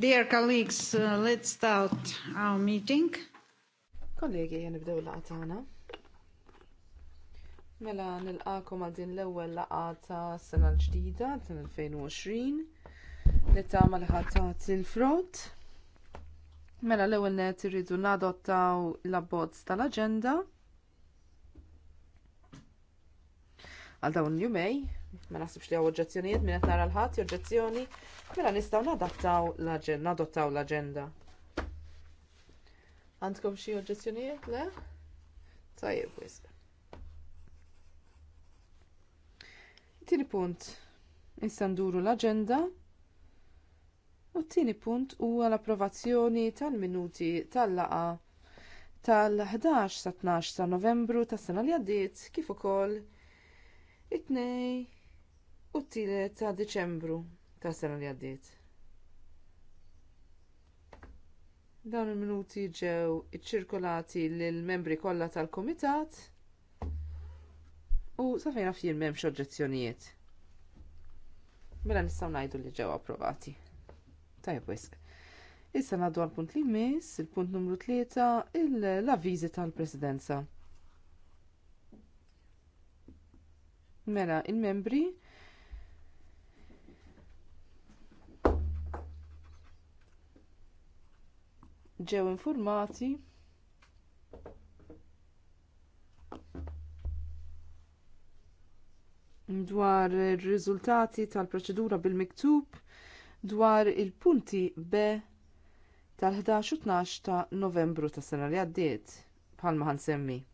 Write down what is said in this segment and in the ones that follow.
Dear colleagues, uh, let's start our meeting. Kollegi, nibdew laqatana. Mela nilqakom għal din l-ewwel laqgħa ta' sena l-ġdida ta' 2020 li tagħmel ħatat il-frott. Mela l-ewwel net irridu nadottaw l-abbozz tal-aġenda għal dawn l-jumej ma naħsibx li għaw oġġezzjonijiet minn nara l-ħadd oġġezzjoni mela nistgħu nadattaw l-aġenda nadottaw l-aġenda. Għandkom xi oġġezzjonijiet le? Tajjeb wisq. Tieni punt. Issa nduru l-aġenda. U t-tieni punt huwa l-approvazzjoni tal-minuti tal laqgħa tal-11 sa 12 ta' Novembru tas sena li għaddiet kif ukoll it-tnej u t-tile ta' Deċembru ta' sena li għaddiet. Dawn il-minuti ġew iċ-ċirkolati lill membri kollha tal-Kumitat u sa fejn jien m'hemmx oġġezzjonijiet. Mela nistgħu ngħidu li ġew approvati. Tajjeb wisq. Issa ngħaddu għall punt li jmiss, il-punt numru 3: l-avviżi tal-Presidenza. Mela, il-membri ġew infurmati dwar ir-riżultati tal-proċedura bil-miktub dwar il-punti B tal-11 u 12 ta' Novembru tas sena li għaddiet bħalma ħansemmi.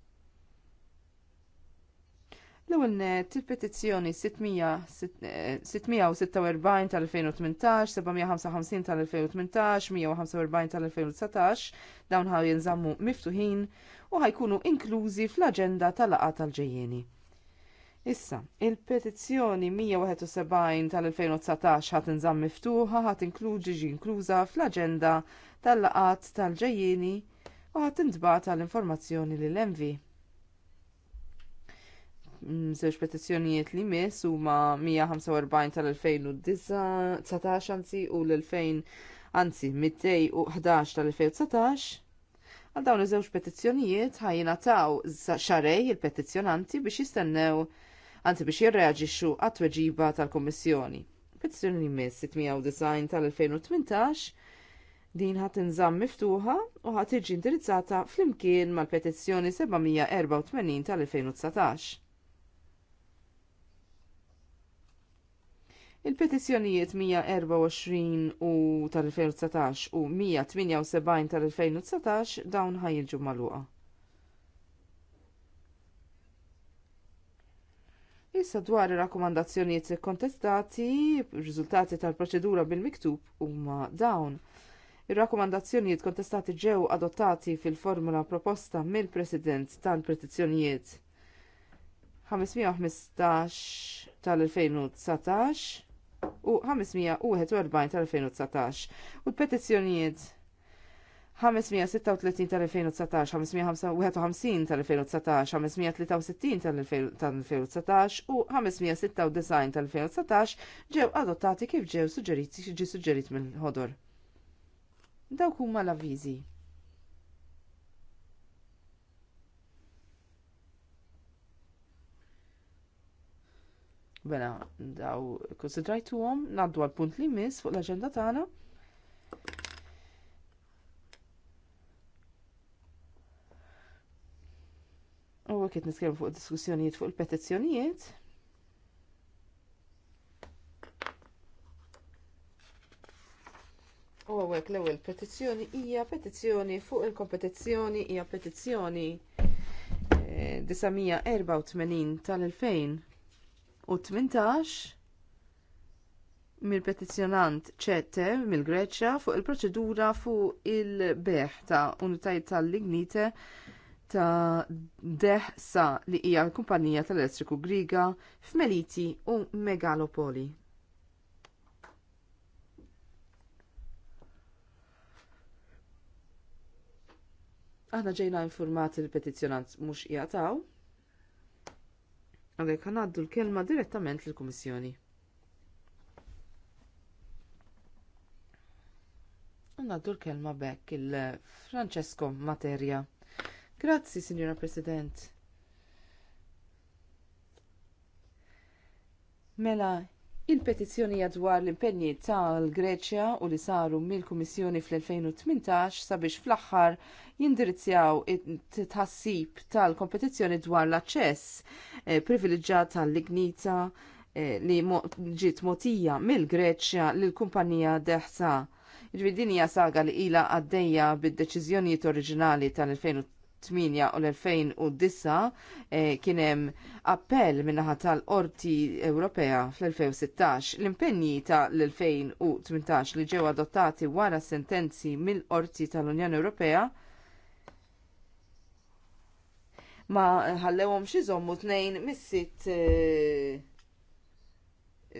L-ewwel net il-petizzjoni 646 eh, e tal-2018, 755 tal-2018, 145 tal-2019 dawn ħaw jinżammu miftuħin u ħajkunu inklużi fl-aġenda tal-laqa tal-ġejjeni. Issa, il-petizzjoni 171 tal-2019 ħat inżamm miftuħa ħat inkluġi ġi inkluża fl-aġenda tal-laqat tal-ġejjeni u ħat intbata l-informazzjoni lill mv żewġ petizzjonijiet li mis huma 145 tal-2019 anzi u l-2000 anzi 211 tal-2019 għal dawn iż-żewġ petizzjonijiet ħajjingħataw xarej il-petizzjonanti biex jistennew anzi biex jirreaġixxu għat-tweġiba tal-Kummissjoni. Petizzjoni li mis 609 tal-2018 din ħat inżamm miftuħa u ħat tiġi indirizzata flimkien mal-petizzjoni 784 tal-2019. Il-petizzjonijiet 124 u tal-2019 u 178 tal-2019 dawn ħajġu maluqa. Issa dwar ir-rakkomandazzjonijiet kontestati, riżultati tal-proċedura bil-miktub huma dawn. Ir-rakkomandazzjonijiet kontestati ġew adottati fil-formula proposta mill-President tal-Petizzjonijiet 515 tal-2019 u 541 tal-2019 u l-petizzjonijiet 536 tal-2019, 551 tal-2019, 563 tal-2019 u 596 tal-2019 ġew adottati kif ġew suġġeriti ġi suġġerit mill-ħodor. Dawk huma l-avviżi. Bena, mela, daw konsidrajtuhom ngħaddu għal punt li jmiss fuq l-aġenda tagħna. U għakit nitkellmu fuq diskussjonijiet fuq il-petizzjonijiet. U għawek l-ewel petizzjoni hija petizzjoni fuq il-kompetizzjoni hija petizzjoni 984 eh, tal-2000 u 18 mill-petizzjonant ċete mill-Greċja fuq il-proċedura fuq il-beħ ta' unitajiet tal-lignite ta' deħsa li hija l-kumpanija tal-elettriku Griga f'Meliti u Megalopoli. Aħna ġejna infurmat il-petizzjonant mhux jataw, Għalhekk ħanaddu l-kelma direttament lill-Kummissjoni. Għanaddu l-kelma bekk il-Francesco Materia. Grazzi, Signora President. Mela, Il-petizzjoni dwar l-impenji tal-Greċja u li saru mill-Kummissjoni fl-2018 sabiex fl-aħħar jindirizzjaw it-tħassib tal-kompetizzjoni dwar l-aċċess eh, privileġġjat tal-lignita eh, li ġiet motija mill-Greċja lil kumpanija deħsa. Ġvidinija saga li ila għaddejja bid-deċiżjonijiet oriġinali tal-2018 2008 u l-2009 kienem eh, kien hemm appell min-naħa tal-Qorti Ewropea fl-2016 l-impenji tal-2018 li ġew adottati wara sentenzi mill-Qorti tal-Unjoni Ewropea ma ħallewhom xi żommu tnejn mis-sitt eh,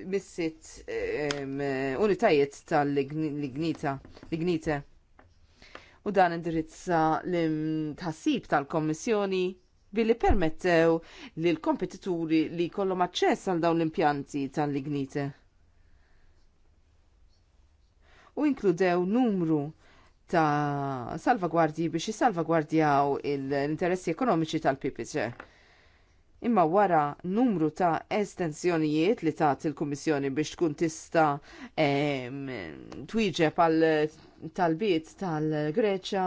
mis-sitt eh, unitajiet tal-lignita. Lignite u dan indirizza l-tħassib tal-Kommissjoni billi permettew li l-kompetituri li kollhom aċċess għal dawn l-impjanti tal-lignite. U inkludew numru ta' salvagwardji biex jisalvagwardjaw l-interessi ekonomiċi tal-PPC imma wara numru ta' estensjonijiet li tat il-Kummissjoni biex tkun tista twieġeb għal talbiet tal-Greċja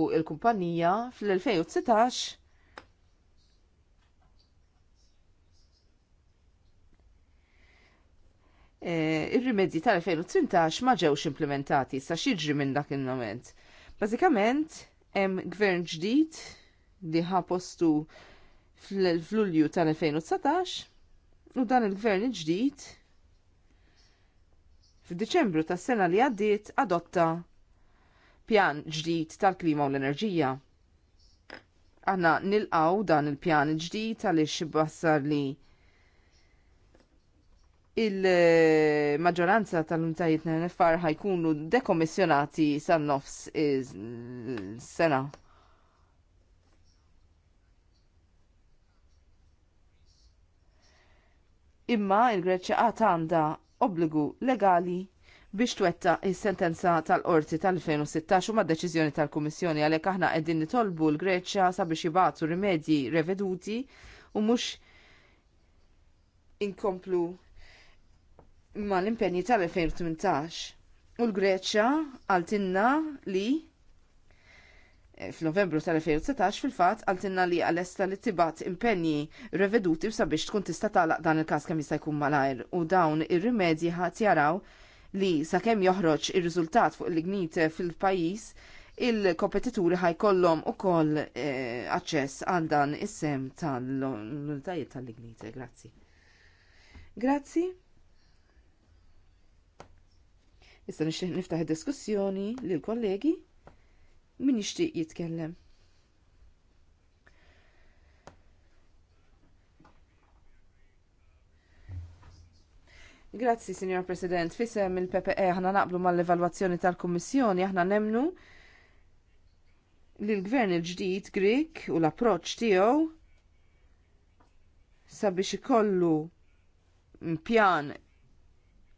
u l kumpanija fl 2016 eh, ir-rimedji tal-2018 ma ġewx implementati sa xieġri minn dak il-moment. Bażikament hemm gvern ġdid li ħapostu. postu fl-Lulju tal-2019 u dan il-gvern ġdid f'Diċembru tas-sena li għaddiet adotta pjan ġdid tal-klima u l-enerġija. Aħna nilqaw dan il-pjan ġdid għaliex bassar li il-maġġoranza tal n NFR ħajkunu dekommissjonati san-nofs is-sena. imma il-Greċja għat għandha obbligu legali biex twetta is-sentenza tal-qorti tal-2016 u ma deċiżjoni tal-Kummissjoni għalhekk aħna qegħdin nitolbu l-Greċja sabiex jibgħatu rimedji reveduti u mhux inkomplu mal impenji tal-2018. U l-Greċja għaltinna li Eh, f'Novembru tal 2016 fil-fatt għaltinna li għalesta li tibat impenji reveduti sabiex tkun tista' tagħlaq dan il-każ kemm jista' jkun malajr u dawn ir-rimedji ħadd jaraw li sakemm joħroġ ir-riżultat fuq l-ignit fil-pajjiż il-kompetituri ħajkollhom ukoll eh, aċċess għal dan is-sem tal-unitajiet tal-ignite. Grazzi. Grazzi. Issa nixtieq niftaħ id-diskussjoni lill kollegi min jixtieq jitkellem. Grazzi, Signor President. Fisem il-PPE ħana naqblu mal-evalwazzjoni tal-Kommissjoni, aħna nemnu li l-gvern il-ġdid Grik u l-approċ tiegħu sabiex ikollu pjan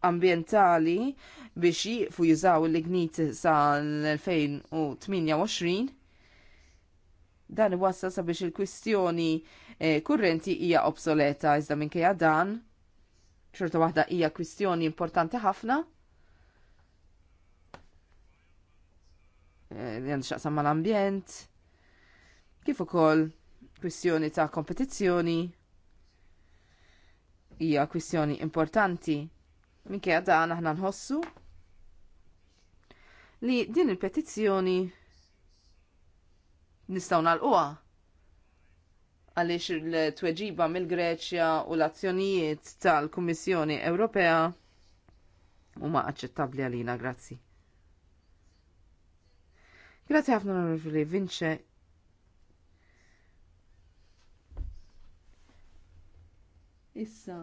ambientali biex jiqfu jużaw l-ignit sal-2028 dan iwassal sabiex il-kwistjoni eh, kurrenti hija obsoleta iżda minkejja dan xorta waħda hija kwistjoni importanti ħafna eh, li e, mal-ambjent kif ukoll kwistjoni ta' kompetizzjoni hija kwistjoni importanti minkejja dan aħna nħossu li din il-petizzjoni nistgħu nagħlquha għaliex il-tweġiba mill-Greċja u l-azzjonijiet tal-Kummissjoni Ewropea huma aċċettabbli għalina, grazzi. Grazzi ħafna l-Onorevoli Vince. Issa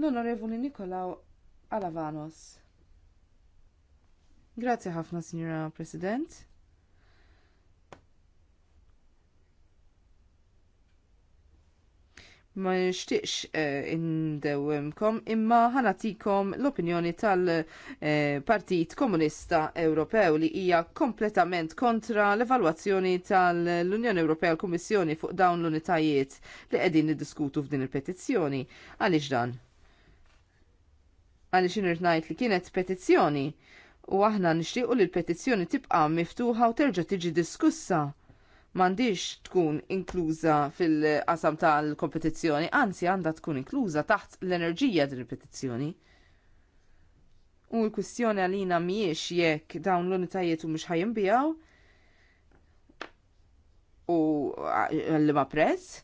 l-Onorevoli Nikolaw Alavanos. Grazie ħafna, Signora President. ma nishtiqx eh, indewemkom imma ħanatikom l-opinjoni tal-Partit eh, Komunista Ewropew li hija kompletament kontra l-evalwazzjoni tal-Unjoni Ewropea l-Kummissjoni fuq dawn l-unitajiet li qegħdin niddiskutu f'din il-petizzjoni. Għaliex dan? għaliex inir ngħid li kienet petizzjoni u aħna nixtiequ li l-petizzjoni tibqa' miftuħa u terġa' tiġi diskussa. M'għandix tkun inkluża fil-qasam tal-kompetizzjoni, anzi għandha tkun inkluża taħt l-enerġija din il-petizzjoni. U l-kwistjoni għalina miex jekk dawn l-unitajiet u mux ħajimbijaw u għall-ma prezz,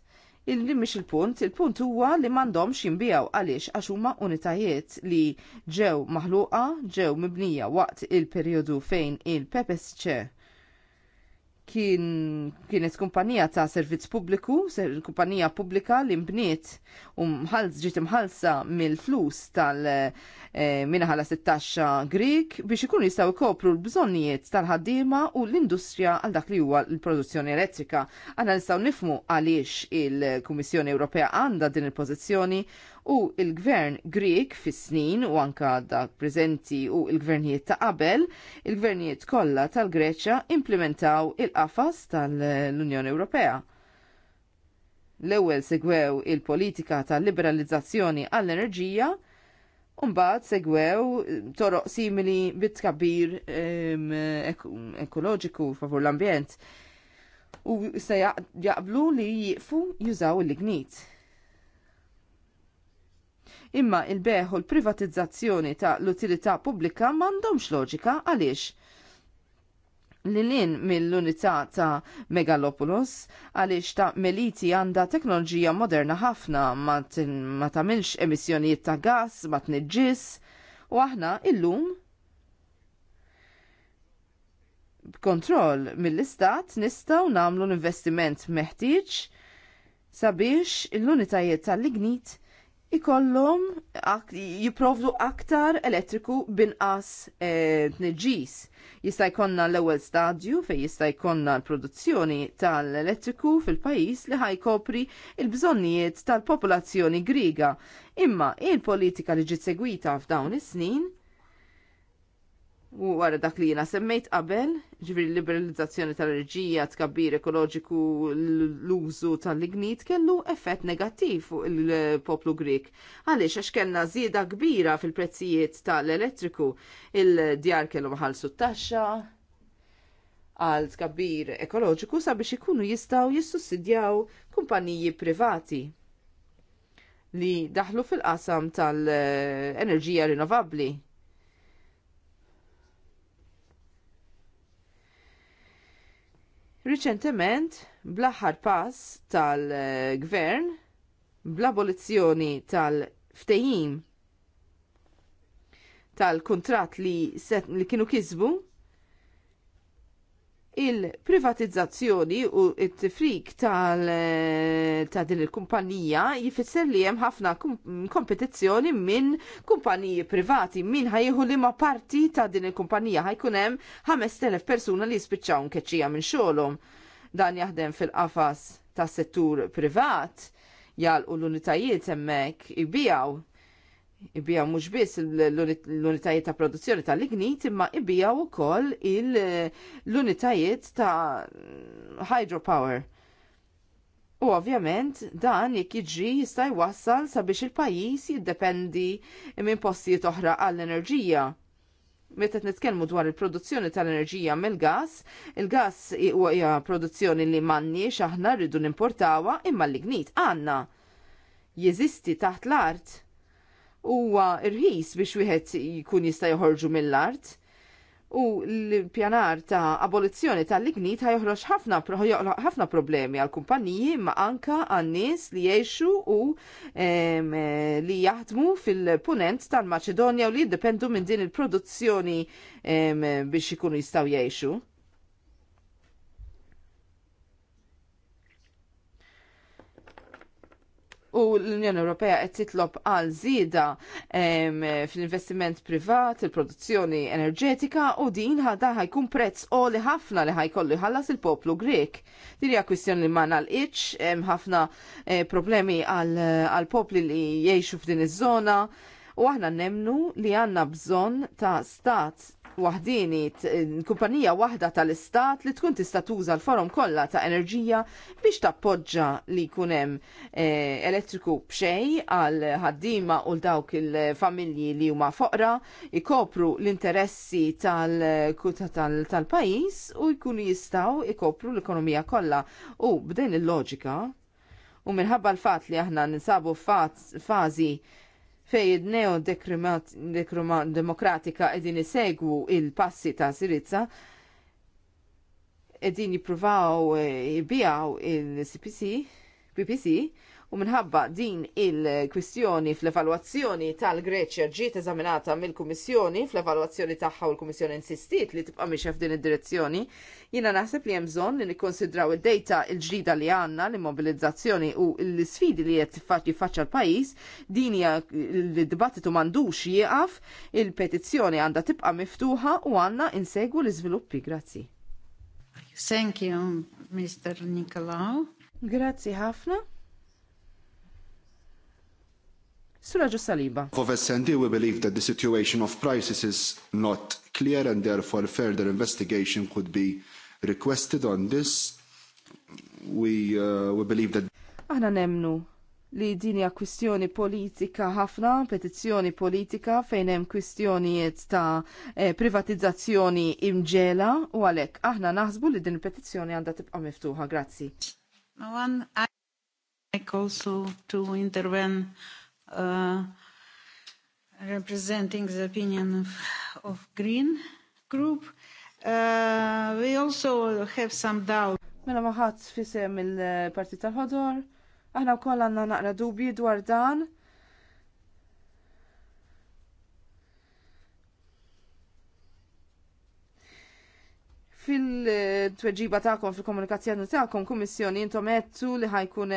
il mhix il-punt, il-punt huwa li m'għandhomx jinbijaw għaliex għax huma unitajiet li ġew maħluqa, ġew mibnija waqt il-perjodu fejn il-PPSC kien kienet kumpanija ta' servizz pubbliku, ser kumpanija pubblika li mbniet u mħalz ġiet imħalsa mill-flus tal eh, minħala 16 Grik biex ikunu jistgħu jkopru l-bżonnijiet tal-ħaddiema u l-industrija għal dak li huwa l-produzzjoni elettrika. Aħna nistgħu nifmu għaliex il-Kummissjoni Ewropea għandha din il-pożizzjoni u il-gvern Grieg fis-snin u anka dak preżenti u il-gvernijiet ta' qabel, il-gvernijiet kollha tal-Greċja implementaw il-qafas tal-Unjoni Ewropea l-ewwel segwew il-politika tal liberalizzazzjoni għall-enerġija, Umbat segwew toroq simili bit-tkabbir ekoloġiku favur l-ambjent u se jaqblu li jifu jużaw l-lignit imma il-beħ u l-privatizzazzjoni ta' l-utilità pubblika m'għandhomx loġika għaliex lilin mill-unità ta' Megalopolis għaliex ta' Meliti għandha teknoloġija moderna ħafna ma tagħmilx emissjonijiet ta' gas, ma tniġġis u aħna illum b'kontroll mill-istat nistgħu nagħmlu l-investiment meħtieġ sabiex l-unitajiet tal-lignit ikollhom jipprovdu aktar elettriku binqas e, tniġis. Jista' jkollna l-ewwel stadju fejn jista' jkollna l-produzzjoni tal-elettriku fil-pajjiż li ħajkopri il-bżonnijiet tal-popolazzjoni griega. Imma il-politika li ġiet segwita f'dawn is-snin U għara dak li jina semmejt qabel, ġviri liberalizzazzjoni tal-enerġija, tkabbir ekoloġiku, l-użu tal-lignit kellu effett negattiv fuq il-poplu Grik. Għalix, għax kellna zida kbira fil-prezzijiet tal-elettriku, il-djar kellu maħal t-taxxa, għal tkabbir ekoloġiku sabiex ikunu jistaw jissussidjaw kumpaniji privati li daħlu fil-qasam tal-enerġija rinnovabli Riċentement, bl-aħħar pass tal-gvern, bl-abolizzjoni tal ftejim tal-kontrat li, li kienu kizbu, il-privatizzazzjoni u t-tifrik ta' din il-kumpanija jifisser li hemm ħafna kompetizzjoni minn kumpaniji privati minn ħajħu li ma' parti ta' din il-kumpanija ħajkun hemm 5000 persuna li jispiċċaw nkeċċija minn xogħolhom. Dan jaħdem fil-qafas tas settur privat jgħalqu l-unitajiet hemmhekk ibijaw ibija mhux biss l-unitajiet ta' produzzjoni tal-lignit imma ibija wkoll l-unitajiet ta' hydropower. U ovvjament dan jekk jiġri jista' jwassal sabiex il-pajjiż jiddependi minn postijiet oħra għall-enerġija. Meta nitkellmu dwar il-produzzjoni tal-enerġija mill-gas, il-gas hija produzzjoni li m'għandniex aħna rridu nimportawha imma l-lignit għandna. Jeżisti taħt l-art huwa irħis biex wieħed jkun jista' joħorġu mill-art. U l-pjanar ta' abolizzjoni tal-lignit ħajħroġ ħafna ħafna problemi għal kumpaniji ma' anka għan nies li jgħixu u em, eh, li jaħdmu fil-punent tal-Maċedonja u li jiddependu minn din il-produzzjoni eh, biex ikunu jistgħu jgħixu. u l-Unjoni Ewropea qed titlob għal żieda fl-investiment privat, il-produzzjoni enerġetika u din ħadha ħajkun prezz oli ħafna li ħajkollu ħallas il-poplu Grek. Din hija kwistjoni li ma nalqitx hemm ħafna e, problemi għal popli li jgħixu f'din iż-żona u aħna nemnu li għandna bżonn ta' stat wahdini, eh, kumpanija waħda tal-istat li tkun tista' tuża l-forom kollha ta' enerġija biex tappoġġa li jkun hemm eh, elettriku b'xej għal ħaddiema u dawk il-familji li huma foqra, ikopru l-interessi tal-kuta tal-pajjiż u jkunu jistgħu ikopru l-ekonomija kollha u b'din il-loġika u minħabba l-fat li aħna ninsabu fazi fej id-neo demokratika edin isegwu il-passi ta' Sirizza edin jipruvaw eh, jibijaw il-CPC, PPC, U minħabba din il-kwistjoni fl-evalwazzjoni tal-Greċja ġiet eżaminata mill-Kummissjoni fl-evalwazzjoni tagħha u l-Kummissjoni insistiet li tibqa' miex f'din id-direzzjoni, jiena naħseb li hemm bżonn li nikkonsidraw id-dejta l-ġdida li għandna l-immobilizzazzjoni u l-sfidi li qed jiffaċċa l-pajjiż din hija l-dibattitu m'għandux jieqaf, il-petizzjoni għandha tibqa' miftuħa u għandna insegwu l-iżviluppi. Grazzi. Thank you, Mr. Nikolaw. Grazzi ħafna. Suraġu Saliba. Of we believe that the situation of prices is not clear and therefore further investigation could be requested on this. We, uh, we believe that... Aħna nemnu li din hija kwistjoni politika ħafna, petizzjoni politika fejn hemm kwistjonijiet ta' eh, privatizzazzjoni imġela u għalhekk aħna naħsbu li din il-petizzjoni għandha tibqa' miftuħa. Grazzi. No one I like also to intervene Uh, representing the opinion of, of Green Group. Uh, we also have some doubt. Mela maħat fisem il-parti tal-ħodor. Aħna wkoll għandna naqra dubji dwar dan. fil-tweġiba ta'kom, fil-komunikazzjoni ta'kom, kummissjoni, jintom għettu li ħajkun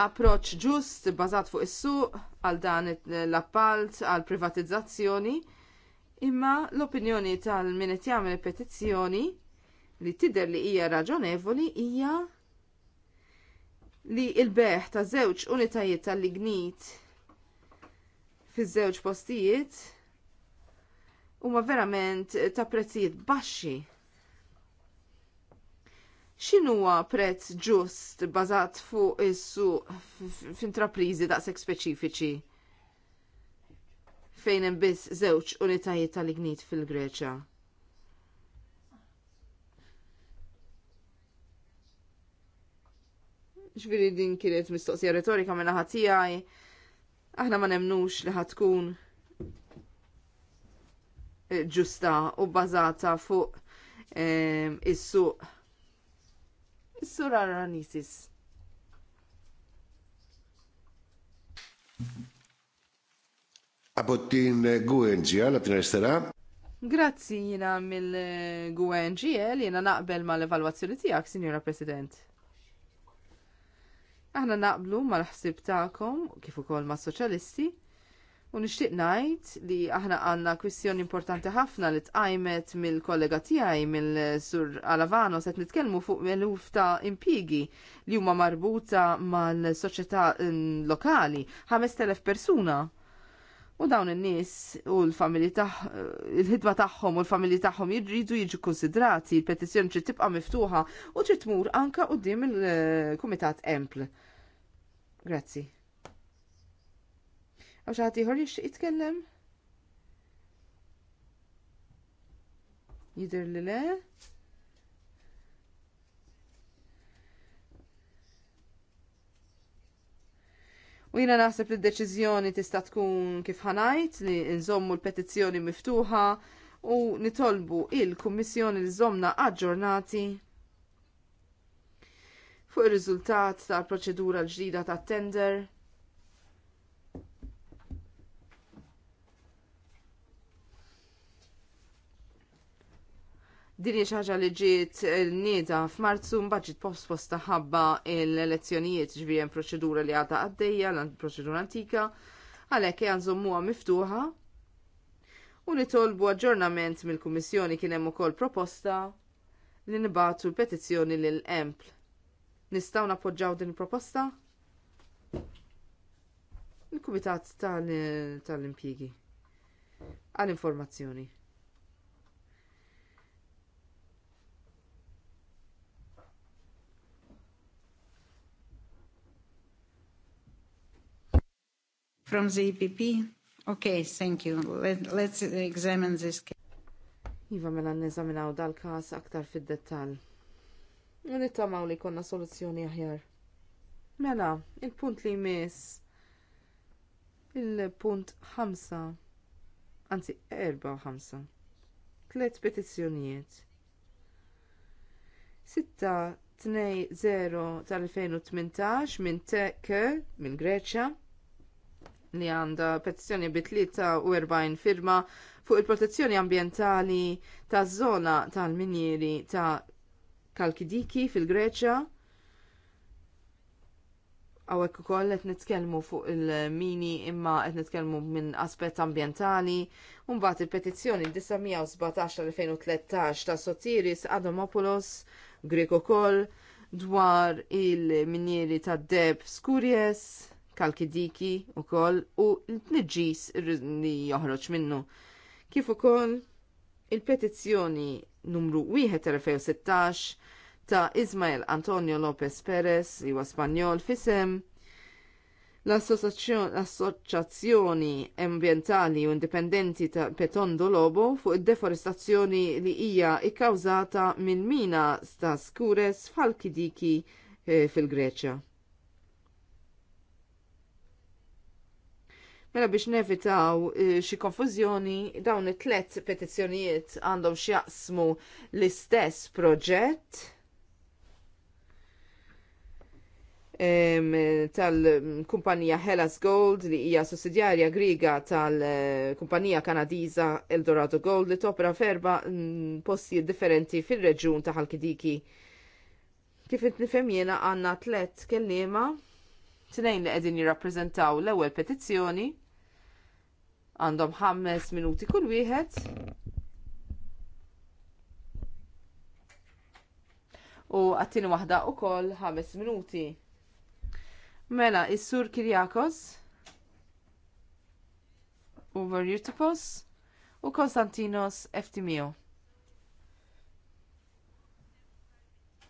approċċ ġust bbażat fuq is-suq għal dan l-appalt għal privatizzazzjoni, imma l-opinjoni tal-min qed jagħmel petizzjoni li tidher li hija raġonevoli hija li l-beħ ta' żewġ unitajiet tal-lignit fiż-żewġ postijiet huma verament ta' prezzijiet baxxi xinuwa prezz ġust bazat fuq is-suq f'intrapriżi daqshekk speċifiċi fejn hemm biss żewġ unitajiet tal-ignit fil-Greċja. ċviri din kienet mistoqsija retorika minna ħatijaj, aħna ma nemnux li ħatkun ġusta u bazata fuq eh, is-suq Is-sur Aranisis. Από την Γκουέντζια, Grazzi jina mill-Gwen eh, GL jina naqbel ma l-evalwazzjoni tijak, Signora President. Aħna naqblu ma l-ħsib ta'kom, kif ukoll ma' soċjalisti, U nixtieq ngħid li aħna għandna kwistjoni importanti ħafna li tqajmet mill-kollega tiegħi mill-Sur Alavano se nitkelmu fuq eluf ta' impigi li huma marbuta mal-soċjetà mm, lokali, 5000 persuna. U dawn in-nies u l-familji il-ħidma tagħhom u l-familji tagħhom jirridu jiġu konsidrati, il-petizzjoni trid tibqa' miftuħa u trid tmur anke quddiem il-Kumitat eh, Empl. Grazzi. Għax xaħat iħor jixtieq jitkellem? Jidher li le? U jina naħseb li d-deċizjoni tista' tkun kif ħanajt li nżommu l-petizzjoni miftuħa u nitolbu il-Kummissjoni li żomna aġġornati fuq ir-riżultat tal-proċedura l-ġdida tat-tender. Din hija ħaġa li ġiet eh, nieda f'Marzu mbagħad ġiet posposta ħabba l-elezzjonijiet ġifieri hemm proċedura li għadha għaddejja, proċedura antika, għalhekk hija nżommuha miftuħa u nitolbu aġġornament mill-Kummissjoni kien hemm ukoll proposta li nibatu l-petizzjoni lil empl Nistgħu nappoġġaw din il-proposta? Il-Kumitat tal-Impjigi. Għal-informazzjoni. from the EPP? Okay, thank you. Let, let's examine this case. Iva mela n-nizaminaw dal-kas aktar fid-dettal. Nittamaw li konna soluzzjoni aħjar. Mela, il-punt li jmiss il-punt 5, anzi 4 u tlet petizzjonijiet. Sitta 2 0 tal-2018 minn Tekke minn Greċja li għandha petizzjoni bi 43 firma fuq il-protezzjoni ambjentali taż żona tal-minjeri ta' Kalkidiki fil-Greċja. Għawek u koll qed nitkellmu fuq il-mini imma qed nitkellmu minn aspett ambjentali. Mbagħad il-petizzjoni 917-2013 ta' Sotiris Adomopoulos Greco koll dwar il-minieri tad deb Skurjes tal-kidiki u koll u l-tniġis li joħroġ minnu. Kif ukoll il-petizzjoni numru 1 2016 ta' Ismael Antonio Lopez Perez, huwa Spanjol, fisem l-Assoċjazzjoni Ambientali u Indipendenti ta' Petondo Lobo fuq id-deforestazzjoni li hija ikkawżata minn mina ta' skures fal-kidiki eh, fil-Greċja. Mela biex nevitaw eh, xi konfużjoni, dawn it-tlet petizzjonijiet għandhom x'jaqsmu l-istess proġett tal-kumpanija Hellas Gold li hija sussidjarja griga tal-kumpanija kanadiża Eldorado Gold li topra ferba mm, postijiet differenti fil-reġjun ta' Halkidiki. Kif nifhem jiena għandna tlet kelliema tnejn li qegħdin jirrappreżentaw l-ewwel petizzjoni għandhom ħames minuti kull wieħed. U għattini waħda u koll ħames minuti. Mela, is-sur Kirjakos u Verjutipos u Konstantinos Eftimio.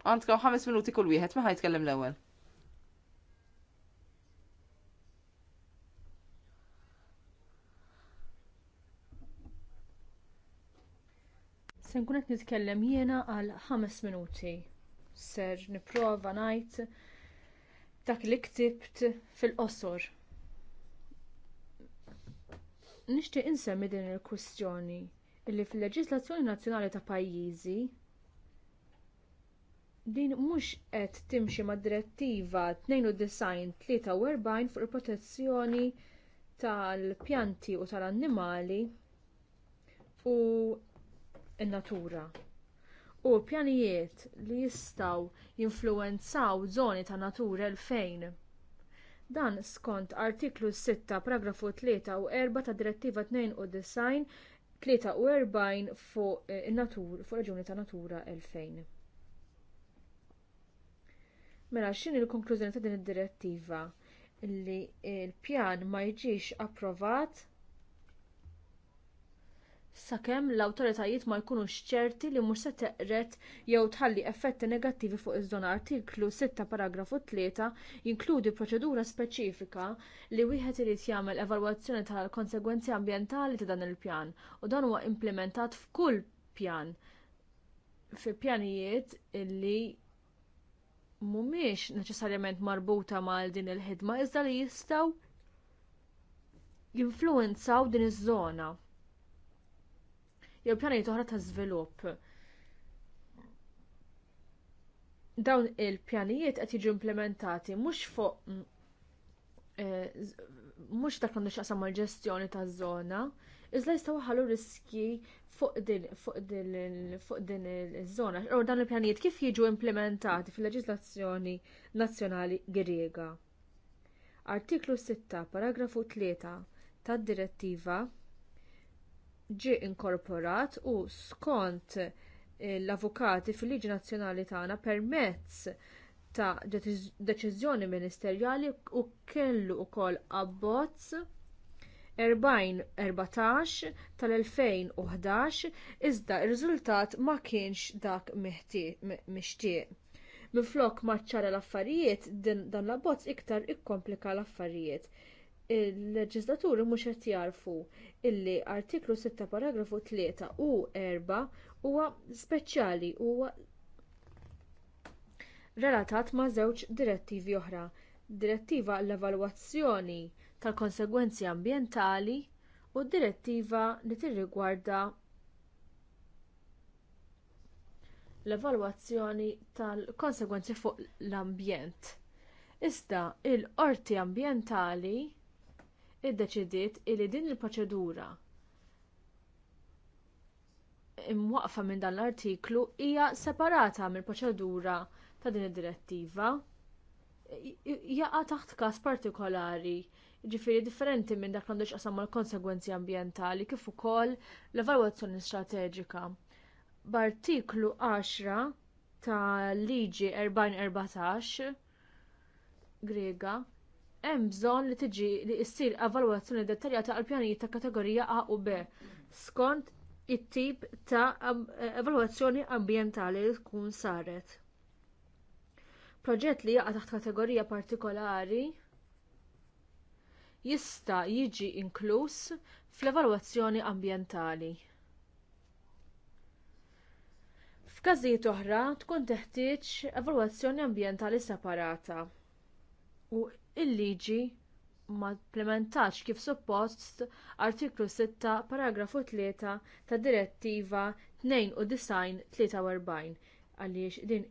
Għandkom ħames minuti kull wieħed, ma ħajtkellem l-ewwel. Se nkun qed nitkellem jiena għal ħames minuti. Ser nipprova ngħid dak li ktibt fil-qosor. Nixtieq insemmi din il-kwistjoni illi fil-leġislazzjoni nazzjonali ta' pajjiżi din mhux qed timxi mad-direttiva 92-43 fuq il-protezzjoni tal-pjanti u tal-annimali u in-natura. U pjanijiet li jistgħu jinfluwenzaw żoni ta' natura l fejn. Dan skont artiklu 6 paragrafu 3 u 4 ta' direttiva 92 43 fuq eh, in-natur fuq raġuni ta' natura 2000. Mela x'inhi l-konklużjoni ta' din id-direttiva? li l pjan ma jiġix approvat sakemm l-awtoritajiet ma jkunux ċerti li mhux se teqret jew tħalli effetti negattivi fuq iż-żona. Artiklu 6 paragrafu 3 jinkludi proċedura speċifika li wieħed irid jagħmel evalwazzjoni tal-konsegwenzi ambjentali ta' dan il-pjan u dan huwa implementat f'kull pjan fi pjanijiet li mhumiex neċessarjament marbuta mal din il-ħidma iżda li jistgħu jinfluwenzaw din iż-żona jew pjanijiet oħra ta' żvilupp. Dawn il-pjanijiet qed jiġu implementati mhux fuq eh, mhux dak għandu x'qasam mal-ġestjoni taż-żona, iżda jistgħu ħallu riski fuq din fuq din fuq din iż-żona. U dan il-pjanijiet kif jiġu implementati fil-leġiżlazzjoni nazzjonali Griega. Artiklu 6, paragrafu 3 tad-direttiva ġie inkorporat u skont eh, l-avukati fil-Liġi Nazzjonali tagħna permezz ta' deċiżjoni ministerjali u kellu wkoll abbozz 40-14 tal-2011 iżda r-riżultat ma kienx dak mixtieq. Minflok ma ċara l-affarijiet, dan l-abbozz iktar ikkomplika l-affarijiet il-leġislaturi mhux qed jarfu illi artiklu 6 paragrafu 3 u 4 huwa speċjali huwa relatat ma' żewġ direttivi oħra. Direttiva l-evalwazzjoni tal-konsegwenzi ambjentali u direttiva li tirrigwarda l-evalwazzjoni tal-konsegwenzi fuq l-ambjent. Iżda l qorti ambjentali iddeċidiet li din il-proċedura imwaqfa minn dan l-artiklu hija separata mill-proċedura ta' din id-direttiva jaqa taħt każ partikolari ġifiri differenti minn dak l-għandux qasam mal konsegwenzi ambjentali kif ukoll l-evalwazzjoni strateġika. B'artiklu 10 ta' liġi 4014 Grega hemm bżonn li tiġi li ssir evalwazzjoni dettaljata għall pjanijiet ta' kategorija A u B skont it-tip ta' eh, evalwazzjoni ambjentali li tkun saret. Proġett li jaqa' taħt kategorija partikolari jista' jiġi inkluż fl-evalwazzjoni ambjentali. F'każijiet oħra tkun teħtieġ evalwazzjoni ambjentali separata u il-liġi ma implementax kif suppost artiklu 6 paragrafu 3 tad direttiva 92/43 għaliex din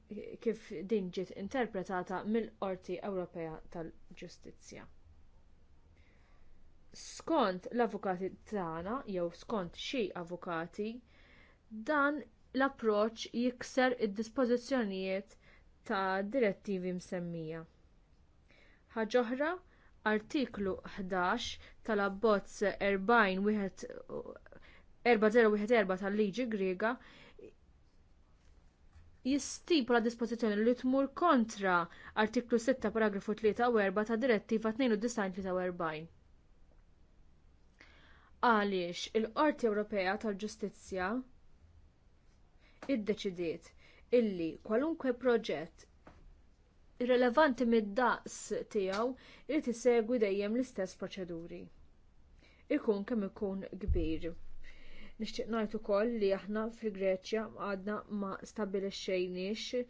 kif din ġiet interpretata mill-Qorti Ewropea tal-Ġustizzja. Skont l-avukati tagħna jew skont xi avukati, dan l-approċċ jikser id-dispożizzjonijiet tad direttivi msemmija. Ħaġoħra, artiklu 11 tal-abbozz 4014 tal-liġi Griega jistipula dispożizzjoni li tmur kontra artiklu 6 paragrafu 3 u 4 ta' direttiva 92-43. Għaliex il-Qorti Ewropea tal-Ġustizzja ddeċidiet illi kwalunkwe proġett irrelevanti mid-daqs tiegħu irid isegwi dejjem l-istess proċeduri. Ikun kemm ikun kbir. Nixtieq ngħid ukoll li aħna fil-Greċja għadna ma stabilixxejniex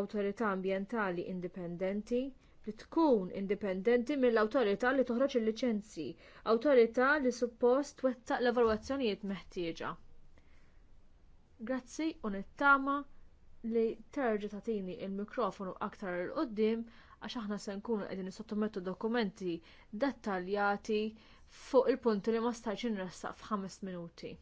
awtorità ambjentali indipendenti li tkun indipendenti mill-awtorità li toħroġ il-liċenzji, awtorità li suppost wettaq l-evalwazzjonijiet meħtieġa. Grazzi u nittama li terġa' tagħtini l mikrofonu aktar 'l qoddim għax aħna se nkunu qegħdin nisottomettu dokumenti dettaljati fuq il-punti li ma stajtx inressaq f'ħames minuti.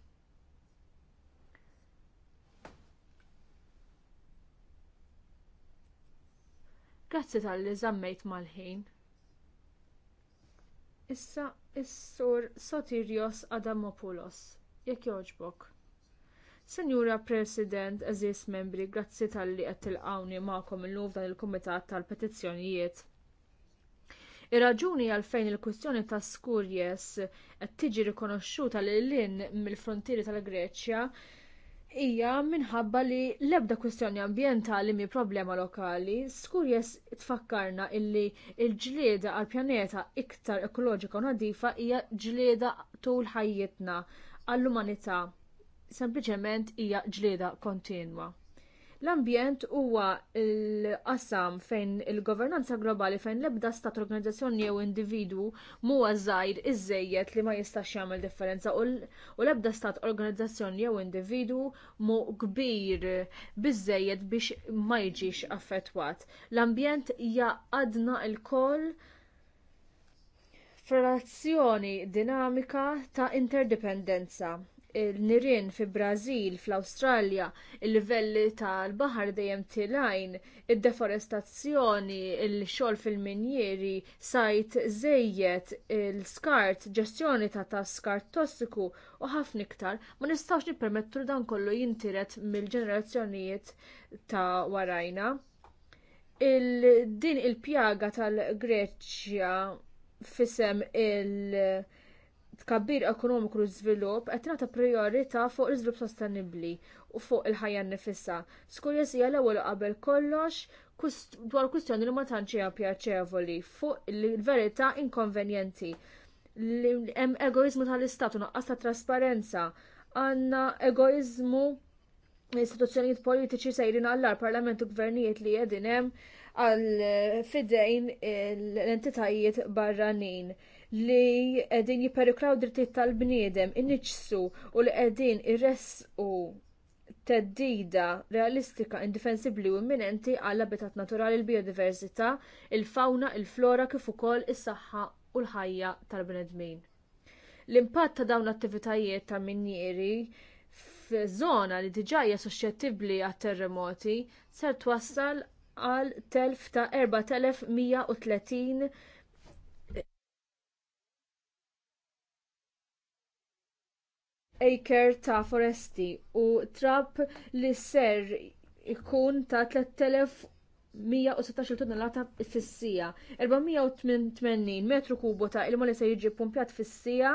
Grazzi tal-li żammejt mal-ħin. Issa is-sur Sotirios Adamopoulos, jekk jogħġbok. Sinjura President, eżis membri, grazzi tal-li qed tilqawni magħkom illum f'dan il-Kumitat tal-Petizzjonijiet. Ir-raġuni għalfejn il-kwistjoni ta' skurjes qed tiġi rikonoxxuta lil-lin mill-frontieri tal-Greċja hija minħabba li l-ebda kwistjoni ambjentali mi problema lokali, skurjes tfakkarna illi il-ġlieda għall pjaneta iktar ekoloġika u nadifa hija ġlieda tul ħajjitna għall-umanità sempliċement hija ġlieda kontinwa. L-ambjent huwa l-qasam fejn il-governanza globali fejn l-ebda stat organizzazzjoni jew individwu huwa żgħir iżejjed li ma jistax jagħmel differenza u l-ebda stat organizzazzjoni jew individwu mu kbir biżejjed biex ma jiġix affettwat. L-ambjent għadna l-koll frazzjoni dinamika ta' interdipendenza il-nirien fi Brażil, fl-Awstralja, il-livelli tal-baħar dejjem tilajn, id-deforestazzjoni, il-xogħol fil-minjieri, sajt żejjed, il-skart, ġestjoni ta' ta' skart tossiku u ħafna iktar, ma nistgħux nippermettu dan kollu jintiret mill-ġenerazzjonijiet ta' warajna. Il din il-pjaga tal-Greċja fisem il- tkabbir ekonomiku u żvilupp qed nagħta prijorità fuq l-iżvilupp sostenibbli u fuq il-ħajja nnifisha. Skurjesija l-ewwel qabel kollox dwar kwistjoni li ma tantx hija pjaċevoli fuq il-verità inkonvenjenti. Hemm egoizmu tal-istatu naqqas ta' trasparenza, għandna egoizmu istituzzjonijiet politiċi sejrin għallar parlament u gvernijiet li qegħdin hemm għal fidejn l-entitajiet barranin li qegħdin jiperiklaw drittijiet tal-bniedem, inniċsu u li qegħdin u teddida realistika, indifensibbli u imminenti għall abitat naturali l-biodiversità, il-fawna, il-flora kif ukoll is-saħħa u l-ħajja tal-bnedmin. L-impatt ta' dawn l-attivitajiet ta' minnieri f'żona li diġà hija suscettibbli għat terremoti ser twassal għal telf ta' 4130 acre ta' foresti u trap li ser ikun ta' 3116 tonnellata fis-sija, 488 metru kubu ta' ilma li se jiġi pumpjat fis-sija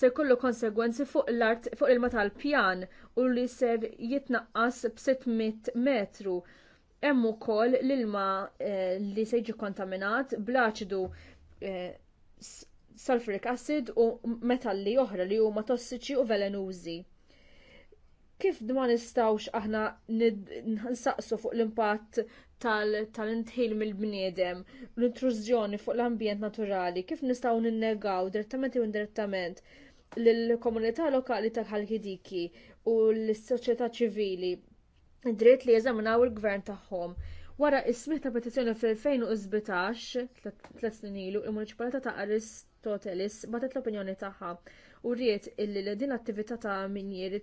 se jkollu konsegwenzi fuq l-art fuq ilma tal-pjan u li ser jitnaqqas b'600 metru. Hemm ukoll l-ilma eh, li se jiġi kontaminat bl-aċidu eh, sulfuric acid u metalli oħra li huma tossiċi u velenużi. Kif ma nistawx aħna nsaqsu fuq l-impatt tal-intħil tal mill-bniedem, l-intrużjoni fuq l-ambjent naturali, kif nistaw ninnegaw direttament u indirettament l-komunità lokali ta' Ħalkidiki u l-soċjetà ċivili dritt li jeżaminaw il-gvern tagħhom. Wara is smiet ta' petizzjoni fl-2017, tliet snin ilu, il-Municipalità ta' Qaris. Aristoteles batet l-opinjoni tagħha u rriet illi l din attività ta' minjeri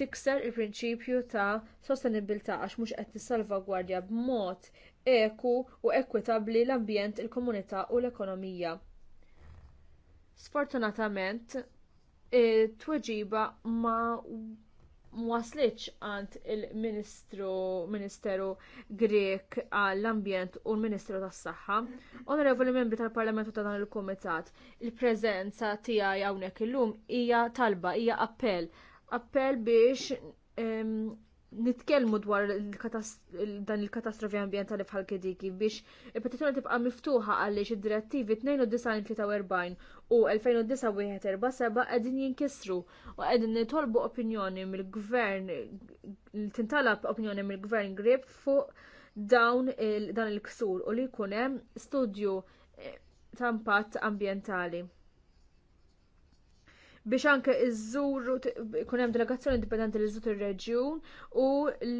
tikser il-prinċipju ta' sostenibilità għax mhux qed tissalvagwardja b'mod eku u ekwitabli l-ambjent, il-komunità u l-ekonomija. Sfortunatament, tweġiba ma mwaslitx għand il-Ministru Ministeru Grek għall-Ambjent u l-Ministru tas-Saħħa. Onorevoli membri tal-Parlamentu ta' dan il-Kumitat, il-preżenza tiegħi hawnhekk illum hija talba, hija appell. Appell biex nitkellmu dwar dan il-katastrofi ambjentali bħal kediki biex il petizjoni tibqa' miftuħa għaliex id-direttivi 92-43 u 2009-147 qegħdin jinkisru u qegħdin nitolbu opinjoni mill-gvern tintalab opinjoni mill-gvern grib fuq dawn dan il-ksur u li jkun hemm studju eh, ta' impatt ambjentali biex anke iżżuru kun hemm delegazzjoni indipendenti li żżur ir-reġjun u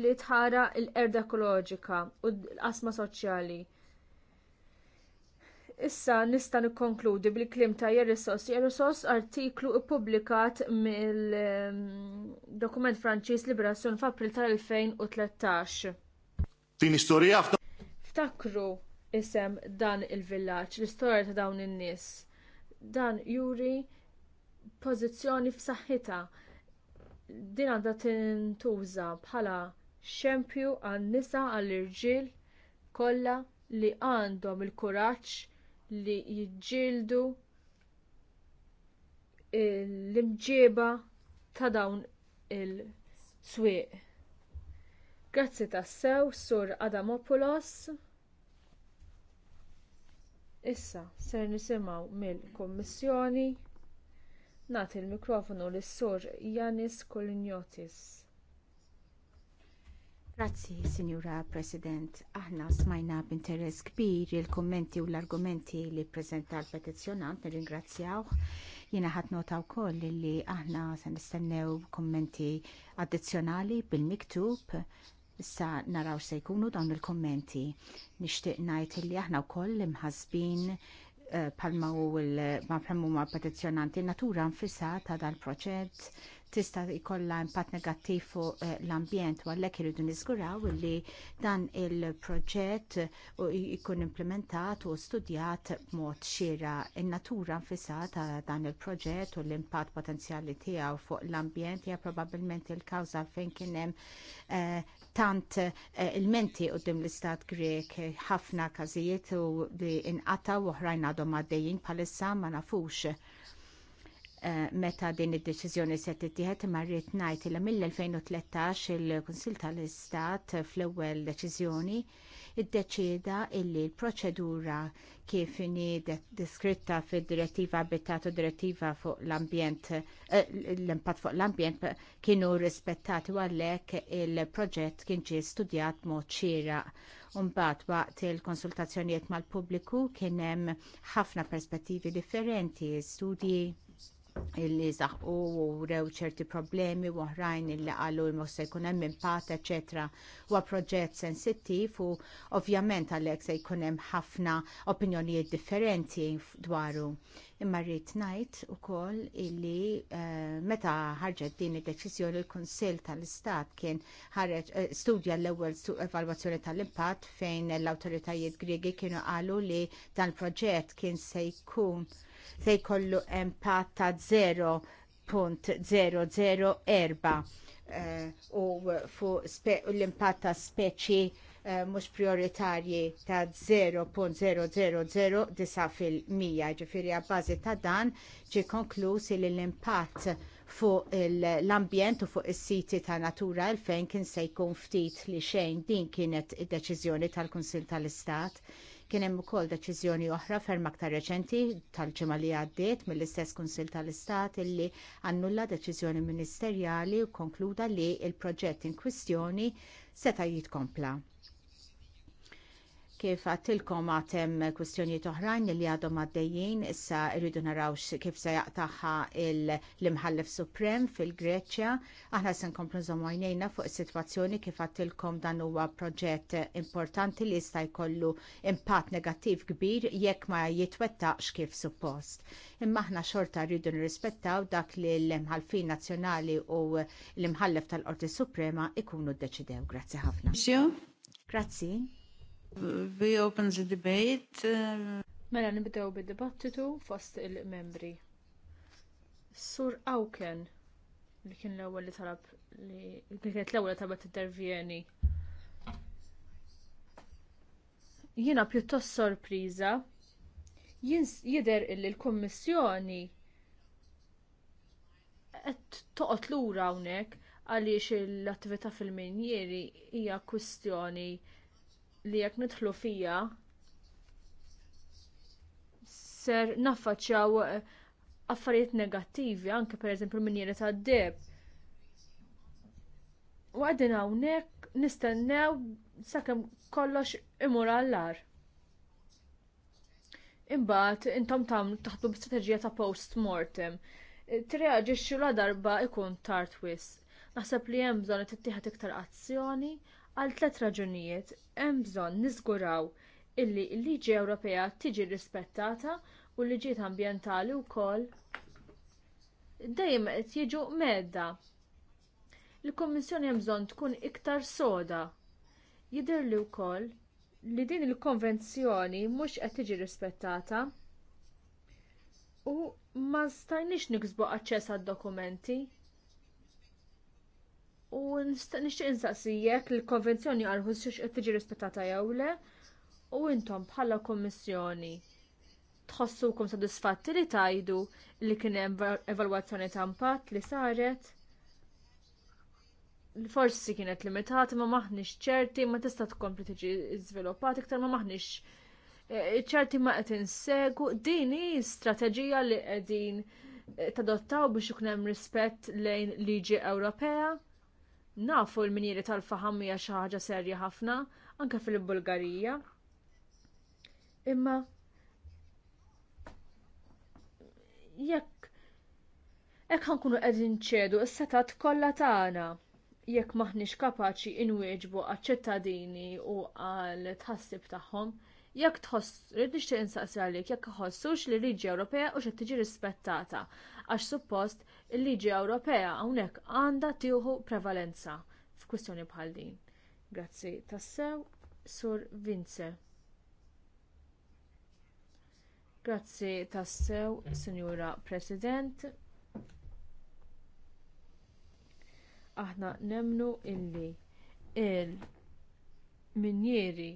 li tħara l-erda ekoloġika u l-qasma soċjali. Issa nista' nikkonkludi bil-klim ta' Jerisos. Jerisos artiklu ippubblikat mill-dokument ehm, Franċiż Liberazzjon f'April tal-2013. Din istorija Ftakru isem dan il-villaġġ, l-istorja ta' dawn in-nies. Dan juri pożizzjoni f'saħħitha din għandha tintuża bħala xempju għan-nisa għall-irġiel kollha li għandhom il-kuraġġ li jiġġieldu l-imġieba ta' dawn il-swieq. Grazzi tassew, Sur Adamopoulos. Issa, ser nisimgħu mill kummissjoni Nat il mikrofonu lis sur Janis Kolinjotis. Grazzi, Signora President. Aħna smajna b'interess kbir il-kommenti u l-argumenti li ppreżenta l-petizzjonant, nirringrazzjawh. Jiena ħadd nota wkoll li aħna se nistennew kommenti addizzjonali bil-miktub issa naraw se jkunu dawn il-kommenti. Nixtieq ngħid li aħna wkoll imħasbin Eh, palma u ma femmu ma petizjonanti natura nfissa ta' dal proċed tista' jkollha impatt negattiv fuq eh, l-ambjent u għallek irridu niżguraw li dan il-proġett jkun implementat u studjat b'mod xiera. In-natura nfissa ta' dan il-proġett u l-impatt potenzjali tiegħu fuq l-ambjent hija probabbilment il-kawża fejn kien hemm eh, tant eh, il-menti dim l-istat grek eh, ħafna każijiet u li u oħrajn għadhom għaddejjin bħalissa ma nafux eh, meta din id-deċiżjoni se tittieħed imma rrid ngħid li mill-2013 il-Kunsil tal-Istat fl-ewwel deċiżjoni deċieda illi l-proċedura kif inhi diskritta fid-direttiva abitat u direttiva fuq l-ambjent eh, l-impatt fuq l-ambjent kienu rispettati u għalhekk il-proġett kien ġie studjat mod xieraq. Umbat waqt il-konsultazzjonijiet mal-pubbliku kien hemm ħafna perspettivi differenti, studji illi saħqu u rew ċerti problemi u oħrajn illi qalu jmux se jkun hemm impatt, eċetera. Huwa proġett sensittiv u ovvjament għalhekk se jkun hemm ħafna opinjonijiet differenti dwaru. Imma rrid ngħid ukoll illi eh, meta ħarġet din id-deċiżjoni l-Kunsill tal-Istat kien ħareġ eh, studja l-ewwel evalwazzjoni tal-impatt fejn l-awtoritajiet Griegi kienu qalu li dan il proġett kien se jkun se jkollu impatt ta' 0.004 eh, u fuq l-impatt ta' speċi eh, mhux prioritarji ta' 0.0009 fil-mija. Ġifiri għabbazi ta' dan ġie konklusi li l-impatt fuq l-ambjent u fuq is-siti ta' natura l fejn kien se jkun ftit li xejn din kienet id-deċiżjoni tal-Kunsil tal-Istat Kien hemm ukoll deċiżjoni oħra ferm aktar reċenti tal-ġimgħa li għaddiet mill-istess Kunsill tal-Istat illi annulla deċiżjoni ministerjali u konkluda li l proġett in kwistjoni seta' jitkompla kif għattilkom għatem kwistjonijiet oħrajn li għadhom għaddejjin issa rridu narawx kif se jaqtaħħa l-imħallef suprem fil-Greċja. Aħna se nkomplu għajnejna fuq is-sitwazzjoni kif għattilkom dan huwa proġett importanti li jista' jkollu impatt negattiv kbir jekk ma jitwettaqx kif suppost. Imma aħna xorta rridu nirrispettaw dak li l-imħalfin nazzjonali u l-imħallef tal-Qorti Suprema ikunu ddeċidew. Grazzi ħafna. Grazzi. We open the debate. Uh, mela nibdew bid-dibattitu fost il-membri. Sur Awken li kien l-ewwel li talab li kienet l-ewwel li talab intervjeni. Jiena pjuttost sorpriża jidher illi l-Kummissjoni qed toqgħod lura hawnhekk għaliex l-attività fil-minjieri hija kwistjoni li jekk nidħlu fija ser naffaċċjaw eh, affarijiet negattivi anke pereżempju minjeri tad-deb. għadin hawnhekk nistennew sakemm kollox imur għall-ar. Imbagħad intom tam taħdu b'istrateġija ta' post-mortem. Eh, Tirreaġixxi la darba ikun tard wisq. Naħseb li hemm bżonn tittieħed iktar azzjoni Għal tliet raġunijiet hemm bżonn niżguraw illi l-liġi Ewropea tiġi rispettata u l-liġijiet ambjentali wkoll dejjem qed jiġu medda. Il-Kummissjoni hemm bżonn tkun iktar soda. Jidhirli wkoll li din il-konvenzjoni mhux qed tiġi rispettata u ma stajniex niksbu aċċess għad dokumenti U nixtieq insaqsijek li l-konvenzjoni għalħu xiex qed tiġi rispettata jew le u intom bħala kommissjoni tħossukom sodisfatti li tajdu li kien hemm evalwazzjoni ta' impatt li saret forsi kienet limitati ma maħniex ċerti ma tista' tkompli tiġi zviluppati iktar ma maħniex e, ċerti ma qed insegu din hi strateġija li qegħdin tadottaw biex ikun hemm rispett lejn liġi Ewropea Nafu l-minjeri tal-faham hija xi ħaġa serja ħafna, anke fil-Bulgarija. Imma jekk hekk ħankunu qegħdin ċedu s-setat kollha tagħna jekk maħniex kapaċi inwieġbu għaċ-ċittadini u għal tħassib tagħhom, Jekk tħoss, rrid nixtieq insaqsi għalik jekk iħossux li liġi Ewropea u xed tiġi rispettata, għax suppost il-liġi Ewropea hawnhekk għandha tieħu prevalenza f'kwistjoni bħal din. Grazzi tassew, Sur Vince. Grazzi tassew, Sinjura President. aħna nemnu illi il-minjeri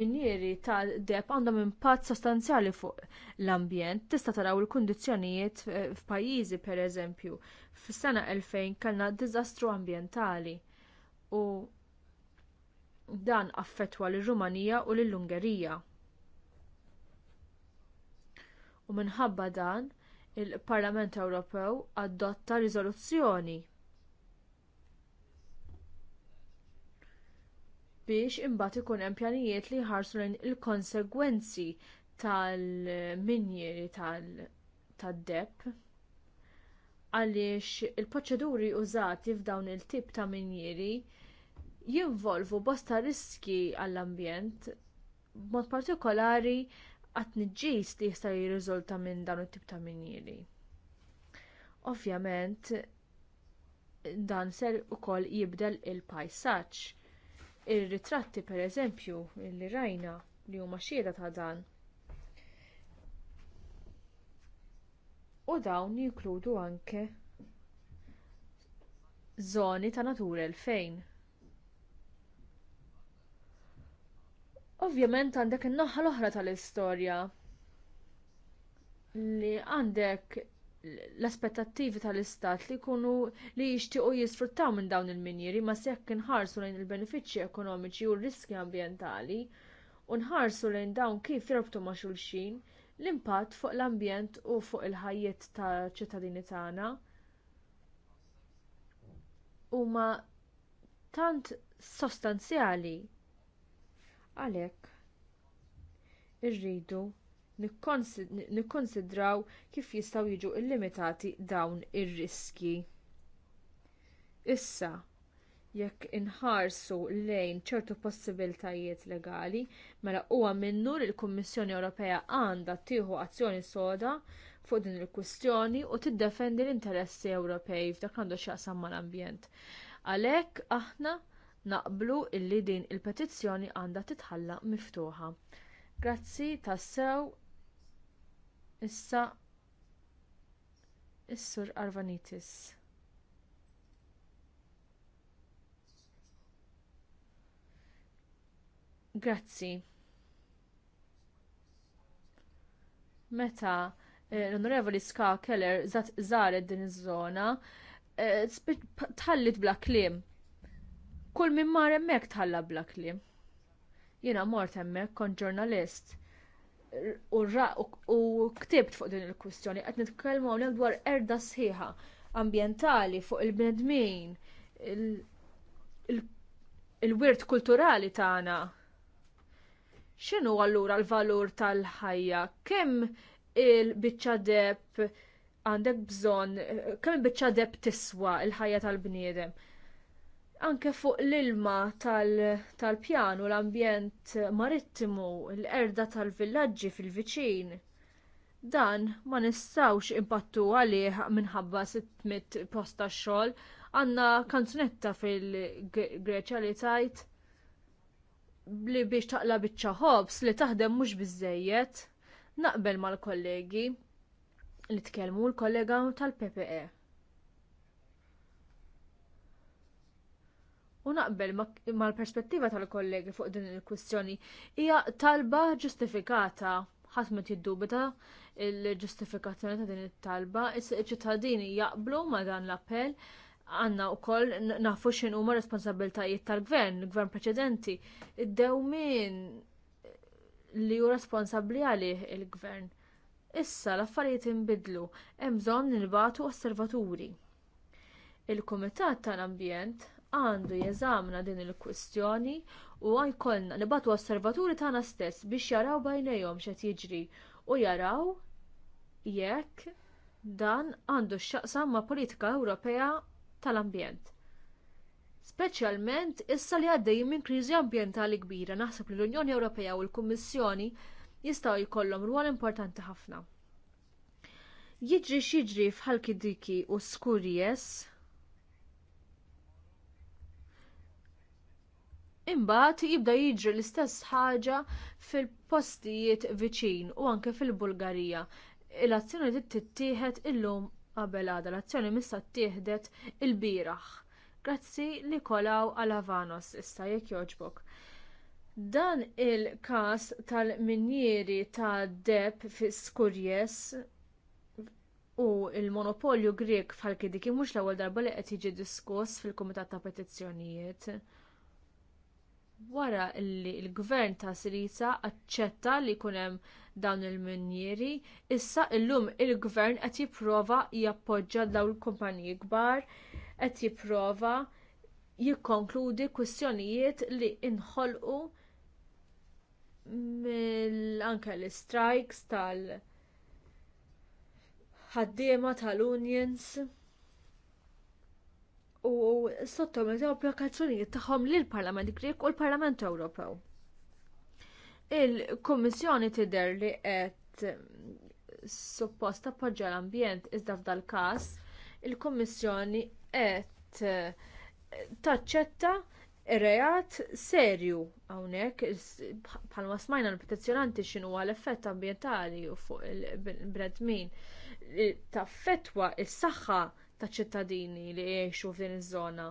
minieri ta' deb għandhom impatt sostanzjali fuq l-ambjent. Tista' taraw il-kundizzjonijiet f'pajjiżi pereżempju. Fis-sena 2000 kellna diżastru ambjentali u dan affettwa l rumanija u l ungerija U minħabba dan, il-Parlament Ewropew adotta riżoluzzjoni biex imbagħad ikun hemm pjanijiet li jħarsu lejn il-konsegwenzi tal-minjeri tad-depp għaliex il-proċeduri użati f'dawn il-tip ta' minjeri jinvolvu bosta riski għall-ambjent b'mod partikolari għat-nġis li jista' jirriżulta minn dawn it-tip ta' minjeri. Ovvjament, dan ser ukoll jibdel il-pajsaġġ Ir-ritratti pereżempju li rajna li huma xieda ta' dan. U dawn jinkludu anke żoni ta' natura l-fejn. Ovvjament għandek in-noħħa l-oħra tal-istorja li għandek l-aspettattivi tal-istat li jkunu li jixtiequ jisfruttaw minn dawn il minjiri ma se jekk inħarsu lejn il-benefiċċji ekonomiċi u r-riski ambjentali u nħarsu lejn dawn kif jorbtu ma' xulxin l-impatt fuq l-ambjent u fuq il-ħajjiet taċ ċittadini tagħna huma tant sostanzjali għalhekk irridu nikkonsidraw kif jistgħu jiġu illimitati dawn ir-riski. Issa, jekk inħarsu lejn ċertu possibiltajiet legali, mela huwa minnu li l-Kummissjoni Ewropea għandha tieħu azzjoni soda fuq din il-kwistjoni u tiddefendi l-interessi Ewropej f'dak għandu x'jaqsam mal-ambjent. Għalhekk aħna naqblu illi din il-petizzjoni għandha titħalla miftuħa. Grazzi tassew Issa Is-Sur Arvanitis. Grazzi. Meta eh, l-Onorevoli Ska Keller zat zaret din iż-żona, eh, tħallit bla kliem. Kull min mar hemmhekk tħalla bla kliem. Jiena mort hemmhekk kont ġurnalist u ktibt fuq din il-kwistjoni, qed nitkellmu hawnhekk dwar erda sħiħa ambjentali fuq il-bnedmin, il-wirt kulturali tagħna. X'inhu allura l-valur tal-ħajja? Kemm il-biċċa deb għandek bżonn, kemm il-biċċa deb tiswa l ħajja tal-bniedem? anke fuq l-ilma tal-pjan u l-ambjent marittimu, l-erda tal-villaġġi fil-viċin. Dan ma nistawx impattu għalih minħabba 600 posta xogħol għandna kanzunetta fil-Greċja li tajt li biex taqla biċċa ħobs li taħdem mhux biżżejjed naqbel mal-kollegi li tkellmu l-kollega tal-PPE. u naqbel mal-perspettiva tal-kollegi fuq din il-kwistjoni hija talba ġustifikata ħadd ma jiddubita il-ġustifikazzjoni ta' din it-talba, iċ-ċittadini jaqblu ma' dan l-appell għanna u koll nafu xin huma responsabiltajiet tal-gvern, gvern preċedenti, iddew min li ju responsabli għalih il-gvern. Issa l-affarijiet inbidlu, hemm bżonn nibatu osservaturi. Il-Kumitat tal-Ambjent għandu jeżamna din il-kwistjoni u għajkollna nibatu osservaturi tagħna stess biex jaraw bajnejhom x'qed jiġri u jaraw jekk dan għandu x'jaqsam ma' politika Ewropea tal-ambjent. Speċjalment issa li għaddej minn kriżi ambjentali kbira naħseb li l-Unjoni Ewropea u l-Kummissjoni jistgħu jkollhom rwol importanti ħafna. Jiġri xiġri f'ħalki diki u skurjes Imbagħad jibda jiġri l-istess ħaġa fil-postijiet viċin u anke fil-Bulgarija. L-azzjoni li tittieħed illum qabel għada l-azzjoni mista ttieħdet il-bieraħ. Grazzi Nikolaw Alavanos issa jekk jogħġbok. Dan il-każ tal-minjieri ta' depp fi Skurjes u l monopolju Grek fal-kidiki mhux l-ewwel darba li qed jiġi diskuss fil-Kumitat ta' Petizzjonijiet wara li l-gvern ta' Sirisa aċċetta li jkun hemm dawn il-minjeri, issa llum il-gvern qed jipprova jappoġġja dawn il-kumpaniji kbar, qed jipprova jikkonkludi kwistjonijiet li inħolqu mill-anke l-strikes tal- ħaddiema tal-unions u sottometew applikazzjonijiet tagħhom lill parlament Grek u l-Parlament Ewropew. Il-Kummissjoni tidher li qed suppost tappoġġja l-ambjent iżda f'dal każ il-Kummissjoni qed eh, taċċetta reat serju hawnhekk bħalma smajna l petizzjonanti x'inhu l-effett ambjentali fuq il-bnedmin ta' fetwa is-saħħa taċ ċittadini li jgħixu f'din iż-żona.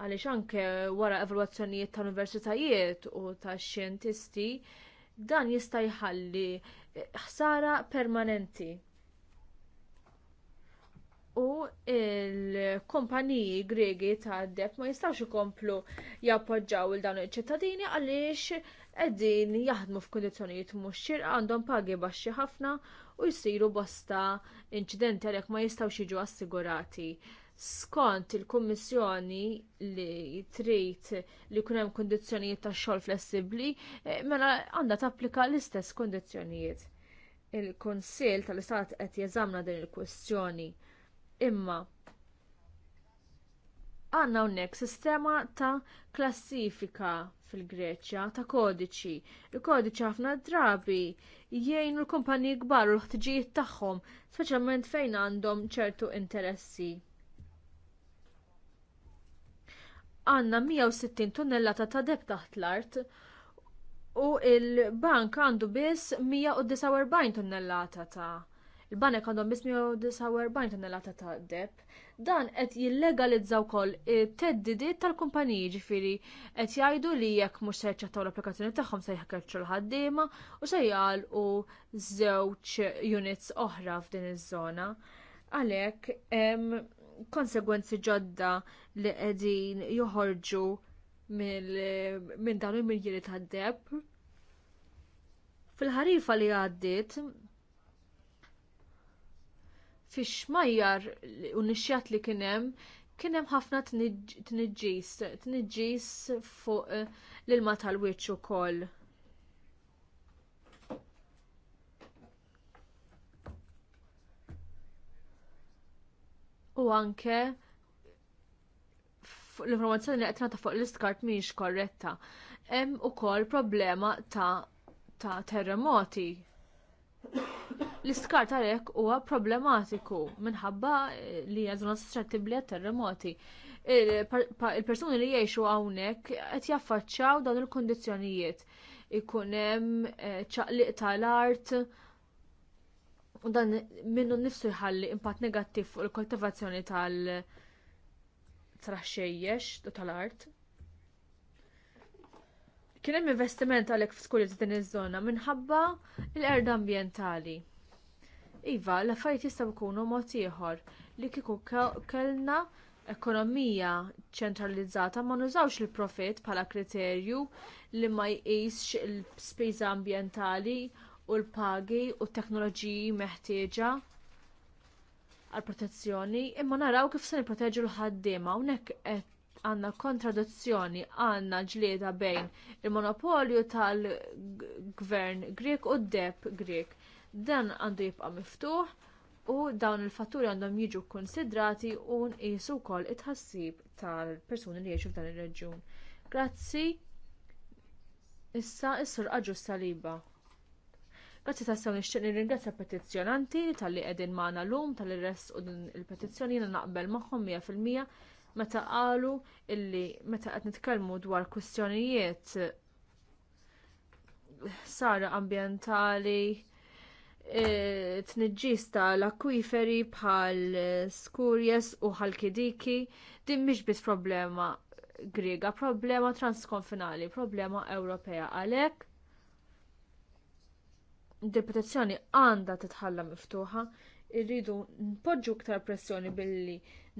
Għaliex anke wara evalwazzjonijiet ta' universitajiet u ta' xjentisti dan jista' jħalli ħsara permanenti. U l kumpaniji Gregi ta' deb ma jistgħux ikomplu jappoġġaw il dawn iċ-ċittadini għaliex għeddin jaħdmu f'kundizzjonijiet mhux xirqa għandhom pagi baxxi ħafna u jsiru bosta inċidenti għalhekk ma jistgħux jiġu assigurati. Skont il-Kummissjoni li trid li jkun hemm kundizzjonijiet tax-xogħol flessibbli, eh, mela għandha tapplika l-istess kundizzjonijiet. Il-Kunsill tal-Istat qed jeżamna din il-kwestjoni. Imma għandna hawnhekk sistema ta' klassifika fil-Greċja ta' kodiċi. Il-kodiċi ħafna drabi jgħinu l-kumpaniji kbar u l-ħtiġijiet tagħhom, speċjalment fejn għandhom ċertu interessi. Għandna 160 tunnellata ta' deb taħt l-art u l bank għandu biss 149 tonnellata ta' il-banek għandhom biss 149 tonnellata ta' deb dan qed jillegalizza wkoll it-teddidiet tal-kumpaniji ġifieri qed jgħidu li jekk mhux se jaċċettaw l-applikazzjoni tagħhom se jħakkerċu l-ħaddiema u se jgħalqu żewġ units oħra f'din iż-żona. Għalhekk hemm konsegwenzi ġodda li qegħdin joħorġu minn dawn il-miljeri tad-deb. Fil-ħarifa li għaddiet, fi xmajjar u nixjat li kien hemm, kien hemm ħafna tniġġis, tniġġis fuq eh, l-ilma tal-wiċċ ukoll. U anke l-informazzjoni li qed nagħta fuq l-istkart mhijiex korretta. Hemm ukoll problema ta' ta' terremoti L-iskar tal-ek huwa problematiku minħabba li għazuna suscettibbli għat terremoti. Il-persuni li jgħixu hawnhekk qed jaffaċċjaw dawn il-kundizzjonijiet. Ikun hemm eh, ċaqliq tal-art u dan minnu nifsu jħalli impatt negattiv fuq il-koltivazzjoni tal-traxxejjex u tal-art. Kien hemm investiment għalhekk f'skuli din iż-żona minħabba l-erda ambjentali. Iva, l-affarijiet jistgħu jkunu mod ieħor li kieku kellna ekonomija ċentralizzata ma nużawx il-profit bħala kriterju li ma jqisx il-spiża ambjentali u l-pagi u t-teknoloġiji meħtieġa għal protezzjoni imma naraw kif se nipproteġu l-ħaddiema hawnhekk qed għandna kontraduzzjoni għandna ġlieda bejn il-monopolju tal-gvern Grek u d-deb Grek. Dan għandu jibqa' miftuħ u dawn il-fatturi għandhom jiġu kkunsidrati u nqisu wkoll it-ħassib tal-persuni li jgħixu f'dan ir-reġjun. Grazzi. Issa is-sur Aġu Saliba. Grazzi ta' sew nixtieq nirringrazzja petizzjonanti tal-li qegħdin magħna lum tal irress u din il-petizzjoni jiena naqbel magħhom 100% meta qalu illi meta qed nitkellmu dwar kwistjonijiet sara ambjentali e, tniġġis tal-akwiferi bħal skurjes u ħalkidiki din mhix biss problema Griega, problema transkonfinali, problema Ewropea għalhekk il petizzjoni għandha titħalla miftuħa irridu npoġġu ktar pressjoni billi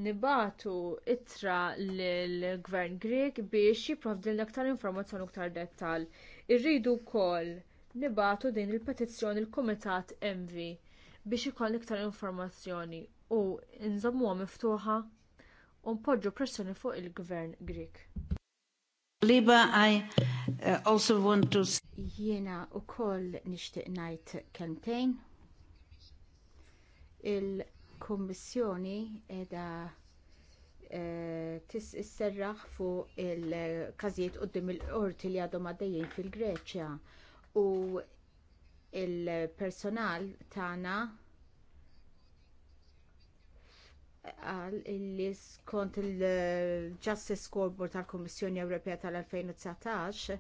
nibatu ittra lill-Gvern Grieg biex jipprovdilna aktar informazzjoni aktar dettal. Irridu wkoll nibatu din il-petizzjoni l-Kumitat MV biex ikoll iktar informazzjoni u nżammuha miftuħa u npoġġu pressjoni fuq il-Gvern Grieg. Liba, I uh, also want to... Jena u koll nishtiq najt kemtejn il-Kummissjoni edha eh, tisserraħ fuq il-każijiet quddiem il-qorti li għadhom għaddejjin fil-Greċja u l personal tagħna għal illi skont il-Justice Scoreboard tal-Kommissjoni Ewropea tal-2019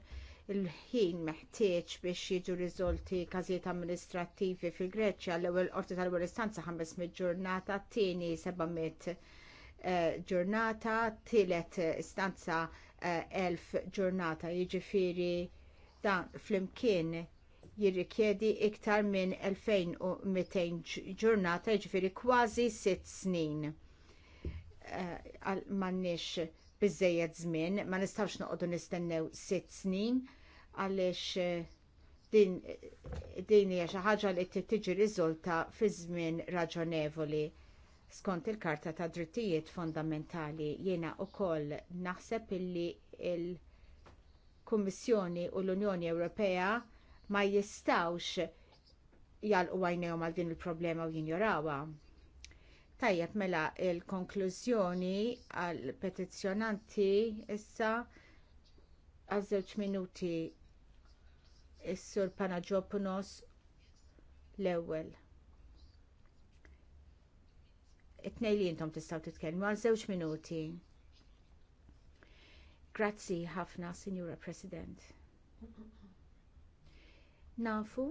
il-ħin meħtieġ biex jiġu riżolti każijiet amministrattivi fil-Greċja l-ewwel qorti tal-ewwel istanza 500 ġurnata, t-tieni 700 eh, ġurnata, tielet istanza 1000 eh, ġurnata, jiġifieri dan flimkien jirrikjedi iktar minn 2200 ġurnata, jiġifieri kważi sitt snin. Eh, m'għandniex biżżejjed żmien, ma nistgħux noqogħdu nistennew sitt snin għaliex eh, eh, din hija xi ħaġa li tiġi riżolta fi żmien raġonevoli skont il-Karta ta' Drittijiet Fondamentali jiena wkoll naħseb illi l kummissjoni u l-Unjoni Ewropea ma jistawx jalqu għajnejhom għal din il-problema u jinjorawha. Tajjeb mela l konklużjoni għall petizzjonanti issa għal żewġ minuti is-sur Panagiopunos l-ewwel. It-tnej li intom tistgħu titkellmu għal żewġ minuti. Grazzi ħafna, Sinjura President. Nafu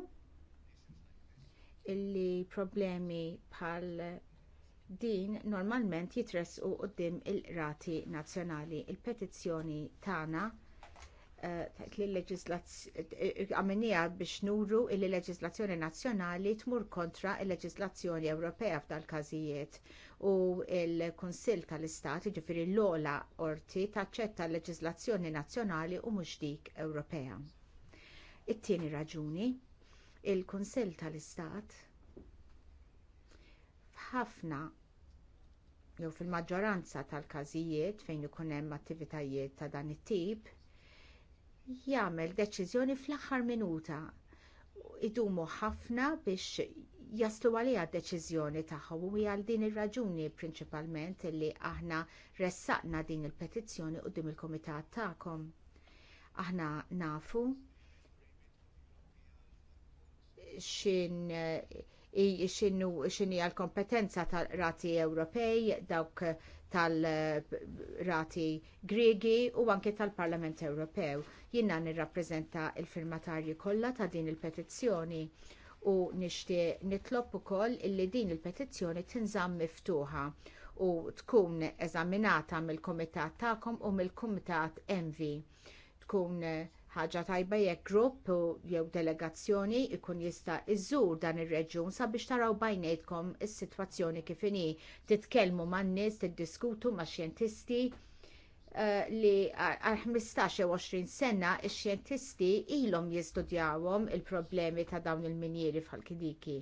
illi problemi bħal din normalment jitresqu quddiem il-rati nazzjonali. Il-petizzjoni tagħna Eh, għamenija biex nuru il leġislazzjoni nazzjonali tmur kontra il leġislazzjoni Ewropea f'dal każijiet u l kunsill tal-Istat ġifiri l-ola orti taċċetta l leġislazzjoni nazzjonali u mhux dik Ewropea. It-tieni raġuni, il kunsill tal-Istat f'ħafna jew fil-maġġoranza tal-każijiet fejn ikun hemm attivitajiet ta' dan it-tip jagħmel deċiżjoni fl-aħħar minuta. Idumu ħafna biex jaslu għalija deċiżjoni tagħhom u hija għal din ir-raġuni prinċipalment li aħna ressaqna din il-petizzjoni quddiem il-kumitat tagħkom. Aħna nafu xin eh, xinu xini għal kompetenza tal-rati Ewropej dawk tal-rati Griegi u anke tal-Parlament Ewropew. Jiena nirrappreżenta l firmatarji kollha ta' din il-petizzjoni u nixtieq nitlob ukoll illi din il-petizzjoni tinżamm miftuħa u tkun eżaminata mill-Kumitat tagħkom u mill-Kumitat Envi. Tkun ħaġa tajba jekk grupp jew delegazzjoni jkun jista' iżżur dan ir-reġjun sabiex taraw bajnejtkom is-sitwazzjoni kif inhi titkellmu man-nies, tiddiskutu ma' xjentisti eh, li għal 15 jew 20 sena x-xjentisti ilhom jistudjawhom il-problemi ta' dawn il-minjieri f'ħalkidiki.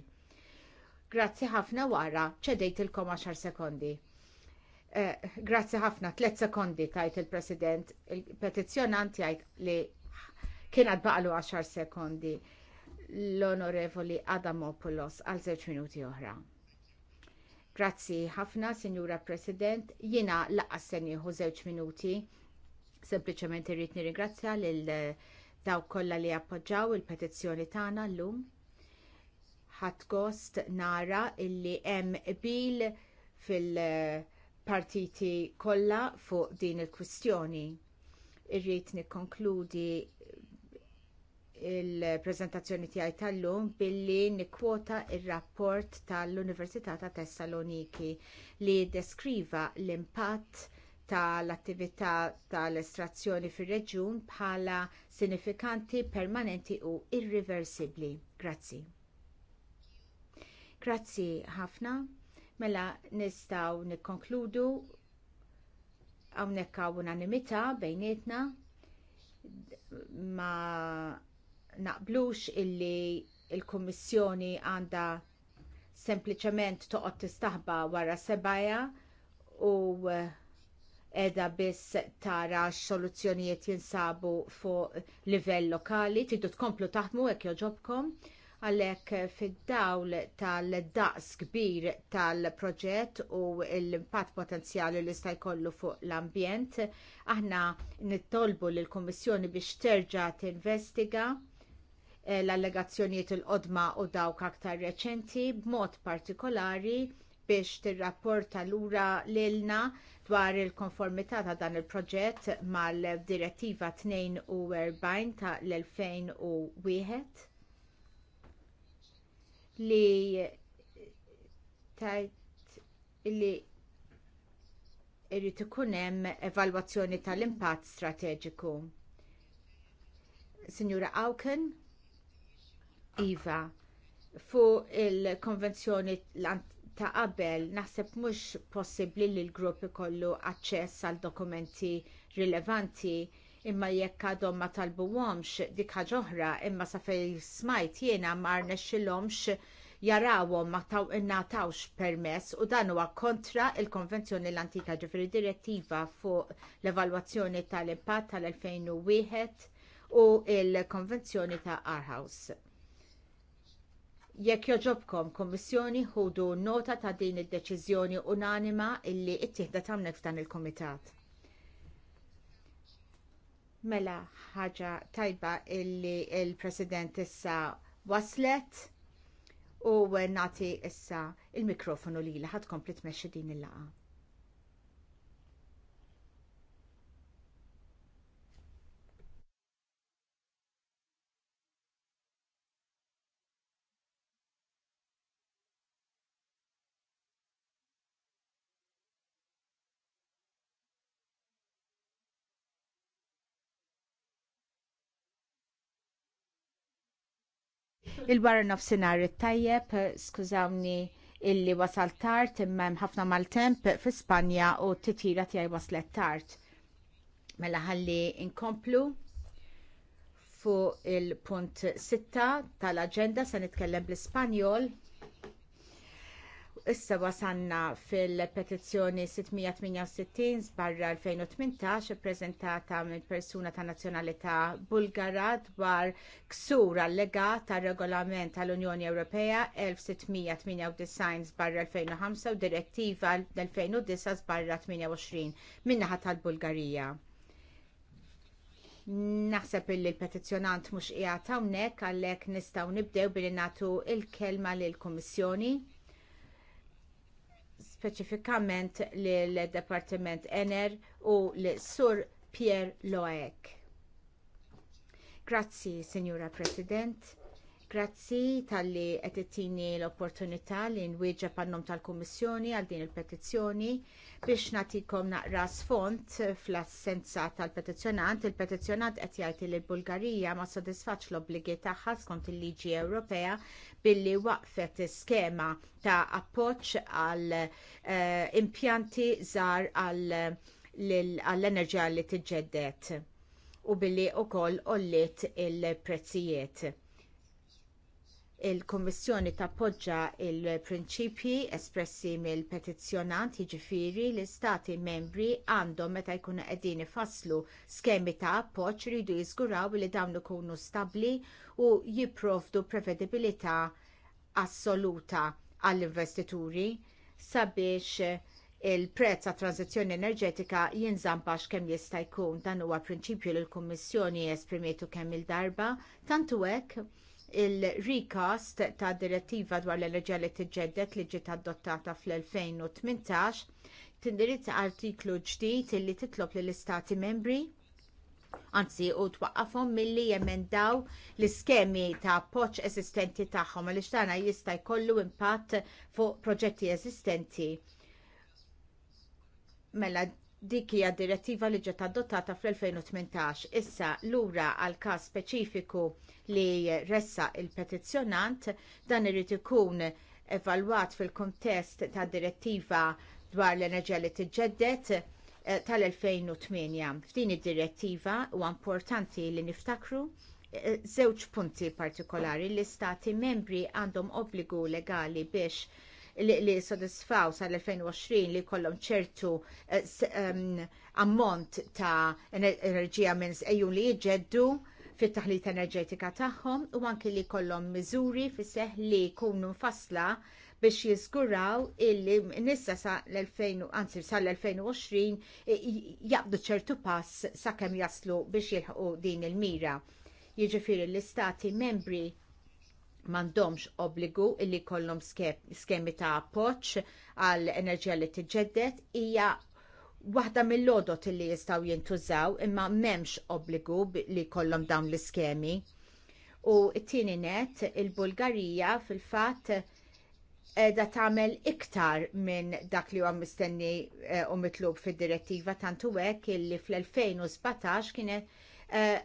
Grazzi ħafna wara ċedejt ilkom 10 sekondi. Eh, grazzi ħafna, 3 sekondi tajt il-President, il-petizjonant jgħid li kien għad baqalu 10 sekondi l-onorevoli Adamopoulos għal 10 minuti oħra. Grazzi ħafna, Signora President, jina s senjiħu 10 minuti, sempliciment irrit nirringrazzja lil eh, daw kollha li appoġġaw il-petizzjoni tagħna llum. Ħadd gost nara illi hemm bil fil-partiti eh, kollha fuq din il-kwistjoni Irrid nikkonkludi il-prezentazzjoni tiegħi tal-lum billi nikkwota r rapport tal-Università ta' Tessaloniki li deskriva l-impatt tal-attività tal-estrazzjoni fir-reġjun bħala sinifikanti, permanenti u irriversibbli. Grazzi. Grazzi ħafna. Mela nistgħu nikkonkludu hawnhekk hawn unanimità bejnietna ma naqblux illi l il kummissjoni għandha sempliċement toqgħod tistaħba wara sebaja u edha biss tara x-soluzzjonijiet jinsabu fuq livell lokali, tiddu tkomplu taħdmu hekk joġobkom għalhekk fid-dawl tal-daqs kbir tal-proġett u l-impatt potenzjali li sta jkollu fuq l-ambjent, aħna nittolbu lill kummissjoni biex terġa' tinvestiga eh, l-allegazzjonijiet il-qodma u dawk aktar reċenti b'mod partikolari biex tirrapporta lura lilna dwar il-konformità ta' dan il-proġett mal-Direttiva 42 tal-2001 li tajt li irrit ikun hemm evalwazzjoni tal-impatt strateġiku. Sinjura Auken, Iva, fuq il-konvenzjoni ta' qabel naħseb mhux possibbli li l-grupp ikollu aċċess għal dokumenti rilevanti imma jekk għadhom ma talbuhomx dik ħaġa oħra imma sa fej smajt jiena ma rnexxilhomx jarawhom ma taw innatawx permess u dan huwa kontra l konvenzjoni l-antika ġifieri direttiva fuq l-evalwazzjoni tal-impatt tal-2001 u l konvenzjoni ta' Arhaus. Jekk joġobkom Kummissjoni ħudu nota ta' din id-deċiżjoni unanima illi ttieħdet tagħmel f'dan il-Kumitat. Mela ħaġa tajba illi il-President issa waslet u nati issa il-mikrofonu li laħat kompli tmexxi din il-laqa. Il-barra nofsinhar it-tajjeb, skużawni illi wasal tard imma hemm ħafna maltemp fi Spanja u t tira tiegħi waslet tard. Mela ħalli inkomplu Fu il-punt 6 tal-aġenda se nitkellem bl-Ispanjol issa wasanna fil-petizzjoni 668 barra 2018 ippreżentata mill persuna ta' nazzjonalità Bulgara dwar ksur allegat tar regolament tal-Unjoni Ewropea 1698 barra 2005 u direttiva 2009 barra 28 min-naħa tal-Bulgarija. Naħseb li l-petizzjonant mhux qiegħed hawnhekk għalhekk nistgħu nibdew billi nagħtu l kelma lill-Kummissjoni speċifikament lill departiment Ener u l-Sur Pierre Loek. Grazzi, Signora President. Grazzi tal-li qed ittini l-opportunità li nwieġeb għan-nom tal-Kummissjoni għal din il-petizzjoni. il petizzjoni Biex natikom naqra sfond fl-assenza tal-petizjonant, il-petizjonant qed jgħid li l-Bulgarija ma sodisfax l-obbligi tagħha skont il-liġi Ewropea billi waqfet skema ta' appoġġ għal eh, impjanti żgħar għall-enerġija li tiġġedet u billi wkoll ollit il-prezzijiet il kummissjoni tappoġġa l prinċipji espressi mill-petizzjonant jiġifieri li stati membri għandhom meta jkunu qegħdin ifasslu skemi ta' appoġġ iridu jiżguraw li dawn ikunu stabbli u jipprovdu prevedibilità assoluta għall-investituri sabiex il-prezz tat tranzizzjoni enerġetika jinżamm bax kemm jista' jkun dan huwa prinċipju li l-Kummissjoni esprimitu kemm il-darba, tantu hekk il-recast ta' direttiva dwar l-enerġija li tiġġeddet li ġiet adottata fl-2018 tindirizza artiklu ġdid illi titlob lill istati membri anzi u twaqqafhom milli jemendaw l-iskemi ta' appoġġ eżistenti tagħhom għaliex tagħna jista' jkollu impatt fuq proġetti eżistenti. Mela dik hija direttiva li ġiet adottata fl-2018. Issa lura għal każ speċifiku li ressa il-petizzjonant dan irid ikun evalwat fil-kontest tad direttiva dwar l-enerġija li tiġġedded eh, tal-2008. F'din id-direttiva huwa importanti li niftakru eh, żewġ punti partikolari li stati membri għandhom obbligu legali biex li sodisfaw sal-2020 li kollom ċertu eh, ammont ta' enerġija minn sejjun li jġeddu fit-taħlit enerġetika tagħhom u anki li kollom miżuri fiseħ li jkunu mfassla biex jiżguraw illi nissa sal-2020 sal-2020 jaqbdu ċertu pass sakemm jaslu biex jilħu din il-mira. Jiġifieri l-istati membri mandomx obbligu illi kollom skemi ta' poċ għal enerġija li tiġġedded hija waħda mill-lodot illi jistaw jintużaw imma memx obbligu li kollom dawn l-iskemi. U t-tieni net il-Bulgarija fil-fatt edha tagħmel iktar minn dak li huwa mistenni eh, u mitlub fid-direttiva tantu hekk illi fl-2017 kienet eh,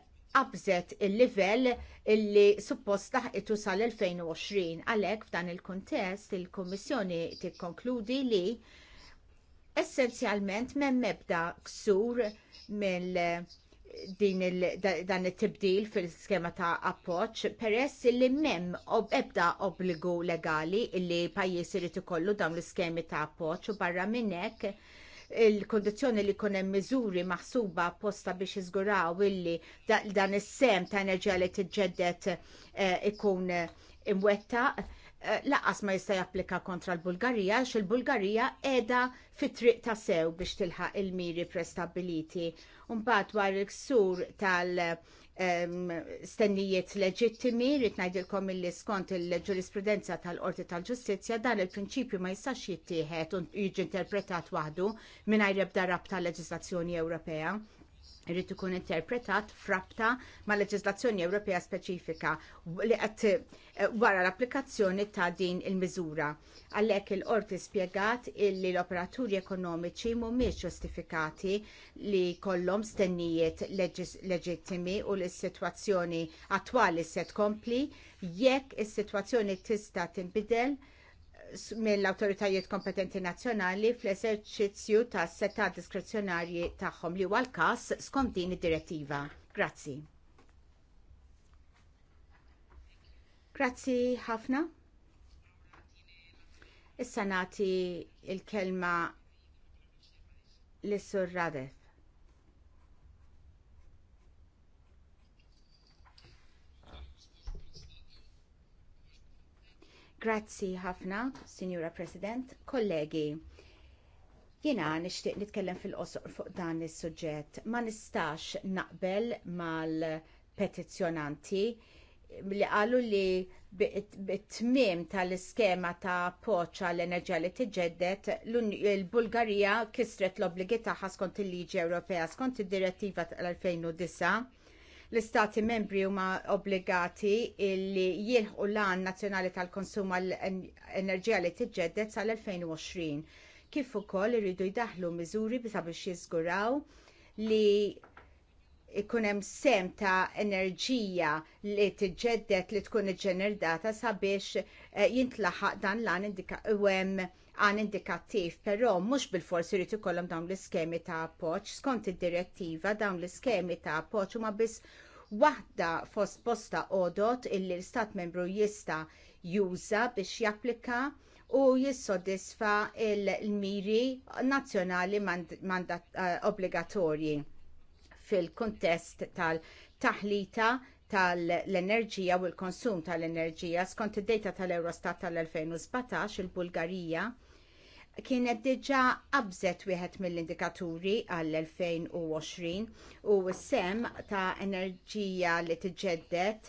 qabżet il-livell illi suppost taħqitu sal-2020. Għalhekk f'dan il-kuntest il-Kummissjoni tikkonkludi li essenzjalment m'hemm ebda ksur mill din il, dan it-tibdil fil-skema ta' appoġġ peress li m'hemm ob ebda obbligu legali illi pajjiż irid ikollu dawn l-iskemi ta' appoġġ u barra minn hekk il-kondizjoni li jkun hemm miżuri maħsuba apposta biex iżguraw illi dan is-sem ta' enerġija li tiġġedet eh, ikun eh, imwettaq eh, laqas ma jista' japplika kontra l-Bulgarija għax il-Bulgarija qiegħda fit-triq ta' sew biex tilħaq il-miri prestabiliti. Mbagħad dwar il-ksur tal- stennijiet leġittimi, rrit ngħidilkom il skont il-ġurisprudenza tal-Qorti tal-Ġustizzja dan il-prinċipju ma jistax jittieħed u jiġi interpretat waħdu mingħajr ebda rabta leġislazzjoni Ewropea irrit ikun interpretat frabta ma' leġislazzjoni Ewropea speċifika li qed eh, wara l-applikazzjoni ta' din il-miżura. Għalhekk il-qorti spjegat illi l-operaturi ekonomiċi mhumiex ġustifikati li kollhom stennijiet leġittimi u l-sitwazzjoni attwali se tkompli jekk is-sitwazzjoni tista' tinbidel mill awtoritajiet kompetenti nazzjonali fl-eżerċizzju ta' seta' diskrezzjonarji tagħhom li huwa l-każ skont din id-direttiva. Grazzi. Grazzi ħafna. Issa nagħti l kelma lis sur Grazzi ħafna, Signora President, kollegi. Jiena nixtieq nitkellem fil-qosor fuq dan is-suġġett. Ma nistax naqbel mal-petizzjonanti li qalu li bit-tmiem tal-iskema ta' poċa l-enerġija li tġeddet l-Bulgarija kisret l obbligi tagħha skont il-liġi Ewropea skont id-direttiva tal-2009 L-istati membri huma obbligati li jilħqu l-għan nazzjonali tal-konsum għall-enerġija li tiġġedded sal-2020. Kif ukoll iridu jdaħlu miżuri sabiex jiżguraw li ikun hemm sem ta' enerġija li tiġġedded li tkun iġġenerdata sabiex eh, jintlaħaq dan l-għan hemm għan indikattiv, però mhux bil-forsi rritu kollom dawn l-iskemi ta' appoġġ. Skont id-direttiva dawn l-iskemi ta' appoġġ huma biss waħda fost posta odot illi l-Stat membru jista juża biex japplika u jissodisfa il-miri nazzjonali eh, obbligatorji fil-kontest tal-taħlita tal-enerġija u l-konsum tal-enerġija skont id-data tal-Eurostat tal-2017 il-Bulgarija kienet diġa qabżet wieħed mill-indikaturi għall-2020 u s-sem ta' enerġija li tiġġedded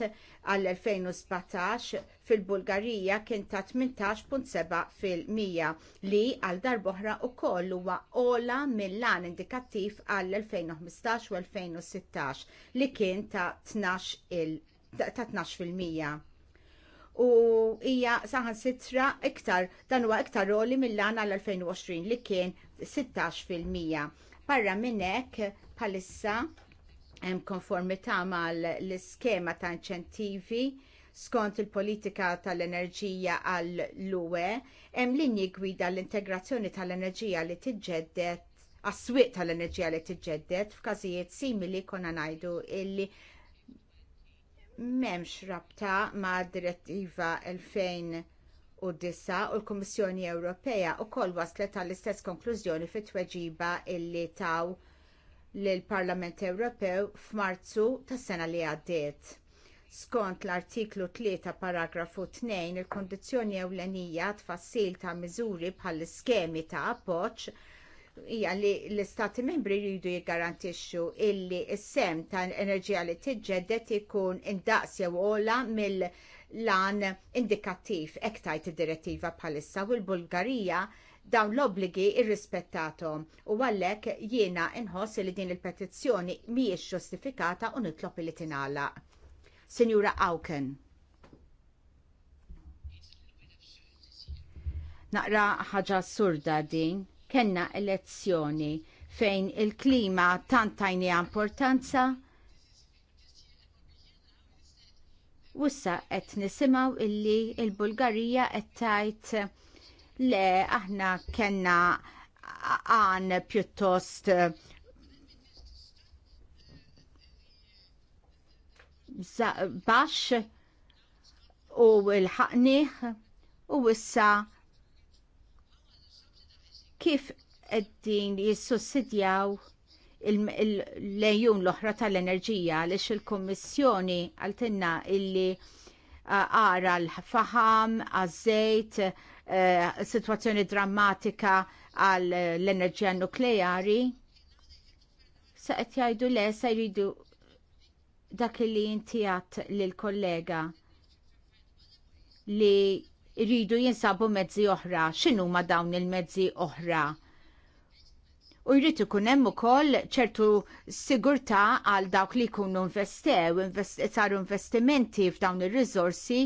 għall-2017 fil-Bulgarija kien ta' 18.7 fil-mija li għal darboħra u koll huwa ola mill-lan indikattiv għall-2015 u 2016 li kien ta' 12 ta' 12 fil-mija u hija saħan sitra iktar dan huwa iktar roli mill-għan għal-2020 li kien 16%. Parra minnek palissa hemm konformità mal-iskema ta' inċentivi skont il-politika tal-enerġija għall lue hemm linji gwida l-integrazzjoni tal-enerġija li tiġġedded għas-swieq tal-enerġija li tiġġedded f'każijiet simili konna ngħidu illi m'hemmx rabta ma' direttiva 2009 u l-Kummissjoni Ewropea wkoll waslet għall istess konklużjoni fit tweġiba illi taw lill parlament Ewropew f'Marzu tas-sena li għaddiet. Skont l-artiklu 3 paragrafu 2 il kundizzjoni ewlenija tfassil ta' miżuri bħall iskemi ta' appoġġ hija li l-istati membri jridu jiggarantixxu illi s-sem ta' enerġija li tiġġedded ikun indaqs jew ola mill-lan indikattiv ektajt id-direttiva bħalissa u l-Bulgarija dawn l-obbligi irrispettatom u għalhekk jiena nħoss li din il-petizzjoni mhijiex ġustifikata u nitlob li tingħalaq. Sinjura Auken. Naqra ħaġa surda din kellna elezzjoni fejn il-klima tantajni importanza Wissa qed nisimgħu illi l il bulgarija qed tgħid le aħna kellna għan pjuttost bax u l-ħaqniħ u issa kif għeddin jissussidjaw il-lejjun l-oħra tal-enerġija għaliex il-Kommissjoni għaltinna illi għara l-faham, għazzejt, e, situazzjoni drammatika għal l-enerġija nukleari. Sa' qed jgħidu le sa' jridu dak li jintijat l lill kollega li irridu jinsabu mezzi oħra, x'inhu ma dawn il-mezzi oħra. U jrid ikun hemm ukoll ċertu sigurtà għal dawk li jkunu investew, invest, saru investimenti f'dawn ir-riżorsi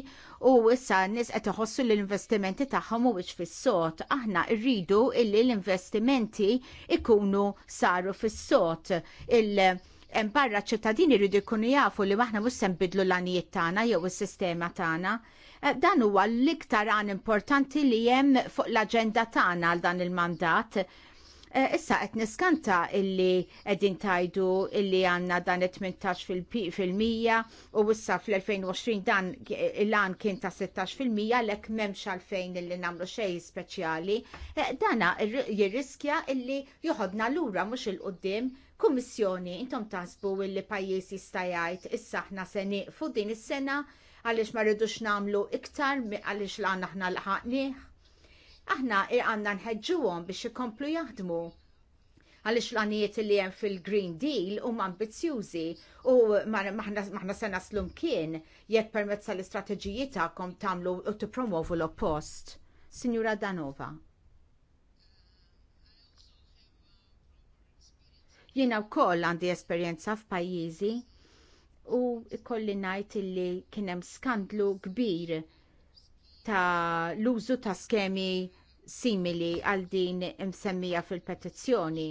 u issa n-nies qed iħossu l-investimenti tagħhom mhuwiex fis-sot. Aħna rridu illi l-investimenti ikunu saru fis-sot. Il- hemm barra ċittadini jridu jkunu jafu li aħna mhux se nbidlu l-għanijiet tagħna jew is-sistema tagħna, Eh, dan huwa l-iktar għan importanti li hemm fuq l-aġenda tagħna għal dan il-mandat. Eh, issa qed niskanta illi qegħdin tajdu illi għandna dan it-18 fil-mija u issa fl-2020 dan il-għan kien ta' 16 fil-mija lek memx għalfejn illi namlu xej speċjali. Eh, dana jirriskja illi joħodna lura mhux il-qoddim Kummissjoni, intom tasbu illi pajjiż jista' jgħid issa aħna se nieqfu din is-sena għaliex ma rridux nagħmlu iktar għaliex lan aħna laħaqnieh. Aħna għandna nħeġġuhom biex ikomplu jaħdmu għaliex l-għanijiet li hemm fil-Green Deal huma ambizzjużi u maħna se naslu mkien jekk permezz tal-istrateġiji tagħkom tagħmlu u tippromovu l-oppost. Signora Danova. Jiena wkoll għandi esperjenza f'pajjiżi u ikolli ngħid illi kien hemm skandlu kbir ta' l-użu ta' skemi simili għal din msemmija fil-petizzjoni.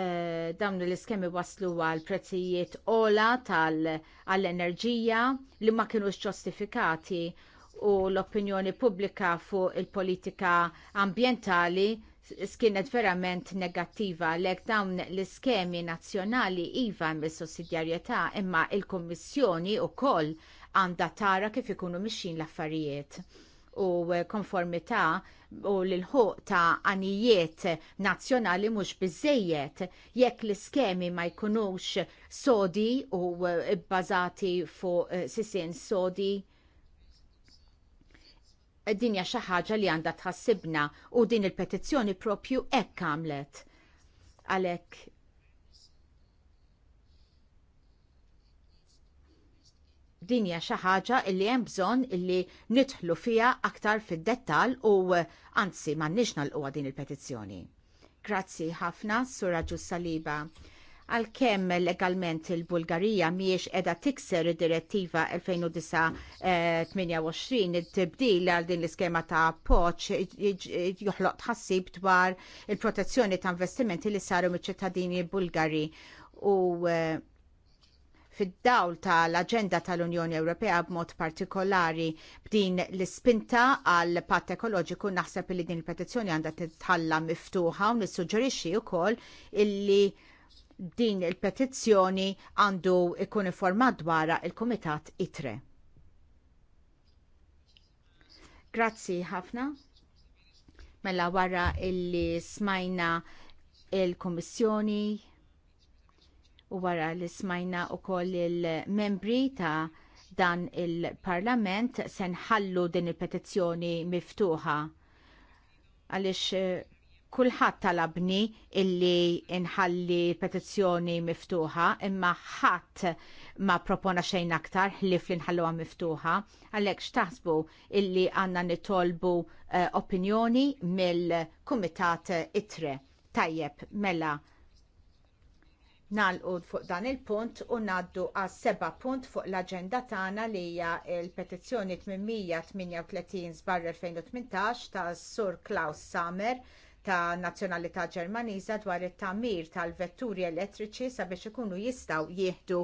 Eh, dawn l-iskemi waslu għal prezzijiet ola tal-enerġija li ma kienu ġustifikati u l-opinjoni pubblika fuq il-politika ambientali kienet verament negattiva lek dawn l-iskemi nazzjonali iva mis sussidjarjetà imma il-Kommissjoni u koll għanda tara kif ikunu mixin l-affarijiet u eh, konformità u l-ħuq ta' anijiet nazzjonali mhux biżejjed jekk l-iskemi ma jkunux sodi u eh, bbażati fuq eh, sisin sodi dinja xi ħaġa li għandha tħassibna u din il-petizzjoni propju hekk għamlet. Għalhekk Dinja xi ħaġa li hemm bżonn li nidħlu fiha aktar fid-dettall u anzi m'għandniex nagħlquha din il-petizzjoni. Grazzi ħafna, Sura Ġussaliba. Saliba. Għalkemm legalment il-Bulgarija miex edha tikser id-direttiva 2028 il tibdil għal din l-iskema ta' poċ joħloq tħassib dwar il-protezzjoni ta' investimenti li saru miċ ċittadini Bulgari u eh, fid-dawl tal-Aġenda tal-Unjoni Ewropea b'mod partikolari b'din l-ispinta għal patt ekoloġiku naħseb li din il-petizzjoni għandha titħalla miftuħa u nissuġġerixxi wkoll illi din il-petizzjoni għandu ikun informat dwara il-Kumitat ITRE. Grazzi ħafna. Mela wara illi smajna il kummissjoni u wara li smajna u koll il-membri ta' dan il-Parlament senħallu din il-petizzjoni miftuħa għalix kulħadd talabni illi inħalli petizzjoni miftuħa imma ħadd ma propona xejn aktar ħlif li nħalluha miftuħa għalhekk x'taħsbu illi għandna nitolbu uh, opinjoni mill-kumitat itre. Tajjeb, mela nalqu fuq dan il-punt u ngħaddu għas seba punt fuq l aġenda tagħna li hija l-petizzjoni 838 2018 tas Sur Klaus Samer ta' nazzjonalità Ġermaniża dwar it-tamir tal-vetturi elettriċi sabiex ikunu jistgħu jieħdu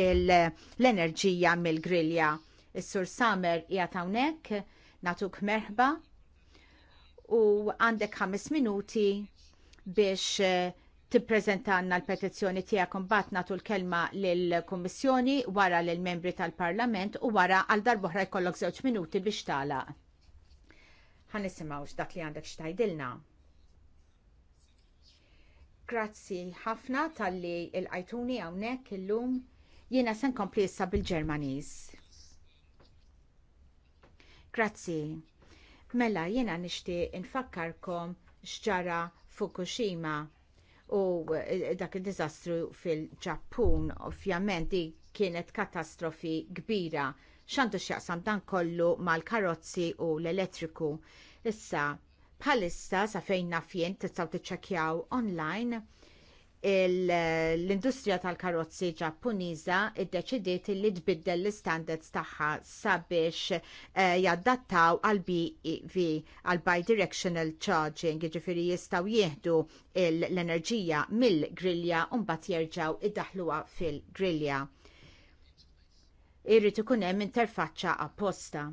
l-enerġija mill-grilja. Is-Sur Samer qiegħed hawnhekk, nagħtuk merħba u għandek ħames minuti biex eh, tippreżentanna l-petizzjoni tiegħek imbagħad nagħtu l-kelma lill-Kummissjoni wara lill membri tal-Parlament u wara għal darb'oħra jkollok żewġ minuti biex tagħlaq. Ħa x'dak li għandek x'tajdilna. Grazzi ħafna tal-li il hawnhekk għawnek il-lum jiena sen nkompli issa bil ġermaniż Grazzi. Mela jiena nishti infakkarkom xġara Fukushima u eh, dak il-dizastru fil-ġappun ovvjament di kienet katastrofi kbira xandu xjaqsam dan kollu mal-karozzi u l-elettriku. Issa, Bħalissa sa fejn nafjen tistgħu tiċċekkjaw online l-industrija tal-karozzi ġappuniża iddeċidiet li tbiddel l istandards tagħha sabiex eh, jaddattaw għal BEV għal bidirectional charging, jiġifieri jistgħu jieħdu l-enerġija mill-grilja u mbagħad jerġgħu iddaħluha fil-grilja. Irrid ikun hemm interfaċċa apposta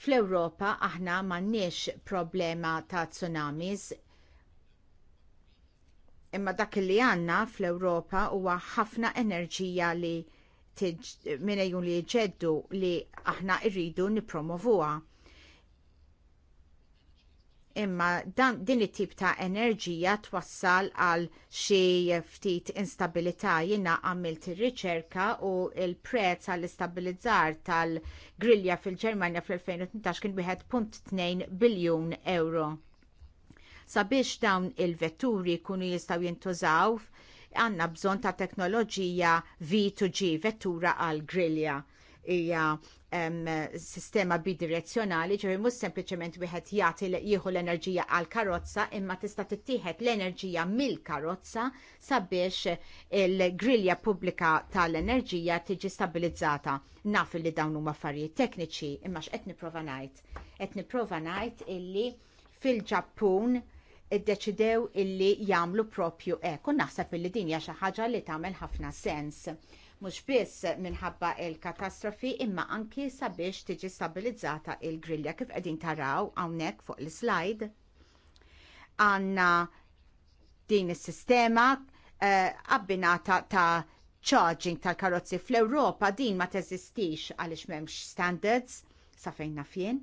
Fl-Ewropa aħna m'għandniex problema ta' tsunamis imma dak li għandna fl-Ewropa huwa ħafna enerġija li minn li ġeddu li aħna rridu nippromovuha imma dan din it-tip ta' enerġija twassal għal xi ftit instabilità jiena għamilt ir-riċerka u l prezz għall istabilizzar tal-grilja fil-Ġermanja fl-2018 kien wieħed punt 1.2 biljun euro. Sabiex dawn il-vetturi jkunu jistgħu jintużaw għandna bżonn ta' teknoloġija V2G, vettura għall grilja hija sistema bidirezzjonali, ġeri mhux sempliċement wieħed jagħti jieħu l-enerġija għal karozza imma tista' tittieħed l-enerġija mill-karozza sabiex il-grilja pubblika tal-enerġija tiġi stabilizzata. Naf li dawn huma affarijiet tekniċi imma x'qed nipprova ngħid. Qed nipprova ngħid illi fil-Ġappun iddeċidew illi jagħmlu propju hekk u naħseb illi din hija xi ħaġa li tagħmel ħafna sens mhux biss minħabba il-katastrofi imma anki sabiex tiġi stabilizzata il-grilja kif qegħdin taraw hawnhekk fuq l-slide. Għandna din is-sistema eh, abbinata ta' charging tal-karozzi fl-Ewropa din ma teżistix għaliex m'hemmx standards sa fejn naf jien.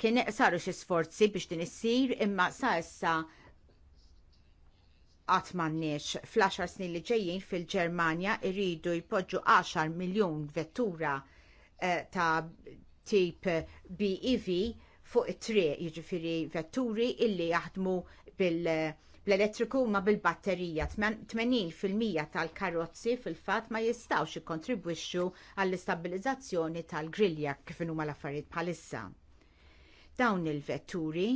Kien saru xi sforzi biex din issir imma sa issa qatt m'għandniex fl-10 snin li ġejjin fil-Ġermanja irridu jpoġġu 10 miljun vettura eh, ta' tip BEV fuq it-triq, jiġifieri vetturi illi jaħdmu bil- bl-elettriku ma bil-batterija. 80% tal-karozzi fil-fat ma jistawx ikkontribwixxu għall-istabilizzazzjoni tal-grilja kif huma l-affarijiet bħalissa. Dawn il-vetturi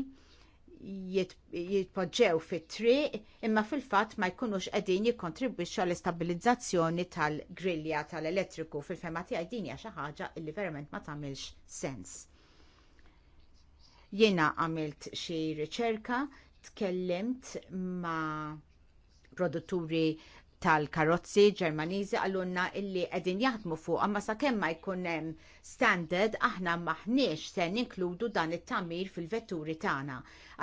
jitpoġġew fit-triq imma fil-fatt ma jkunux qegħdin jikkontribwixxu għall istabilizzazzjoni tal-grilja tal-elettriku fil-fema tiegħi din hija xi ħaġa li verament ma tagħmilx sens. Jiena għamilt xi riċerka, tkellimt ma' produtturi tal-karozzi ġermaniżi għallunna illi qegħdin jaħdmu fuq ma sakemm ma jkun hemm standard aħna maħniex se ninkludu dan it-tamir fil-vetturi tagħna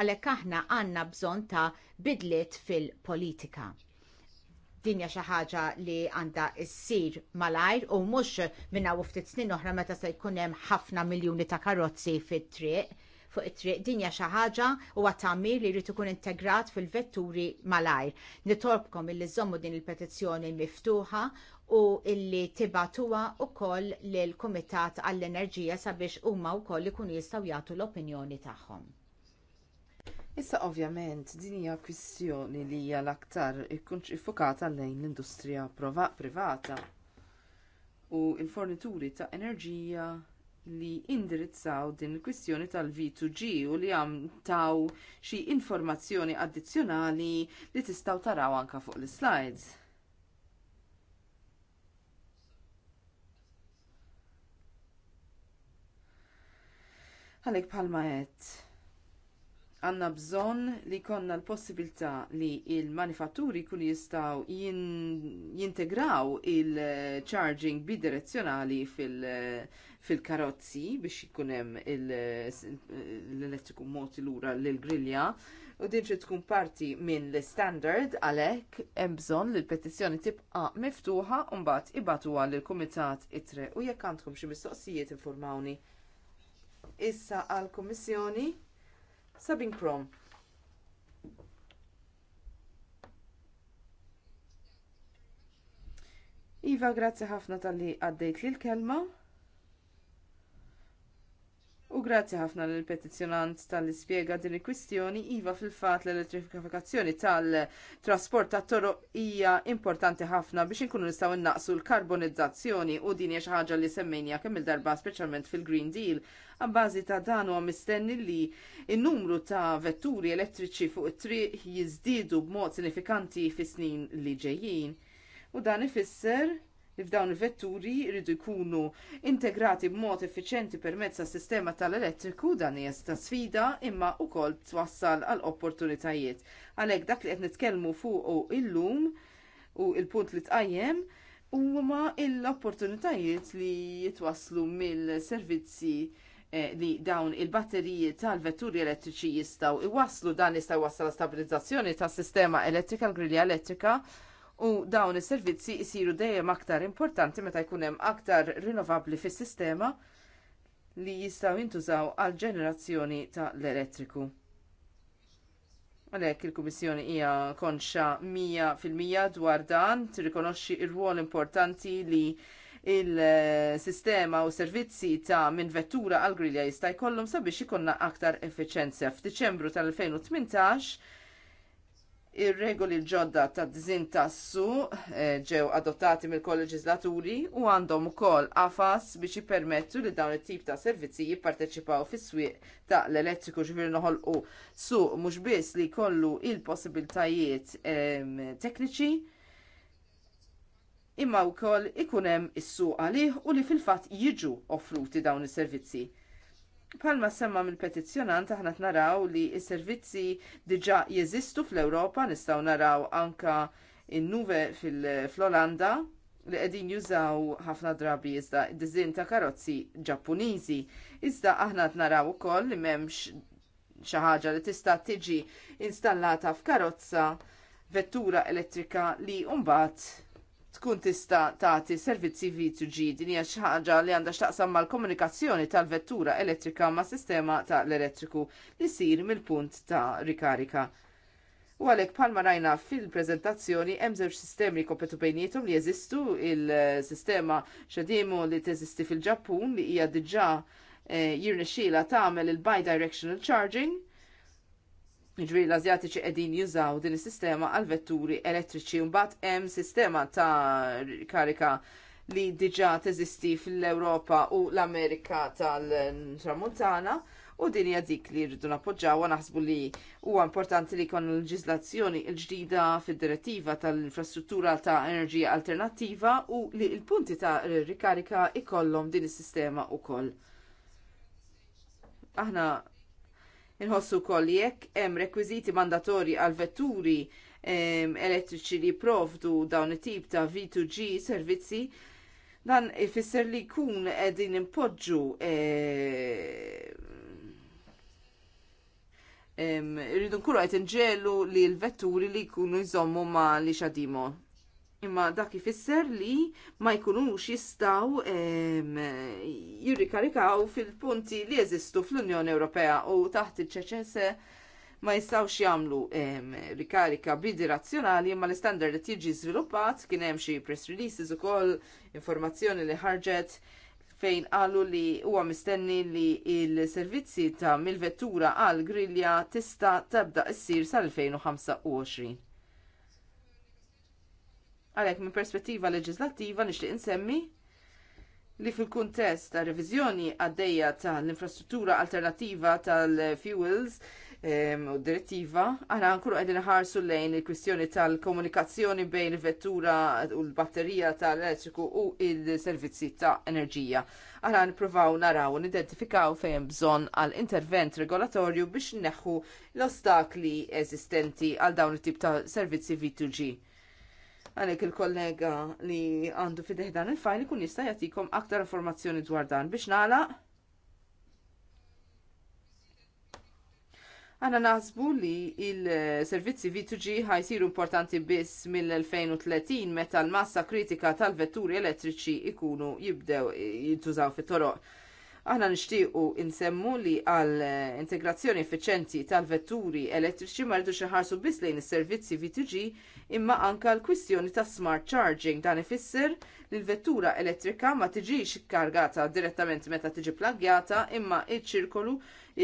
għalhekk aħna għandna bżonn ta' bidliet fil-politika. Dinja xi ħaġa li għandha ssir malajr u mhux minna ftit snin oħra meta se jkun hemm ħafna miljuni ta' karozzi fit-triq fuq it-triq dinja xi ħaġa u tagħmir li jrid ikun integrat fil-vetturi malajr. Nitolbkom illi żommu din il-petizzjoni miftuħa u illi tibatuha wkoll lill-Kumitat għall-Enerġija sabiex huma wkoll ikunu jistgħu jagħtu l-opinjoni tagħhom. Issa ovvjament din hija kwistjoni li hija l-aktar ikkunx iffokata lejn l-industrija privata u l-fornituri ta' enerġija li indirizzaw din il-kwistjoni tal-V2G u li għamtaw xi informazzjoni addizzjonali li tistgħu taraw anke fuq l-slides. Għalhekk bħalma qed għanna bżonn li jkollna l-possibilità li l manifatturi kun jistgħu jintegraw il-charging bidirezzjonali fil-karozzi fil biex ikun hemm l-elettriku moti lura l-grilja u din tkun parti minn l-standard għalhekk hemm bżonn li l-petizzjoni tibqa' miftuħa u mbagħad ibatuha lill-kumitat itre u jekk għandkom xi mistoqsijiet infurmawni. Issa għall kummissjoni Sabin Krom. Iva, grazzi ħafna tal-li għaddejt li l-kelma. U grazzi ħafna lill petizzjonant tal ispiega din il-kwistjoni iva fil-fat l-elettrifikazzjoni tal-trasport tat toroq hija importanti ħafna biex inkunu nistgħu innaqsu l-karbonizzazzjoni u din hija xi ħaġa li semmejnija kemm il-darba speċjalment fil-Green Deal. Għabbażi ta' dan huwa mistenni li n-numru ta' vetturi elettriċi fuq it-triq jiżdiedu b'mod sinifikanti fis-snin li ġejjin. U dan ifisser li f'dawn il-vetturi jridu jkunu integrati b'mod effiċenti permezz tas sistema tal-elettriku dan hija ta' sfida imma wkoll twassal għal opportunitajiet. Għalhekk dak li qed nitkellmu fuq illum u l punt li tqajjem huma l-opportunitajiet li jitwasslu mill-servizzi eh, li dawn il batteriji tal-vetturi elettriċi jistaw iwaslu dan jistaw iwassal stabilizzazzjoni tas sistema elettrika l-grilja elettrika u dawn is-servizzi jsiru dejjem aktar importanti meta jkun hemm aktar rinnovabbli fis-sistema li jistgħu jintużaw għal ġenerazzjoni ta' l-elettriku. Għalhekk il-Kummissjoni hija konxa 100% dwar dan, tirrikonoxxi r ruol importanti li il-sistema u servizzi ta' minn vettura għal grilja jista' jkollhom sabiex ikonna aktar effiċjenza. F'Diċembru tal-2018 Ir-regoli ġodda ta' dizin tassu eh, ġew adottati mill-kolleġislaturi u għandhom ukoll afas biex jippermettu li dawn it-tip ta' servizzi jipparteċipaw fis-swieq ta' l-elettriku ġifir noħolqu su mhux biss li jkollu il-possibiltajiet ehm, tekniċi imma wkoll ikun hemm is-suq għalih u li fil-fatt jiġu offruti dawn is-servizzi. Palma semma mill petizzjonant aħna naraw li s-servizzi diġa jeżistu fl-Ewropa, nistaw naraw anka in-nuve fil-Olanda li qegħdin jużaw ħafna drabi iżda dizin ta' karozzi Ġappuniżi. Iżda aħna naraw ukoll li m'hemmx xi ħaġa li tista' tiġi installata f'karozza vettura elettrika li mbagħad tkun tista tagħti servizzi V2G din hija xi ħaġa li għandha x'taqsam mal-komunikazzjoni tal-vettura elettrika ma' sistema tal-elettriku li jsir mill-punt ta' rikarika. U għalhekk bħalma rajna fil-preżentazzjoni hemm żewġ sistemi li kompetu bejnietom li jeżistu il-sistema xedimu li teżisti fil-Ġappun li hija diġà eh, jirnexxiela tagħmel il-bidirectional charging Ġviri l-Azjatiċi qegħdin jużaw din is-sistema għal vetturi elettriċi mbagħad hemm sistema ta' karika li diġà teżisti fl-Ewropa u l-Amerika tal-Tramuntana u din hija dik li rridu nappoġġaw u naħsbu li huwa importanti li kon l-leġiżlazzjoni l-ġdida fid-direttiva tal-infrastruttura ta' enerġija alternattiva u li l-punti ta' rikarika ikollhom din is-sistema wkoll. Aħna Inħossu wkoll jekk hemm rekwiżiti mandatorji għal vetturi elettriċi li provdu dawn it-tip ta' V2G servizzi dan ifisser li jkun qegħdin impoġġu rridu nkunu qed inġelu li l-vetturi li jkunu jżommu ma li xadimo imma dak ifisser li ma jkunux jistaw jirrikarikaw fil-punti li jeżistu fl-Unjoni Ewropea u taħt il-ċeċense ma jistawx jagħmlu rikarika bidi razzjonali imma l standard li tiġi żviluppat kien hemm xi press releases ukoll informazzjoni li ħarġet fejn qalu li huwa mistenni li il-servizzi ta' mill-vettura għal grilja tista' tabda' issir sal-2025 Għalhekk minn perspettiva leġislattiva nixtieq insemmi li fil-kuntest ta' għaddeja għaddejja tal-infrastruttura alternattiva tal-fuels u direttiva, għana għankur għedin ħarsu lejn il-kwistjoni tal-komunikazzjoni bejn il-vettura u l-batterija tal-elettriku u il-servizzi ta' enerġija. Għana nipruvaw naraw u nidentifikaw fejn bżon għal intervent regolatorju biex neħu l-ostakli eżistenti għal dawn it-tip ta' servizzi V2G Għalek il-kollega li għandu dan il-fajl kun jista' jagħtikom aktar informazzjoni dwar dan biex nagħlaq. Għana naħsbu li il-servizzi V2G ħajsiru importanti biss mill-2030 meta l-massa kritika tal-vetturi elettriċi ikunu jibdew jintużaw fit-toroq Aħna nixtiequ insemmu li għal integrazzjoni effiċenti tal-vetturi elettriċi ma rridux iħarsu biss lejn is-servizzi VTG imma anka l-kwistjoni ta' smart charging dan ifisser li l-vettura elettrika ma tiġix kargata direttament meta tiġi plaggjata imma iċ-ċirkolu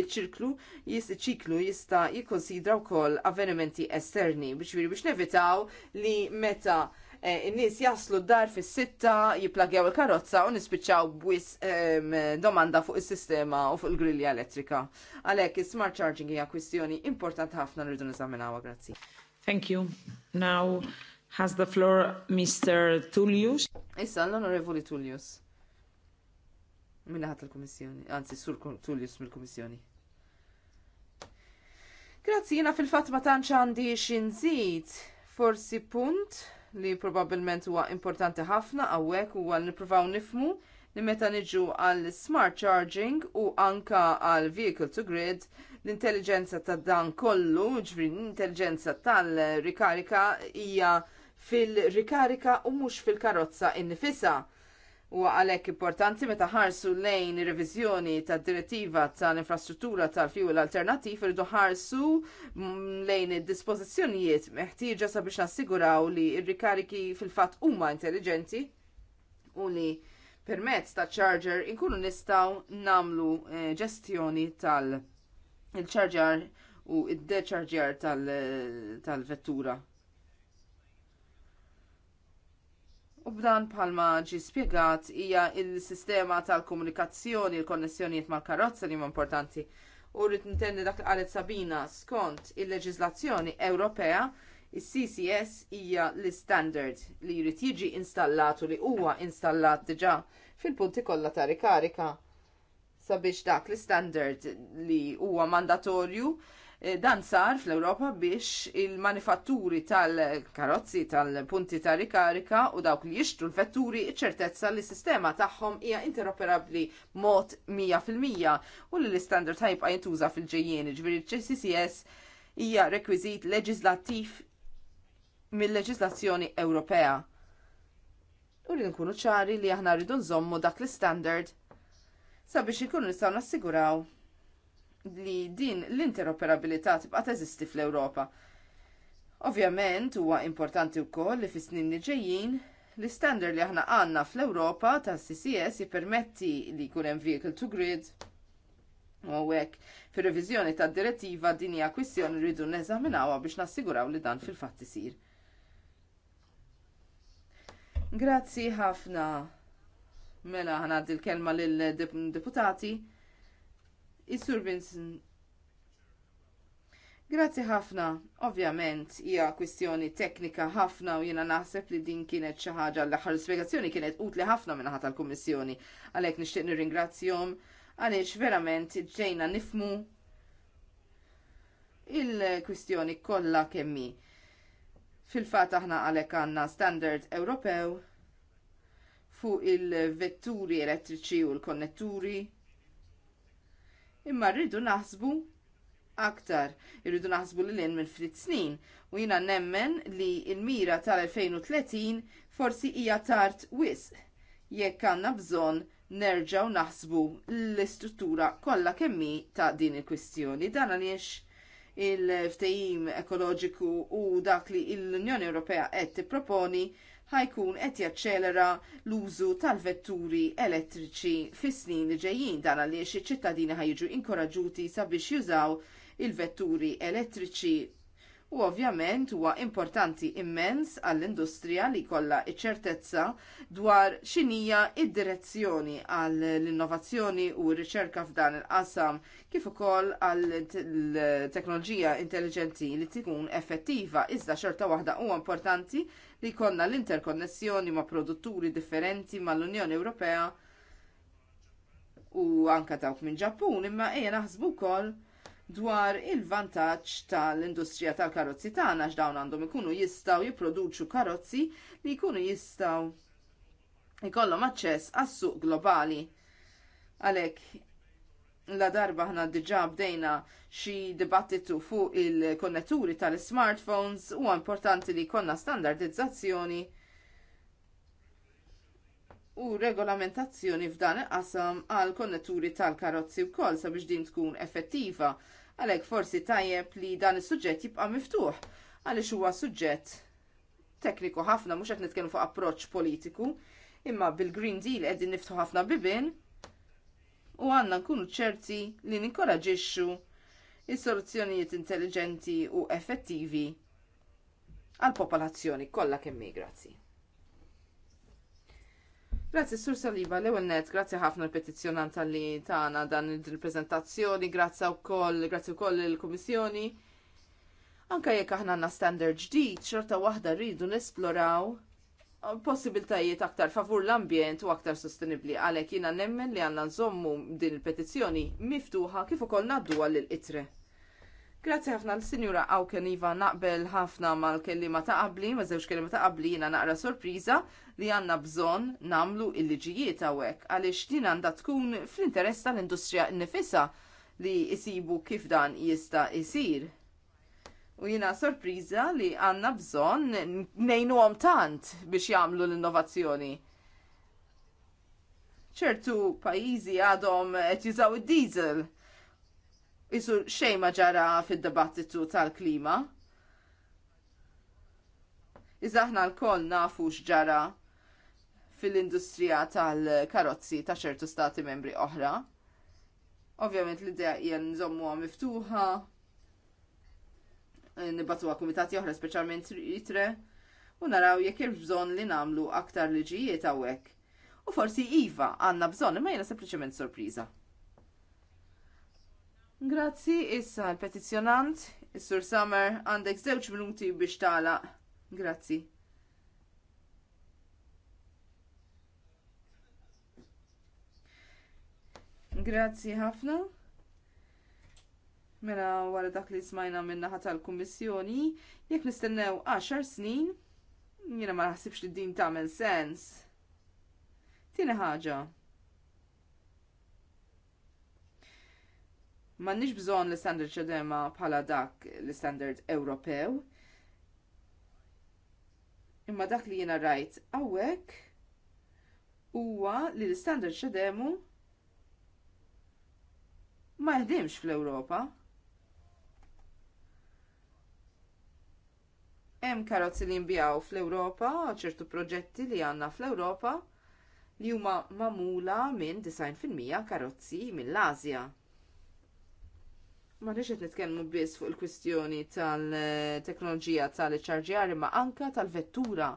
il-ċirklu ċiklu jista' jikkonsidra wkoll avvenimenti esterni biex biex nevitaw li meta Eh, in-nies jaslu d-dar fis-sitta, jiplagjaw il-karozza u nispiċċaw bwis domanda fuq is-sistema u fuq il-grilja elettrika. Għalhekk is-smart charging hija kwistjoni importanti ħafna rridu niżaminawha, grazzi. Thank you. Now has the floor Mr. Tullius. Issa l-Onorevoli Tullius. Minna ħadd il-Kummissjoni, anzi sur Tullius mill-Kummissjoni. Grazzi, jina fil-fatt ma tantx għandi xinżid forsi punt li probabbilment huwa importanti ħafna u huwa nippruvaw nifmu li meta niġu għal smart charging u anka għal vehicle to grid l-intelligenza ta' dan kollu, ġvrin l-intelligenza tal-rikarika hija fil-rikarika u mhux fil-karozza innifisa. U għalek importanti meta ħarsu lejn ir-reviżjoni tad direttiva tal-infrastruttura tal-fjul alternattiv irridu ħarsu mm, lejn id-dispożizzjonijiet meħtieġa sabiex nassiguraw li r-rikariki fil-fatt huma intelligenti u li permezz ta' charger inkunu nistgħu nagħmlu eh, ġestjoni tal-charger u id-decharger tal-vettura. tal, tal vettura U b'dan bħalma ġi spjegat hija il-sistema tal-komunikazzjoni, il-konnessjonijiet mal-karozza li huma importanti. U rrid nintendi dak għalet qalet Sabina skont il-leġiżlazzjoni Ewropea, il-CCS hija l-standard li jrid jiġi installat u li huwa installat diġà fil-punti kollha ta' rikarika sabiex dak l-standard li huwa mandatorju Eh, dan sar fl-Ewropa biex il-manifatturi tal-karozzi tal-punti ta' rikarika u dawk li jixtru l-vetturi iċ-ċertezza li s-sistema tagħhom hija interoperabbli mod 100% u li l-istandard ħajbqa' jintuża fil-ġejjien, ċ-CCS hija rekwiżit leġislattiv mill-leġislazzjoni Ewropea. U li nkunu ċari li aħna rridu nżommu dak l-standard sabiex ikunu nistgħu nassiguraw li din l-interoperabilità tibqa' teżisti fl-Ewropa. Ovvjament huwa importanti wkoll li fis-snin li ġejjin l-istandard li aħna għandna fl-Ewropa ta' CCS jippermetti li jkun hemm vehicle to grid u hekk fir-reviżjoni tad-direttiva din hija kwistjoni rridu neżaminawha biex nassiguraw li dan fil-fatt isir. Grazzi ħafna. Mela ħana l-kelma lill-deputati. -dep Is-Sur Vincent. Grazzi ħafna. Ovvjament hija kwistjoni teknika ħafna u jiena naħseb li din kienet xi ħaġa l-aħħar spjegazzjoni kienet utli ħafna minn ħadd tal-Kummissjoni. Għalhekk nixtieq nirringrazzjom għaliex verament ġejna nifmu il-kwistjoni kollha kemmi. fil fatt aħna għalhekk għandna standard Ewropew fuq il-vetturi elettriċi u l-konnetturi imma rridu naħsbu aktar, irridu naħsbu l lin minn frit snin u jina nemmen li il-mira tal-2030 forsi hija tard wisq jekk għandna bżonn nerġaw naħsbu l-istruttura kollha kemmi ta' din il-kwistjoni. Dan għaliex il-ftehim ekoloġiku u dak li l-Unjoni Ewropea qed tipproponi ħajkun qed jaċċelera l-użu tal-vetturi elettriċi fis-snin li ġejjin dan għaliex iċ-ċittadini ħajġu inkoraġġuti sabiex jużaw il-vetturi elettriċi u ovvjament huwa importanti immens għall-industrija li kollha iċ-ċertezza dwar x'inhija id-direzzjoni għall-innovazzjoni u r-riċerka f'dan il-qasam kif ukoll għall-teknoloġija intelligenti li tkun effettiva iżda xorta waħda huwa importanti li jkollna l-interkonnessjoni ma' produtturi differenti mal-Unjoni Ewropea u anke dawk minn Ġappun, imma ejja naħsbu wkoll dwar il-vantaġġ tal-industrija tal-karozzi tagħna għax dawn għandhom ikunu jistgħu jipproduċu karozzi li jkunu jistgħu jkollhom aċċess għas-suq globali. Għalhekk la darba ħna diġa bdejna xi dibattitu fuq il-konnetturi tal-smartphones huwa importanti li jkollna standardizzazzjoni u regolamentazzjoni f'dan il-qasam għal konnetturi tal-karozzi wkoll sabiex din tkun effettiva għalhekk forsi tajjeb li dan is-suġġett jibqa' miftuħ għaliex huwa suġġett tekniku ħafna mhux qed nitkellmu fuq approċċ politiku imma bil-Green Deal qegħdin niftħu ħafna bibien u għandna nkunu ċerti li ninkoraġixxu is-soluzzjonijiet intelligenti u effettivi għall popolazzjoni kollha kemm grazzi. Grazzi Sur Saliba, l-ewel net, grazzi ħafna l-petizjonant li tana dan il-prezentazzjoni, grazzi u koll, grazzi u koll il-komissjoni. Anka jek aħna għanna standard ġdijt, xorta wahda rridu nesploraw possibiltajiet aktar favur l-ambjent u aktar sostenibli għalhekk jiena nemmen li għandna nżommu din il-petizzjoni miftuħa kif ukoll ngħadduha għall-itre. Grazzi ħafna l-Sinjura Awken Iva naqbel ħafna mal-kellima ta' qabli, ma' żewġ kellima ta' qabli jiena naqra sorpriża li għandna bżonn nagħmlu il-liġijiet hawnhekk għaliex din għandha tkun fl-interess tal-industrija nifisa li jisibu kif dan jista' jsir U jina sorpriża li għanna bżon nejnu għom tant biex jamlu l-innovazzjoni. ċertu pajizi għadhom qed jużaw id-diesel. Isu xejn ma ġara fid-dibattitu tal-klima. Iżda aħna l-koll nafu x'ġara fil-industrija tal-karozzi ta' ċertu stati membri oħra. Ovvjament l-idea hija nżommuha miftuħa, nibatuha kumitati oħra speċjalment itre u naraw jekk hemm bżonn li nagħmlu aktar liġijiet hawnhekk. U forsi iva għandna bżonn imma jiena sempliċement sorpriża. Grazzi, issa l-petizzjonant, is-Sur Summer, għandek żewġ minuti biex tagħlaq. Grazzi. Grazzi ħafna. Mela wara dak li smajna min-naħa tal-Kummissjoni, jekk nistennew 10 snin, jiena ma naħsibx li din tagħmel sens. Tieni ħaġa. M'għandniex bżonn l-istandard ċedema bħala dak l-istandard Ewropew. Imma dak li jiena rajt hawnhekk huwa li l-istandard ċedemu ma jħdimx fl-Ewropa. Hemm karozzi li nbijaw fl-Ewropa, ċertu proġetti li għandna fl-Ewropa li huma magħmula minn 90% karozzi mill-Asja. Ma nixet qed nitkellmu biss fuq il-kwistjoni tal-teknoloġija tal-ċarġjar imma anka tal-vettura.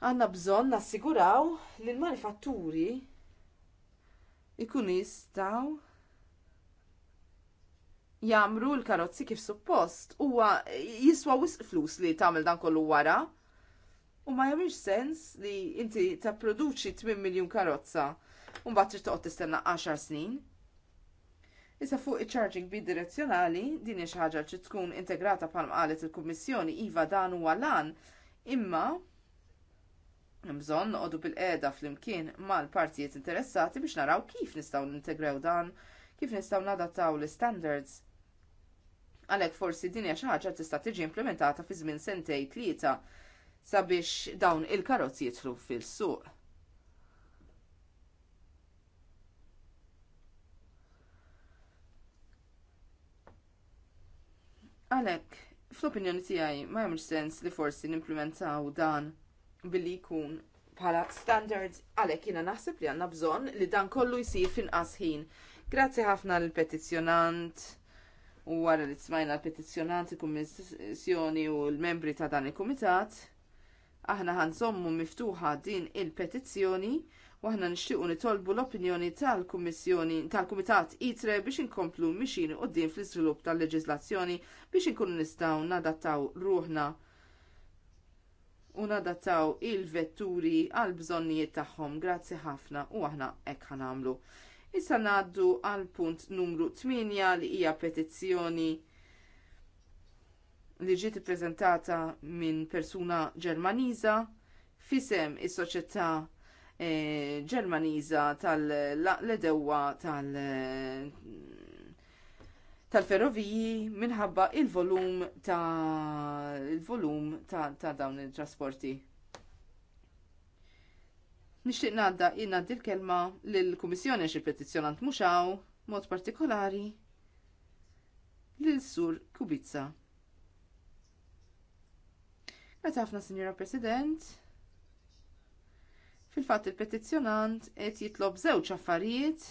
Għanna bżonn nassiguraw li l-manifatturi ikun jistgħu jamru l-karozzi kif suppost. Huwa jiswa wisq flus li tagħmel dan kollu wara. U ma jamilx sens li inti produċi 8 miljun karozza u mbagħad trid tistenna 10 snin. Issa fuq il charging bidirezzjonali din ix ħaġa li tkun integrata palm qalet il-Kummissjoni iva dan huwa lan imma bżonn noqogħdu bil-qeda flimkien mal-partijiet interessati biex naraw kif nistgħu nintegraw dan kif nistgħu nadattaw l-standards Għalhekk forsi din hija xi ħaġa tista' tiġi implementata fi żmien sentej tlieta sabiex dawn il-karozzi jidħlu fil-suq. Għalhekk, fl-opinjoni tiegħi ma jagħmilx sens li forsi nimplementaw dan billi jkun bħala standard, għalhekk jiena naħseb li għandna bżonn li dan kollu jsir finqas ħin. Grazzi ħafna l-petizzjonant u wara li smajna l-petizzjonanti kummissjoni u l-membri ta' dan il-kumitat, aħna ħanżommu miftuħa din il-petizzjoni u aħna nixtiequ nitolbu l-opinjoni tal-Kummissjoni tal-Kumitat ITRE biex inkomplu mixin din fl-iżvilupp tal leġizlazzjoni biex inkunu nistgħu nadattaw ruħna u nadattaw il-vetturi għal bżonnijiet tagħhom. Grazzi ħafna u aħna hekk ħanamlu. Issa ngħaddu għal punt numru 8 li hija petizzjoni li ġiet ippreżentata minn persuna Ġermaniża fisem is-soċjetà eh, Ġermaniża tal-ledewa tal- tal-ferroviji minħabba il-volum ta' il-volum ta', ta dawn it trasporti Nixtieq ngħadda ngħaddi l-kelma lill-Kummissjoni xi petizzjonant mhux mod partikolari lil Sur Kubica. Grazzi ħafna, Sinjora President. Fil-fatt il-petizzjonant qed jitlob żewġ affarijiet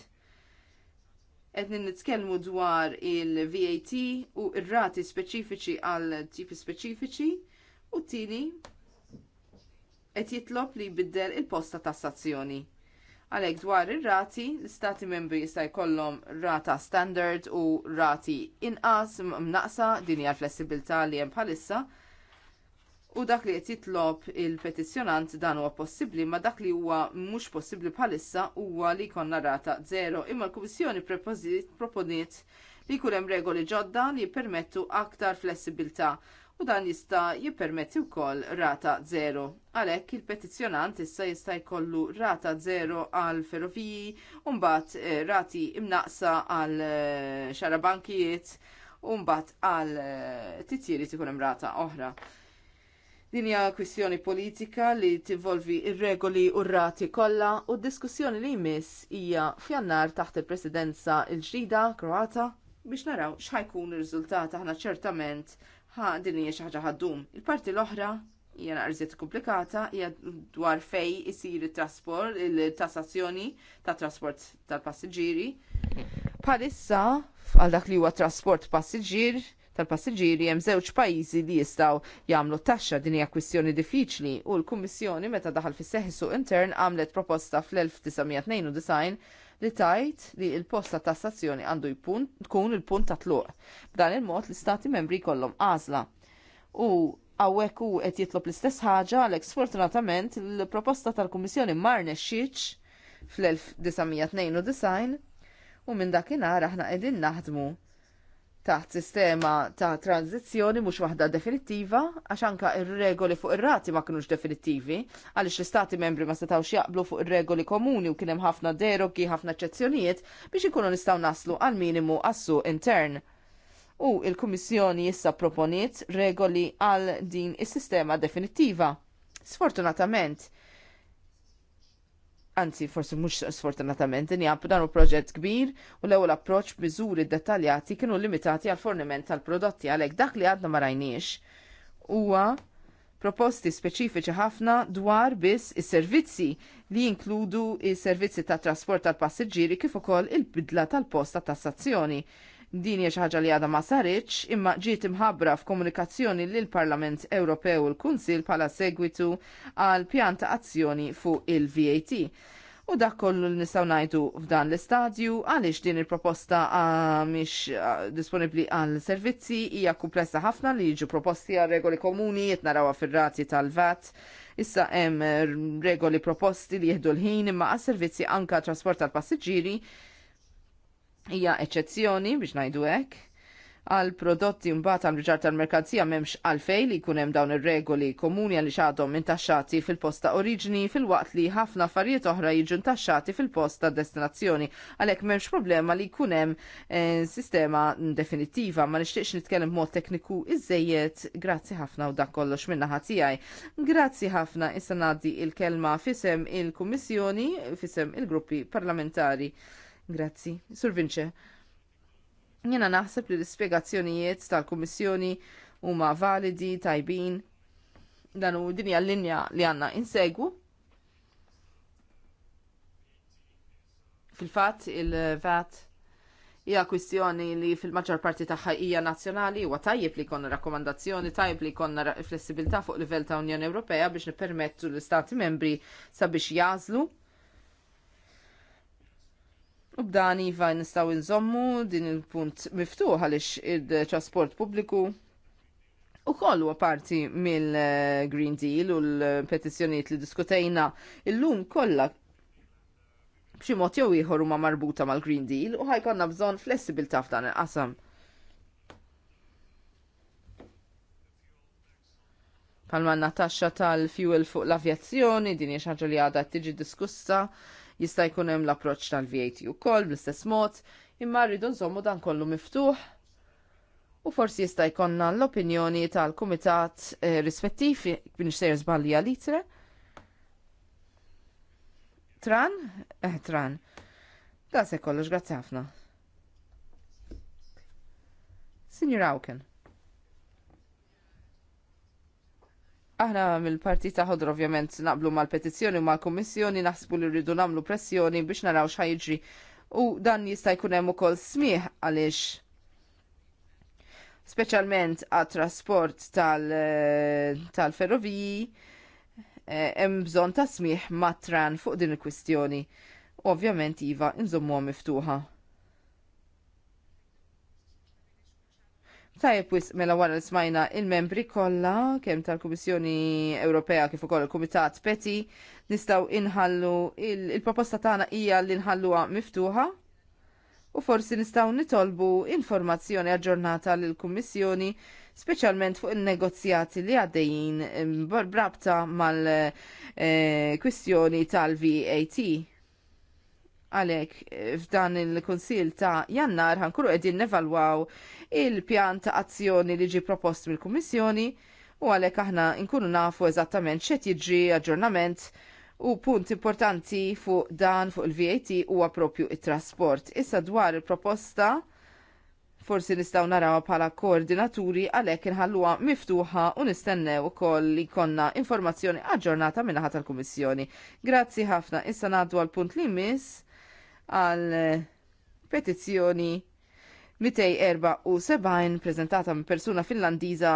qed nitkellmu dwar il-VAT u ir-rati speċifiċi għal tipi speċifiċi u t-tieni qed jitlob li jbiddel il-posta tassazzjoni. Għalhekk dwar ir-rati, l-istati membri jista' jkollhom rata standard u rati inqas mnaqsa din hija flessibilità li hemm bħalissa. U dak li qed jitlob il-petizzjonant dan huwa possibbli, ma dak li huwa mhux possibbli bħalissa huwa li jkollna rata zero imma l-Kummissjoni proponiet li jkun hemm regoli ġodda li jippermettu aktar flessibilità u dan jista' jippermetti wkoll rata zero. Għalhekk il-petizzjonant issa jista' jkollu rata zero għal ferroviji u mbagħad eh, rati imnaqsa għal eh, xarabankijiet u mbagħad għal eh, titjiri ikun hemm rata oħra. Din hija kwistjoni politika li tinvolvi ir-regoli u r-rati kollha u d-diskussjoni li jmiss hija f'jannar taħt il-Presidenza il ġdida Kroata biex naraw x'ħajkun ir-riżultat aħna ċertament ħa din hija xi ħaġa ħaddum. Il-parti l-oħra hija naqriżiet komplikata hija dwar fej isir it-trasport, il-tassazzjoni tat trasport tal-passiġġieri. Palissa għal dak li huwa trasport passiġġier tal passiġieri hemm żewġ pajjiżi li jistgħu jagħmlu taxxa din hija kwistjoni diffiċli u l-Kummissjoni meta daħal fis seħħ suq intern għamlet proposta fl-1992 li tajt li l-post ta' tassazzjoni għandu tkun il-punt ta' tluq. B'dan il-mod l-istati membri jkollhom għażla. U għawek u qed jitlob l-istess ħaġa għalhekk sfortunatament il proposta tal-Kummissjoni mar nexxitx fl-1992 u minn dakinhar aħna qegħdin naħdmu taħt sistema ta' tranzizjoni mhux waħda definittiva, għax anka ir-regoli fuq ir-rati ma kinux definittivi, għaliex l-istati membri ma setawx jaqblu fuq ir-regoli komuni u kien hemm ħafna derogi, ħafna eċċezzjonijiet biex ikunu nistgħu naslu għal minimu għassu intern. U il-Kummissjoni issa proponiet regoli għal din is-sistema definittiva. Sfortunatament, anzi forsi mhux sfortunatament injab dan u proġett kbir u l-ewwel approċċ biżuri dettaljati kienu limitati għal forniment tal-prodotti għalhekk dak li għadna ma rajniex huwa proposti speċifiċi ħafna dwar biss is-servizzi li jinkludu is-servizzi tat trasport tal-passiġġieri kif ukoll il-bidla tal-post ta' tassazzjoni. Din hija xi ħaġa li għadha ma saritx, imma ġiet imħabbra f'komunikazzjoni lill parlament Ewropew u l-Kunsil bħala segwitu għal pjan ta' azzjoni fuq il-VAT. U dak kollu li nistgħu ngħidu f'dan l-istadju għaliex din il-proposta ah, mhix ah, disponibbli għal servizzi hija kumplessa ħafna li jiġu proposti għal regoli komuni qed narawha fir-rati tal-VAT. Issa hemm regoli proposti li jieħdu l-ħin imma għas servizzi anka trasport tal-passiġġieri hija eċċezzjoni biex ngħidu hekk għal prodotti mbagħad għal riġar tal-merkanzija m'hemmx għalfej li jkun hemm dawn ir-regoli komuni għaliex għadhom intaxxati fil-posta oriġini fil-waqt li ħafna affarijiet oħra jiġu intaxxati fil-posta destinazzjoni għalhekk m'hemmx problema li jkun hemm eh, sistema definittiva ma nixtieqx nitkellem mod tekniku iżejjed grazzi ħafna u dak kollox minna naħa tiegħi. Grazzi ħafna issa ngħaddi il-kelma fisem il-Kummissjoni fisem il-gruppi parlamentari. Grazzi. Sur Vince, jena naħseb li l spiegazzjonijiet tal-Kummissjoni huma validi, tajbin, dan u dinja l-linja li għanna insegwu. Fil-fat, il-vat hija kwistjoni li fil-maġġor parti tagħha hija nazzjonali huwa tajjeb li jkollna rakkomandazzjoni, tajjeb li jkollna flessibilità fuq livell ta' Unjoni Ewropea biex nippermettu l istati membri sabiex jażlu U b'dan iva nistaw nżommu din il-punt miftuħ għalix il-trasport pubbliku u kollu parti mill-Green Deal u l-petizjoniet li diskutejna il-lum kollha b'xi mod jew ieħor huma marbuta mal-Green Deal u ħajkonna bżonn flessibilità f'dan il-qasam. Palma n-natasċa tal-fuel fuq l-avjazzjoni, din hija xi li għadha tiġi diskussa jista' jkun hemm l-approċċ tal-VAT ukoll bl-istess mod, imma rridu nżommu dan kollu miftuħ u forsi jista' jkollna l-opinjoni tal-kumitat eh, rispettivi biex sejjer żballi għal Tran? Eh, tran. Da se kollox, grazzi ħafna. Signor Auken. Aħna mill parti ta' ovvjament naqblu mal-petizzjoni u mal-kummissjoni naħsbu li rridu nagħmlu pressjoni biex naraw x'ħajġri u dan jista' jkun hemm ukoll smieħ għaliex speċjalment għat trasport eh, tal-ferroviji eh, hemm bżonn ta' smieħ mat-tran fuq din il-kwistjoni. Ovvjament iva nżommuha miftuħa. Tajjeb wis mela wara li smajna il-membri kollha kemm tal-Kummissjoni Ewropea kif ukoll il-Kumitat Peti nistgħu inħallu il-proposta tagħna hija li nħalluha miftuħa u forsi nistaw nitolbu informazzjoni aġġornata lill kummissjoni speċjalment fuq il-negozjati li għaddejjin mm, brabta mal-kwistjoni eh, tal-VAT. Għalek, f'dan il-Konsil ta' jannar ħankuru edin nevalwaw il-pjan ta' azzjoni li ġi propost mill-Kummissjoni u għalek aħna nkunu nafu eżattament xet jiġri aġġornament u punt importanti fuq dan fuq il-VAT huwa għapropju il trasport Issa dwar il-proposta forsi nistaw naraw bħala koordinaturi għalek inħalluha miftuħa u nistennew ukoll li konna informazzjoni aġġornata minnaħat tal-Kummissjoni. Grazzi ħafna, issa ngħaddu għal punt li miss għal eh, petizzjoni 274 prezentata minn persuna finlandiża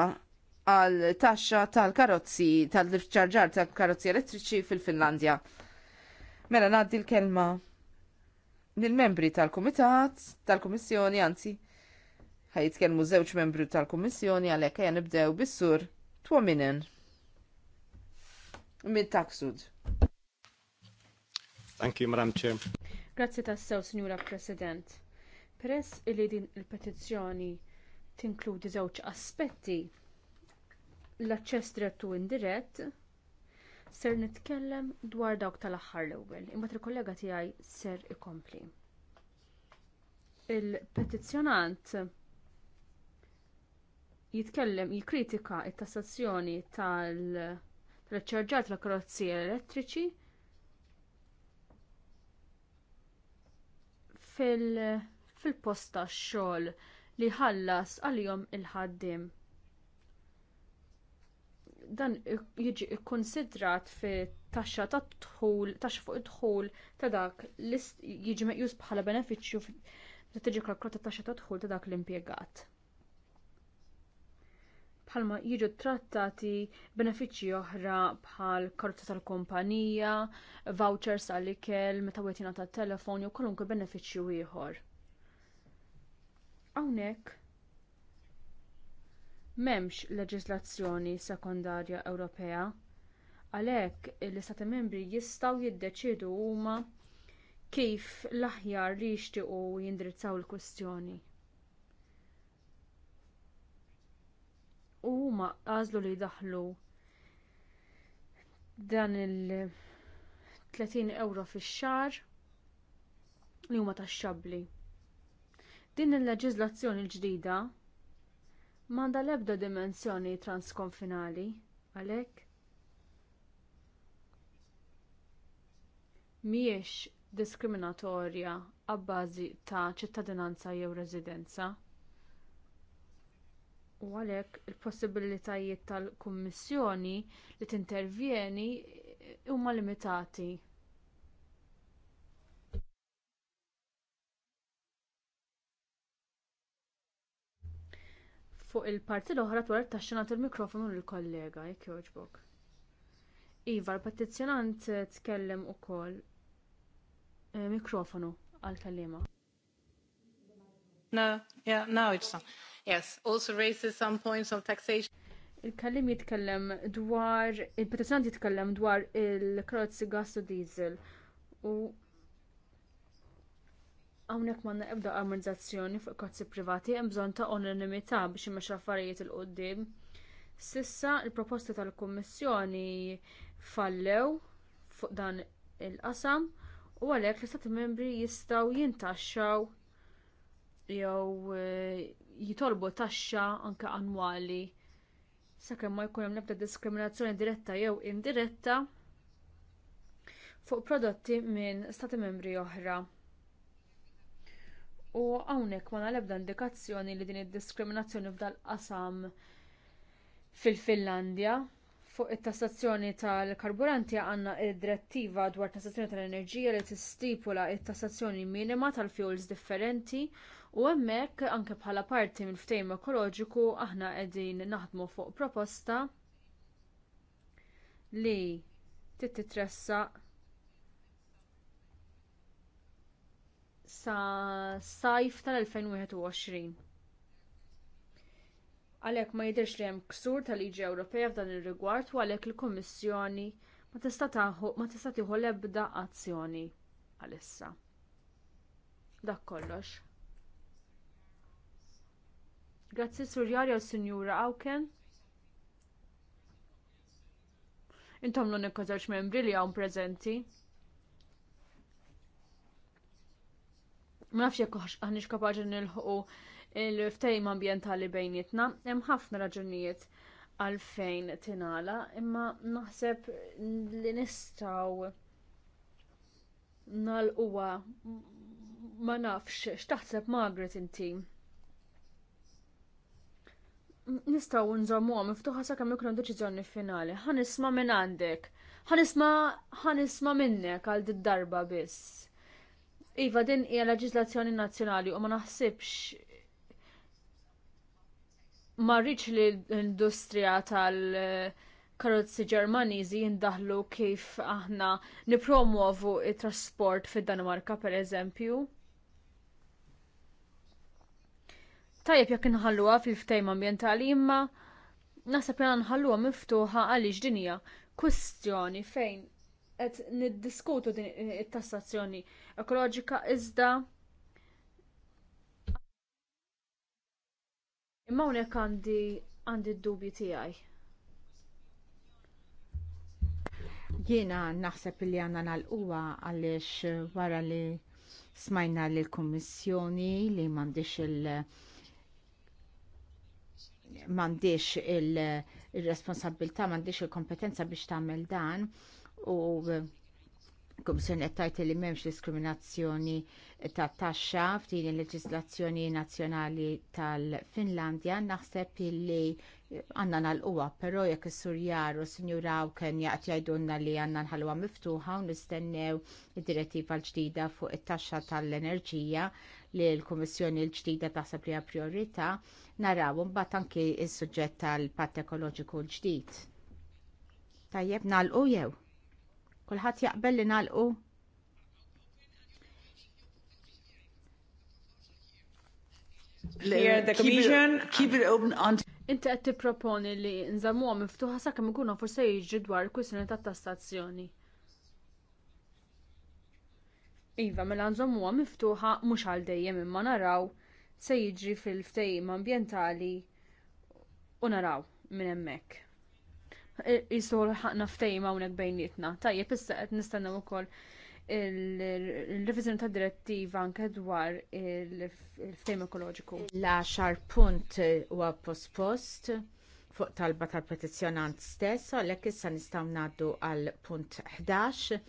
għal taxxa tal-karozzi tal-ċarġar tal-karozzi elettriċi fil-Finlandja. Mela ngħaddi l-kelma lill-membri tal-Kumitat, tal-Kummissjoni, anzi, ħajitkellmu żewġ membri tal-Kummissjoni għalhekk ejja nibdew bis-sur Twominen. Mid-Taksud. Thank you, Madam Chair. Grazzi tassew, Sinjura President. Peress li din il-petizzjoni tinkludi żewġ aspetti l-aċċess dirett indirett, ser nitkellem dwar dawk tal-aħħar l-ewwel, imbagħad il-kollega tiegħi ser ikompli. Il-petizzjonant jitkellem jikkritika t tassazzjoni tal-reċċarġat tal-karozzi elettriċi fil-post tax-xogħol li ħallas għalihom il-ħaddiem. Dan jiġi kkunsidrat fi taxxa ta' dħul, taxxa fuq id-dħul ta' dak li jiġi meqjus bħala benefiċċju meta tiġi kalkulata taxxa ta' dħul ta' dak l-impjegat bħalma jiġu trattati benefiċċji oħra bħal karta tal-kumpanija, vouchers għall-ikel, meta wetina tat telefon jew kwalunkwe benefiċċju ieħor. Hawnhekk m'hemmx leġiżlazzjoni sekondarja Ewropea, għalhekk l-istati membri jistgħu jiddeċiedu huma kif l-aħjar li jixtiequ jindirizzaw il-kwistjoni. u huma għażlu li daħlu dan il-30 euro fix-xar li huma tax-xabli. Din il-leġiżlazzjoni l-ġdida m'għandha l-ebda dimensjoni transkonfinali għalhekk mhijiex diskriminatorja għabbażi ta' ċittadinanza jew residenza. U għalhekk il-possibilitajiet tal-Kummissjoni li tintervjeni huma limitati. Fuq il-parti l-oħra dwar taxxa il-mikrofonu lill-kollega jekk jogħġbok. Iva, l-petizzjonant tkellem ukoll eh, mikrofonu għall-kelliema. No, yeah, it's Yes, also raises some points of taxation. Il-kallim jitkellem dwar, il-petizjonant jitkellem dwar il-karozzi gas u diesel u għawnek manna ebda armonizzazzjoni fuq kozzi privati hemm bżonn ta' onanimita biex imexxa affarijiet il-qoddim. Sissa il proposta tal-Kummissjoni fallew fuq dan il-qasam u għalhekk l-Istati membri jistgħu jintaxxaw jew eh, jitolbu taxxa anke annwali sakemm ma jkun hemm nebda diskriminazzjoni diretta jew indiretta fuq prodotti minn stati membri oħra. U hawnhekk ma nalebda indikazzjoni li din id-diskriminazzjoni f'dal qasam fil-Finlandja fuq it-tassazzjoni tal-karburanti għandna id-direttiva dwar tassazzjoni tal-enerġija li tistipula t tassazzjoni minima tal-fuels differenti U hemmhekk anke bħala parti minn ftehim ekoloġiku aħna qegħdin naħdmu fuq proposta li titressaq sa sajf tal-2021. Għalhekk ma jidhirx li hemm ksur tal-liġi Ewropea f'dan ir-rigward u għalhekk il-Kummissjoni ma tista' tieħu l-ebda azzjoni għalissa. Dak kollox. Grazzi Surjar jew Sinjura Awken. Intom l-unika żewġ membri li hawn preżenti. Ma nafx jekk aħniex kapaċi nilħu il-ftejm ambjentali bejnietna, hemm ħafna raġunijiet għalfejn tinala, imma naħseb li nistgħu nal ma nafx, x'taħseb Margaret intim nistaw nżommu għom miftuħa sa' kam ikun deċiżjoni finali. Ħanisma minn għandek. Ħanisma ħanisma minnek għal darba biss. Iva din hija leġiżlazzjoni nazzjonali u ma naħsibx ma rridx li l-industrija tal- karozzi ġermaniżi jindaħlu kif aħna nipromuovu it-trasport fid-Danimarka pereżempju. tajjeb jekk inħalluha fil-ftejm ambjentali imma naħseb jena nħalluha miftuħa għaliex din hija kwistjoni fejn qed niddiskutu din it-tassazzjoni ekoloġika iżda Imma hawnhekk għandi għandi d-dubji tiegħi. Jiena naħseb li għandna nagħlquha għaliex wara li smajna lill kummissjoni li m'għandix il- m'għandix il-responsabilità, mandiċ m'għandix il-kompetenza biex tagħmel dan u kum qed tgħid li m'hemmx diskriminazzjoni ta' taxxa f'din il-leġislazzjoni nazzjonali tal-Finlandja naħseb li għandna nagħlquha, però jekk is-Sur Jaru Sinjura Awken jaqgħod jgħidulna li għandna nħalwa miftuħa u nistennew id-direttiva l-ġdida fuq it-taxxa tal-enerġija li l-Kummissjoni l-ġdida taħseb li priorità naraw imbagħad anki s-suġġett tal-patt ekoloġiku l-ġdid. Tajjeb nagħlqu jew? Kulħadd jaqbel li nagħlqu Clear the commission. Keep it open until Inti qed tipproponi li nżammuha miftuħa sakemm ikunu forse jiġri dwar il-kwissjoni tat-tassazzjoni. Iva, mela nżommuha miftuħa mhux għal dejjem imma naraw se jiġri fil-ftehim ambjentali u naraw minn hemmhekk jisur ħakna ftejma unek bejnietna. Tajjeb, issa qed nistennew ukoll il-revizjoni ta' direttiva anke dwar il-ftejm ekoloġiku. l xar punt huwa post-post fuq talba tal-petizzjonant stess, għalhekk issa nistgħu ngħaddu għal punt 11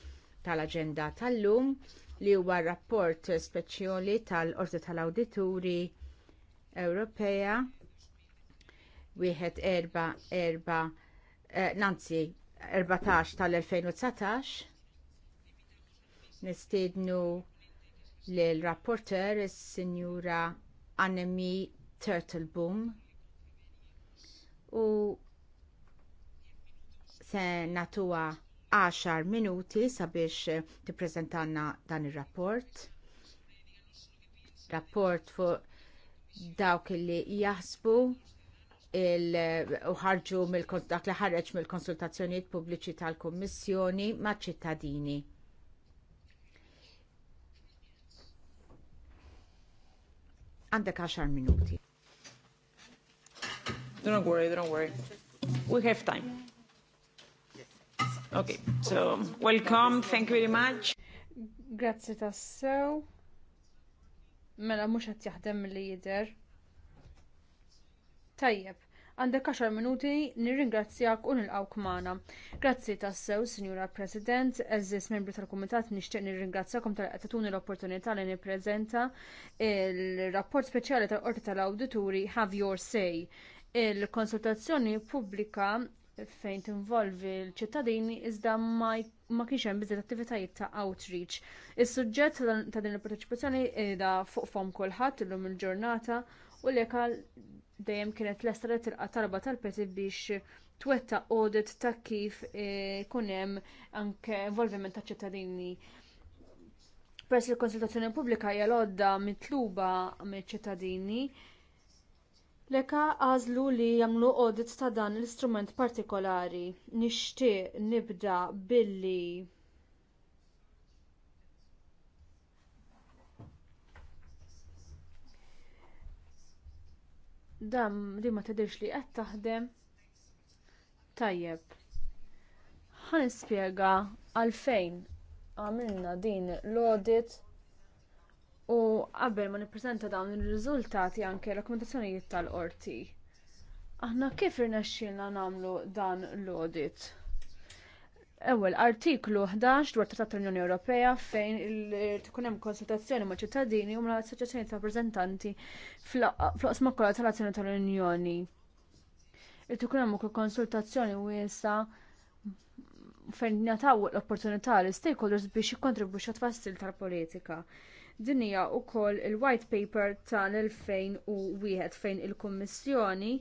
tal-aġenda tal-lum li huwa rapport speċjali tal-Qorti tal-Awdituri Ewropea wieħed erba' erba' Eh, nanzi 14 tal-2019 nistednu l-rapporter il-Sinjura Annemi Turtleboom u se natuwa 10 minuti sabiex eh, prezentanna dan ir rapport Rapport fuq dawk li jaħsbu il-ħarġu dak li ħareġ mill-konsultazzjonijiet pubbliċi tal-Kummissjoni maċ ċittadini. Għandek 10 minuti. Don't worry, don't worry. We have time. Okay, so welcome, thank you very much. Grazie tassew. Mela mhux qed jaħdem li jider. Tajjeb, għandek 10 minuti nirringrazzjak u nilqawk magħna. Grazzi tassew, Sinjura President, eżis membri tal-Kumitat nixtieq nirringrazzjakom tal-qed l-opportunità li nippreżenta il-rapport speċjali tal-Qorti tal-Awdituri Have Your Say. Il-konsultazzjoni pubblika fejn tinvolvi l-ċittadini iżda ma kienx hemm biżżejjed attivitajiet ta' outreach. Is-suġġett ta' din il-parteċipazzjoni da fuq fom kulħadd illum il-ġurnata u lekal dejjem kienet l-estra tilqa talba tal-peti biex twetta audit ta' kif ikun e, hemm anke involviment ta' ċittadini. Press li l-konsultazzjoni pubblika hija l-għodda mitluba miċ ċittadini Leka għażlu li jagħmlu audit ta' dan l-istrument partikolari. Nixtieq nibda billi dam li ma tidirx li qed taħdem tajjeb. Ħa nispjega għalfejn għamilna din l-audit u qabel ma nippreżenta dawn ir-riżultati anke rakkomandazzjonijiet tal-qorti. Aħna kif irnexxielna nagħmlu dan l-audit? Ewwel artiklu 11 dwar Trattat tal-Unjoni Ewropea fejn tkun hemm konsultazzjoni ma' ċittadini u mal-assoċjazzjoni ta' rappreżentanti fl-qosma kollha tal-azzjoni tal-Unjoni. Irid ikun hemm ukoll konsultazzjoni wiesa fejn nataw l-opportunità l stakeholders biex jikkontribwixxu tfassil tal-politika. Din hija wkoll il-white paper tal-2001 fejn il-Kummissjoni il kummissjoni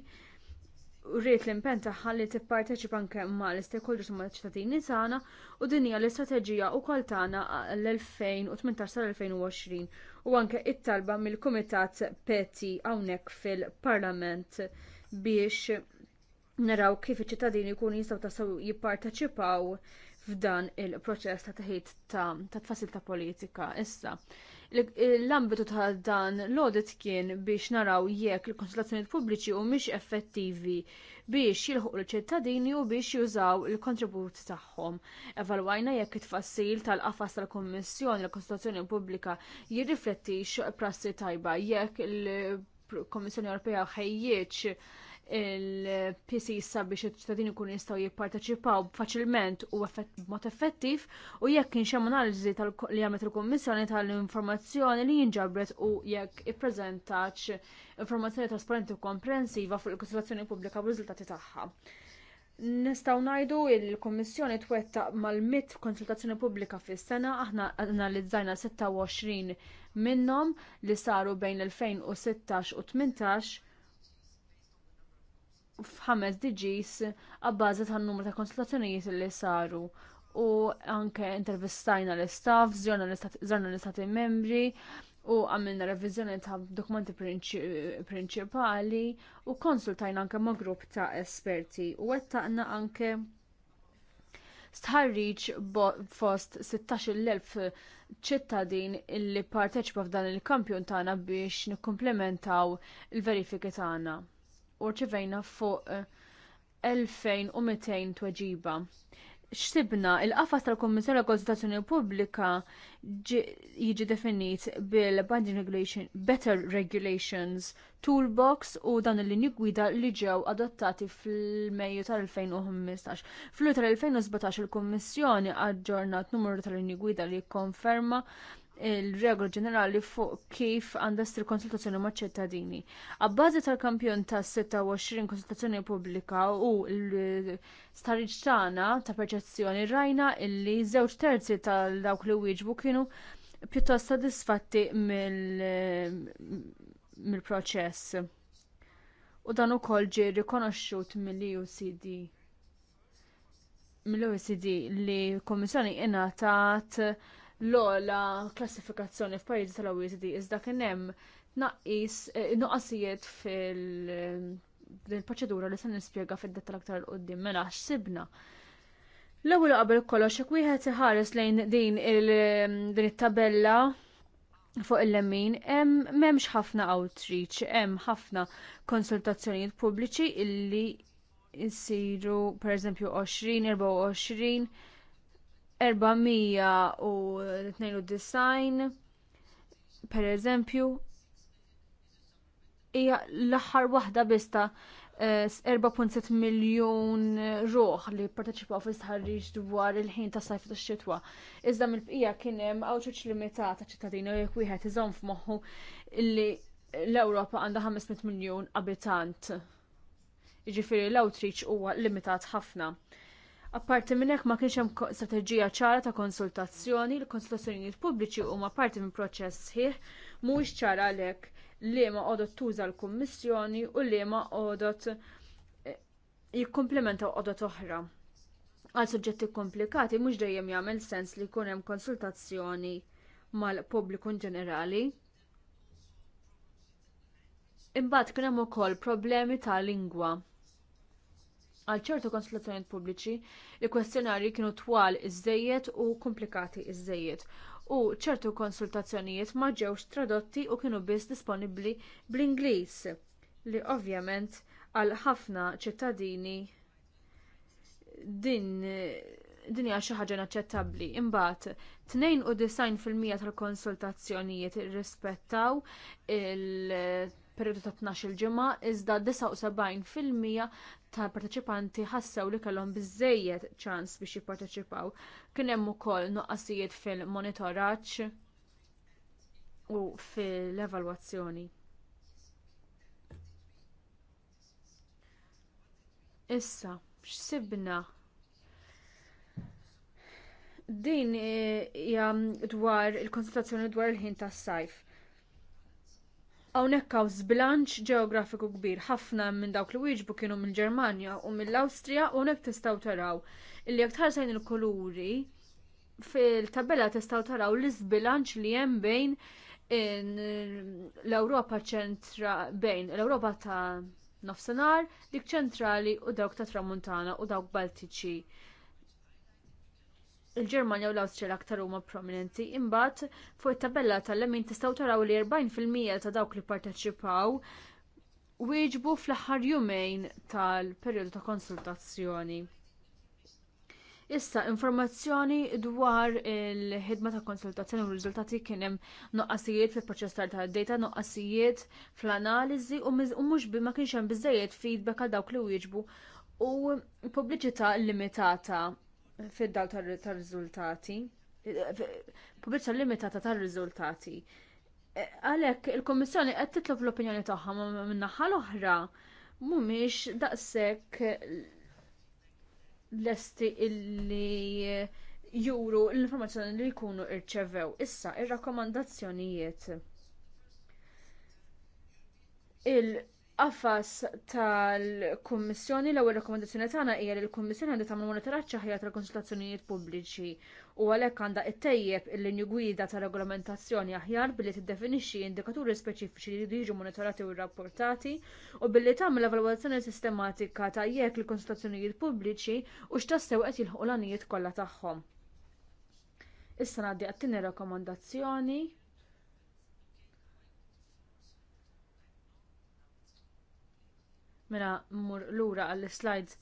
rrit l-impen tagħha li tipparteċipa anke mal l-stakeholders ma' ċittadini tagħna u din hija l-istrateġija wkoll tagħna l-2018 2020 u anke it-talba mill-Kumitat Peti hawnhekk fil-Parlament biex naraw kif iċ-ċittadini jkunu jistgħu tassew jipparteċipaw f'dan il-proċess ta' teħid ta' tfasil ta' politika. Issa, L-ambitu ta' dan l-audit kien biex naraw jekk il-konsultazzjoni pubbliċi u miex effettivi biex jilħuq l-ċittadini u biex jużaw il-kontribut tagħhom. Evalwajna jekk it-tfassil tal-qafas tal-Kommissjoni l-Konsultazzjoni Pubblika jirriflettix prassi tajba jekk il-Kommissjoni Ewropea ħejjieċ il-PCs sabiex il-ċittadini kun jistaw jipparteċipaw faċilment u b'mod effettiv u jekk kien xem analiżi li għamet il-Kommissjoni tal-informazzjoni li jinġabret u jekk ippreżentax informazzjoni trasparenti u komprensiva fuq il-konsultazzjoni pubblika u riżultati tagħha. Nistaw najdu il-Kommissjoni twettaq mal-mit konsultazzjoni pubblika fis-sena aħna analizzajna 26 minnhom li saru bejn 2016 u 18 f'ħames DGs għabbażi tan-numru ta' konsultazzjonijiet li saru u anke intervistajna l-istaff, żorna l-istati membri u għamilna revizjoni ta' dokumenti prinċipali u konsultajna anke ma' grupp ta' esperti u għettaqna anke stħarriċ fost 16.000 ċittadin illi parteċpa f'dan il-kampjon tagħna biex nikkumplementaw il-verifiki tagħna. Eh, u rċivejna fuq 2200 tweġiba. Xsibna, il-qafas tal tal Konsultazzjoni Pubblika jiġi definit bil-Binding Regulation, Better Regulations Toolbox u dan il-linji gwida li ġew adottati fil-Mejju tal-2015. Fl-Lulju tal-2017 il-Kommissjoni aġġornat numru tal-linji gwida li konferma il-regol ġenerali fuq kif għandha ssir konsultazzjoni maċ ċittadini. Abbażi tal-kampjon ta' 26 konsultazzjoni pubblika u l-starriġ tagħna ta' perċezzjoni rajna illi żewġ terzi tal dawk li wieġbu kienu pjuttost sodisfatti mill-proċess. U dan ukoll ġie rikonoxxut mill-UCD mill-OECD li l-Kommissjoni ingħatat l-ola klassifikazzjoni f'pajjiżi tal-OECD iżda kien hemm naqis eh, nuqqasijiet fil-proċedura li se nispjega fid-dettal aktar l-qoddim mela x'sibna. L-ewwel qabel kollox jekk wieħed iħares lejn din din it-tabella fuq il-lemmin, memx ħafna outreach, hemm ħafna konsultazzjonijiet pubbliċi illi jsiru pereżempju 20, 24 492 per eżempju hija l-aħħar waħda bista 4.7 miljon ruħ li parteċipaw fi sħarriġ dwar il-ħin ta' sajf ta' xitwa. Iżda mill-bqija kien hemm awċuċ limitat ta' ċittadini u jekk wieħed iżomm f'moħħu li l-Ewropa għandha 500 miljun abitant. Jiġifieri l-outreach huwa limitat ħafna. Apparti minn hekk ma kienx hemm strateġija ċara ta' konsultazzjoni, l konsultazzjonijiet pubbliċi huma parti minn proċess sħiħ mhuwiex ċara għalhekk li ma qodot tuża l-Kummissjoni u li ma qodot eh, jikkomplementa qodot oħra. Għal suġġetti komplikati mhux dejjem jagħmel sens li jkun hemm konsultazzjoni mal-pubbliku ġenerali. Imbagħad kien hemm ukoll problemi ta' lingwa Għal ċertu konsultazzjonijiet pubbliċi, il-kwestjonari kienu twal iżejjed u komplikati iżejjed. U ċertu konsultazzjonijiet ma ġewx tradotti u kienu biss disponibbli bl-Ingliż li ovvjament għal ħafna ċittadini din din hija xi ħaġa inaċċettabbli. Imbagħad 92% tal-konsultazzjonijiet irrispettaw il- periodu ta' 12 ġimgħa iżda 79% tal-parteċipanti ħassew li kellhom biżżejjed ċans biex jipparteċipaw. Kien hemm ukoll nuqqasijiet fil-monitoraġġ u fil-evalwazzjoni. Issa, x'sibna din hija dwar il-konsultazzjoni dwar il-ħin tas-sajf Hawnhekk hawn żbilanċ ġeografiku kbir. Ħafna minn dawk li wieġbu kienu mill-Ġermanja u mill-Awstrija u hekk tistgħu taraw illi jekk tħarsajn il-kuluri fil-tabella tistgħu taraw l-iżbilanċ li hemm bejn l-Ewropa ċentra bejn l-Ewropa ta' nofsenar, dik ċentrali u dawk ta' tramuntana u dawk Baltiċi il-Ġermanja u l-Awstrija aktar huma prominenti. Imbagħad fuq it-tabella tal-lemin tistgħu taraw li 40% ta' dawk li parteċipaw wieġbu fl-aħħar jumejn tal-perjodu ta' konsultazzjoni. Issa, informazzjoni dwar il-ħidma ta' konsultazzjoni u r-riżultati kien hemm noqqasijiet fil-proċessar ta' data, noqqasijiet fl-analiżi u mhux ma kienx hemm biżejjed feedback għal dawk li wieġbu u pubbliċità limitata fid-dal tar-riżultati, pubbliċa limitata tar-riżultati. E, għalhekk il-Kummissjoni qed titlob l-opinjoni tagħha min-naħa l-oħra mhumiex daqshekk lesti illi juru l-informazzjoni li jkunu rċevew. Issa ir-rakkomandazzjonijiet. il Affas tal-Kummissjoni l-ewwel rakkomandazzjoni tagħna hija li l-Kummissjoni għandha tagħmel monitoraġġ aħjar tal-konsultazzjonijiet pubbliċi u għalhekk għandha ttejjeb il-linju gwida ta' regolamentazzjoni aħjar billi tiddefinixxi indikaturi speċifiċi li jiġu monitorati u rrapportati u billi tagħmel evalwazzjoni sistematika ta' jekk il-konsultazzjonijiet pubbliċi u x'tassew qed jilħu l-għanijiet kollha tagħhom. Issa ngħaddi għattini tieni rakkomandazzjoni mela mmur lura għall-slides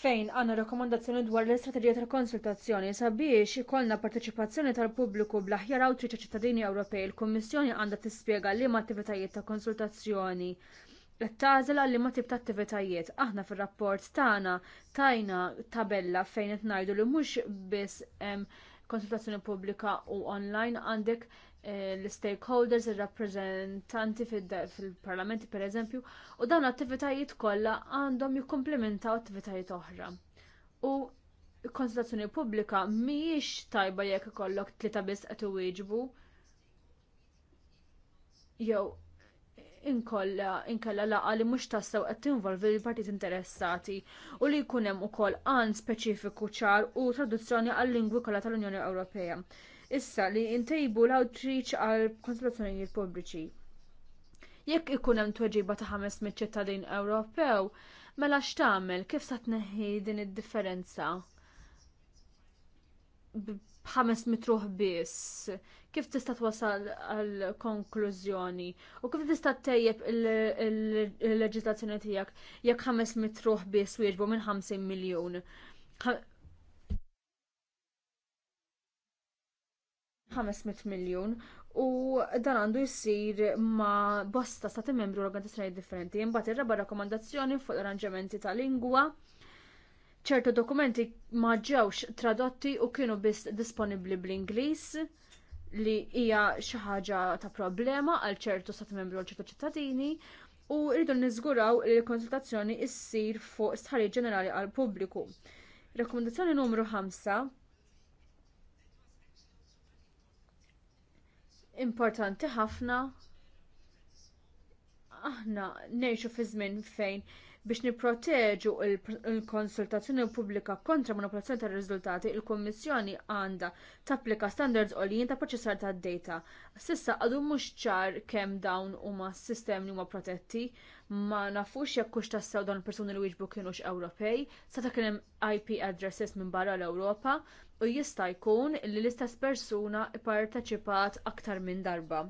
fejn għandna rakkomandazzjoni dwar l-istrateġija tal-konsultazzjoni sabiex ikollna parteċipazzjoni tal-pubbliku bl-aħjar awtriċi ċittadini Ewropej. Il-Kummissjoni għandha tispjega liema attivitajiet ta' konsultazzjoni qed tażel għal liema tip ta' attivitajiet. Aħna fir-rapport tagħna tajna tabella fejn qed ngħidu li mhux biss konsultazzjoni pubblika u online għandek Eh, l-stakeholders, il-rappresentanti fil-parlamenti per eżempju, u dawn l attivitajiet kollha għandhom jikkomplementaw attivitajiet oħra. U konsultazzjoni pubblika mhijiex tajba jekk ikollok tlieta biss qed iwieġbu. Jew inkolla inkella laqa li mhux tassew qed tinvolvi l-partit interessati u li jkun hemm ukoll għan speċifiku ċar u traduzzjoni għal-lingwi kollha tal-Unjoni Ewropea issa li ntejbu l-outreach għal konsultazzjonijiet pubbliċi. Jekk ikun hemm tweġiba ta' ħames ċittadin Ewropew, mela x'tagħmel kif sa tneħħi din id-differenza? b'ħames mitruħ biss, kif tista' twasal għal konklużjoni u kif tista' tejjeb il-leġislazzjoni tiegħek jekk ħames mitruħ biss wieġbu minn 50 miljun. 500 miljon u dan għandu jsir ma bosta stati membru organizzazzjoni differenti. Imbagħad ir-raba rakkomandazzjoni fuq l-arranġamenti ta' lingwa ċertu dokumenti ma ġewx tradotti u kienu biss disponibbli bl-Ingliż li hija xi ħaġa ta' problema għal ċertu stati membru għal ċertu ċittadini u rridu niżguraw li l-konsultazzjoni ssir fuq stħarriġ ġenerali għall pubbliku. Rakkomandazzjoni numru 5 importanti ħafna aħna ngħixu fi żmien fejn Biex nipproteġu l konsultazzjoni pubblika kontra manipolazzjoni tar riżultati, il-Kummissjoni għandha tapplika standards għoljin ta' proċessar ta' data. Sissa għadu mhux ċar kemm dawn huma sistemi li huma protetti, ma nafux jekk hux tassew dawn persuni li wieġbu kienux Ewropej, sa ta' kien hemm IP addresses minn barra l-Ewropa u jista' jkun li l-istess persuna pparteċipat aktar minn darba.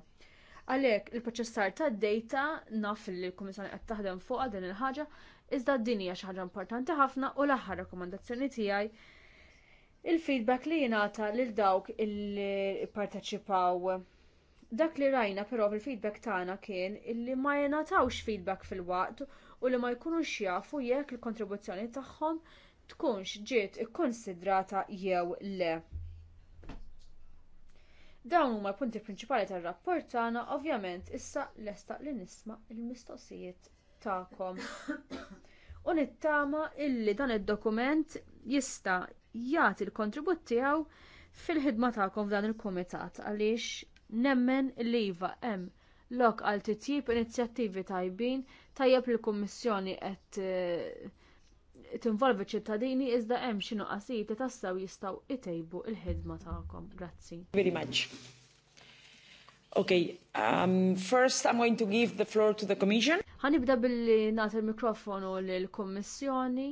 Għalhekk il-proċessar tad-data naf li l komissjoni qed taħdem fuqha din il-ħaġa, iżda din hija xi ħaġa importanti ħafna u l-aħħar rakkomandazzjoni tiegħi il-feedback li jingħata lil dawk li pparteċipaw. Dak li rajna però fil-feedback tagħna kien illi ma jingħatawx feedback fil-waqt u li ma jkunux jafu jekk il-kontribuzzjoni tagħhom tkunx ġiet ikkonsidrata jew le. Dawn huma punti prinċipali tar-rapport tagħna, ovvjament issa lesta li nisma' il-mistoqsijiet tagħkom. U nittama illi dan id-dokument jista' jagħti l-kontribut tiegħu fil-ħidma tagħkom f'dan il-kumitat għaliex nemmen li iva hemm lok għal titjib inizjattivi tajbin tajjeb li l-Kummissjoni qed eh, tinvolvi ċittadini iżda hemm xi nuqqasijiet li tassew jistgħu itejbu l ħidma tagħkom. Grazzi. Very much. Okay, um, first I'm going to give the floor to the Commission. ibda billi nagħti il-mikrofonu lill-Kummissjoni.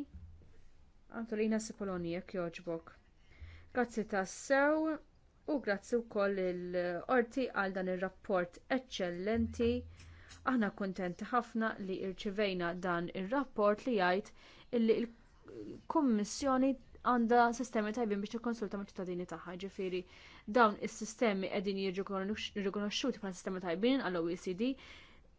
Antolina Sipoloni, jekk joġbok. Grazzi tassew u grazzi wkoll il-orti għal dan ir rapport eċċellenti. Aħna kuntenti ħafna li rċivejna dan ir rapport li jgħid illi l-Kummissjoni għandha sistemi tajbin biex tikkonsulta ma' ċittadini tagħha. Ġifieri dawn is-sistemi qegħdin jiġu rikonoxxuti bħala sistemi tajbin għall OECD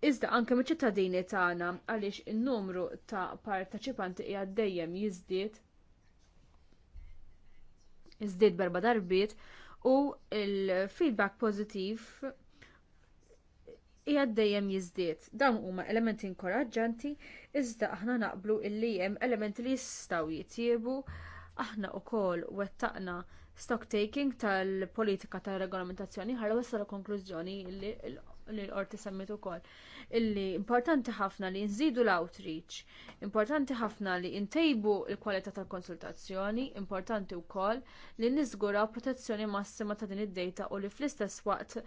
Iżda anke miċ ċittadini tagħna għaliex in-numru ta' parteċipanti hija dejjem jiżdied iżdied berba darbiet u l feedback pożittiv hija dejjem jiżdied. Dawn huma elementi inkoraġġanti iżda aħna naqblu illi hemm elementi li jistgħu jitjiebu. Aħna wkoll wettaqna stock taking tal-politika tar regolamentazzjoni ħarra wasal konklużjoni li l li l-qorti semmit ukoll. Illi importanti ħafna li nżidu l-outreach, importanti ħafna li ntejbu l-kwalità tal-konsultazzjoni, importanti wkoll li niżguraw protezzjoni massima ta' din id-data u li fl-istess waqt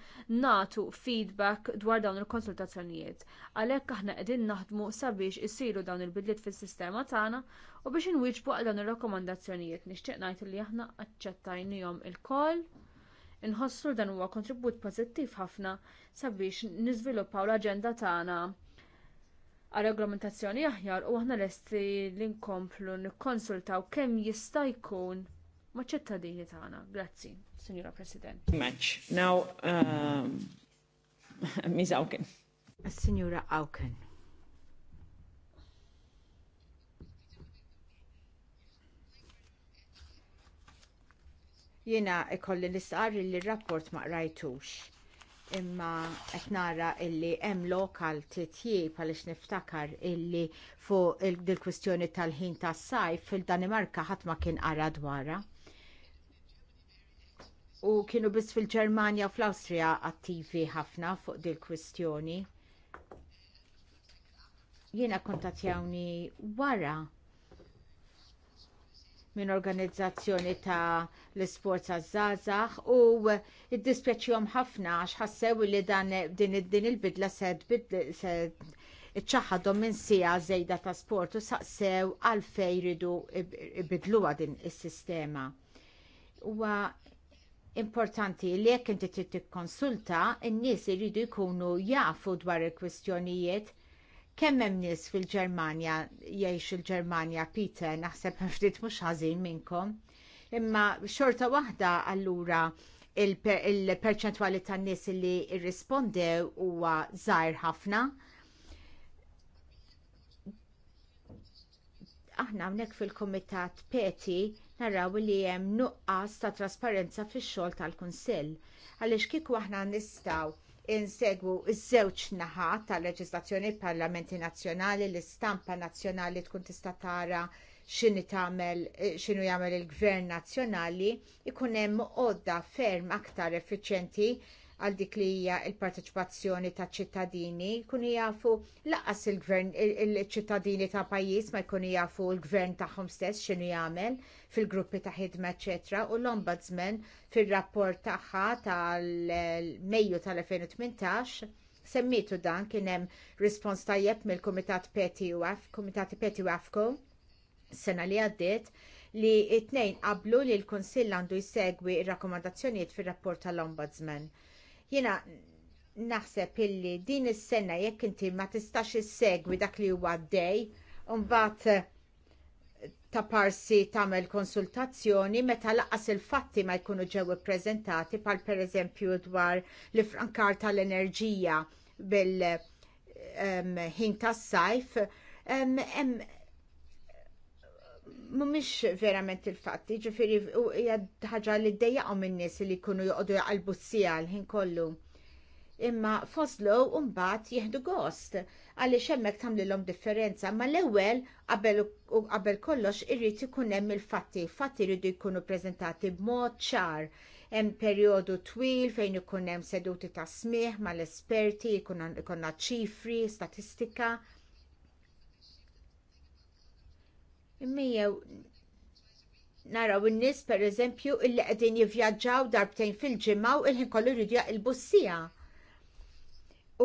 natu feedback dwar dawn il-konsultazzjonijiet. Għalhekk aħna qegħdin naħdmu sabiex isiru dawn il-bidliet fis-sistema tagħna u biex inwieġbu għal dawn ir rakkomandazzjonijiet nixtieq ngħid li aħna aċċettajnihom il-koll Inħossu dan huwa kontribut pożittiv ħafna sabiex niżviluppaw l-aġenda tagħna għal regolamentazzjoni aħjar u aħna lesti li nkomplu nikkonsultaw kemm jista' jkun ma' ċittadini tagħna. Grazzi, Signora President. Match. Now, um, Ms. Auken. Signora Auken. Jiena ikolli nistqar li r-rapport ma qrajtux. Imma qed nara illi hemm lokal titjib għaliex niftakar illi fuq il-kwistjoni tal-ħin tas-sajf fil-Danimarka ħadd ma kien qara dwarha. U kienu biss fil-Ġermanja u fl-Awstrija attivi ħafna fuq dil kwistjoni. Jiena kontatjawni wara minn organizzazzjoni ta' l għaż għazzazax u id ħafna għax ħassew li dan din il-bidla sed iċċaħadhom minn sija żejda ta' sport u saqsew għalfejn jridu ibidluha din is-sistema. Huwa importanti li jekk inti trid tikkonsulta, n-nies iridu jkunu jafu dwar il-kwistjonijiet Kemm hemm nies fil-Ġermanja jgħix il-Ġermanja Peter naħseb ftit mhux ħażin minnkom. Imma xorta waħda allura il-perċentwali il tan nies li rrispondew huwa żgħir ħafna. Aħna hawnhekk fil-Kumitat Peti naraw li hemm nuqqas ta' trasparenza fix-xogħol tal-Kunsill. Għaliex kieku aħna nistgħu insegwu iż-żewġ naħa tal-leġislazzjoni parlamenti nazzjonali, l-istampa nazzjonali tkun tista' tara x'inhu jagħmel il-Gvern Nazzjonali, ikun hemm għodda ferm aktar effiċjenti għal dik li hija l-parteċipazzjoni taċ ċittadini, jkunu jafu laqas il-gvern il-ċittadini ta' pajjiż ma jkunu jafu l-gvern tagħhom stess x'inhu jagħmel fil-gruppi ta' ħidma eċetera u l-Ombudsman fir-rapport tagħha tal-Mejju tal-2018 semmitu dan kien hemm rispons tajjeb mill-Kumitat PTUF, Kumitat Kumitati Peti u sena li għaddiet li t tnejn qablu li l-Kunsill għandu jsegwi r rakkomandazzjonijiet fir-rapport tal-Ombudsman Jiena naħseb illi din is-sena jekk inti ma tistax issegwi dak li huwa dej, mbagħad eh, ta' parsi tagħmel konsultazzjoni meta laqas il-fatti ma jkunu ġew ippreżentati pal pereżempju dwar li frankar tal-enerġija bil-ħin ehm, tas-sajf, ehm, mhumiex verament il-fatti, ġifiri, u ħaġa li d-dajjaqo minnis li jkunu juqdu jaqalbu sija l-ħin kollu. Imma foslu mbagħad jieħdu gost għaliex hemmhekk om differenza, ma l-ewwel qabel kollox irrit ikun hemm il-fatti, fatti jridu jkunu b b'mod ċar hemm perjodu twil fejn ikun hemm seduti ta' smigħ mal-esperti, ikun ċifri, statistika Immijew naraw in-nies pereżempju illi qegħdin jivvjaġġaw darbtejn fil ġimaw il-ħin kollu jridu il-bussija.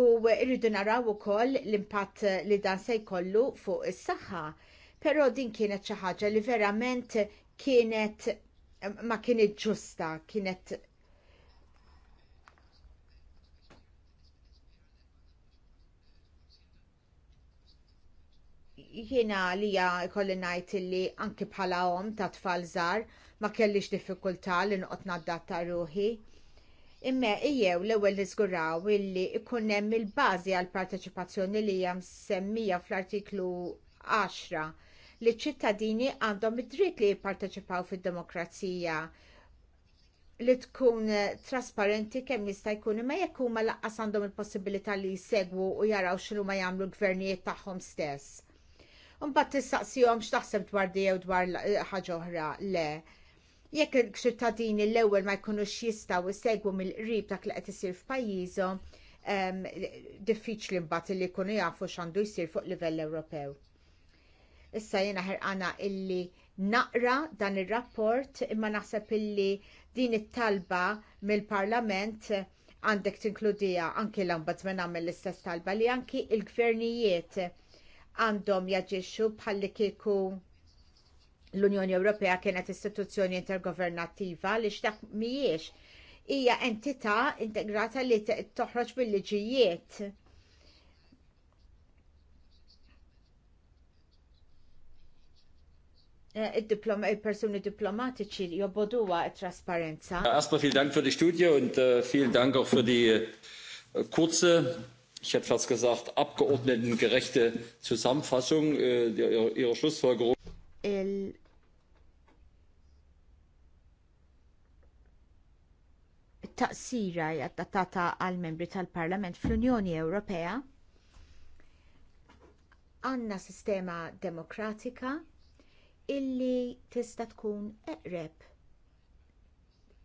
U rridu naraw ukoll l-impatt li dan se jkollu fuq is-saħħa. Però din kienet xi ħaġa li verament kienet ma kienet ġusta, kienet jiena li jkolli ngħid li anki bħala om ta' tfal żgħar ma kellix diffikultà li noqgħod naddatta ruħi. Imma ejjew l-ewwel niżguraw illi ikun hemm il-bażi għall parteċipazzjoni li hija msemmija fl-artiklu 10 li ċittadini għandhom id-dritt li jipparteċipaw fid-demokrazija li tkun trasparenti kemm jista' jkun imma jekk huma laqqas għandhom il-possibilità li jsegwu u jaraw x'huma jagħmlu l-gvernijiet tagħhom stess. Mbagħad tistaqsihom x'taħseb dwar di jew dwar eh, ħaġa oħra le. Jekk il-ċittadini l-ewwel ma jkunux jistgħu segwu mill-qrib dak li qed isir f'pajjiżhom, diffiċli mbagħad li jkunu jafu x'għandu jsir fuq livell Ewropew. Issa jiena ħerqana illi naqra dan ir-rapport imma naħseb illi din it-talba mill-Parlament għandek tinkludija anki l-ombudsman għamil l-istess talba li anki l gvernijiet għandhom jaġixxu bħalli kieku l-Unjoni Ewropea kienet istituzzjoni intergovernattiva li x'dak mhijiex hija entità integrata li toħroġ bil-liġijiet. Eh, il-persuni diplomatiċi li jobboduwa trasparenza. Erstmal fil Dank fil di studio und fil äh, Dank auch fil äh, kurze ich hätte fast gesagt, abgeordnetengerechte Zusammenfassung äh, ihrer, Schlussfolgerung. Il taqsira jattatata għal membri tal-Parlament fl-Unjoni Ewropea għanna sistema demokratika illi tista tkun eqreb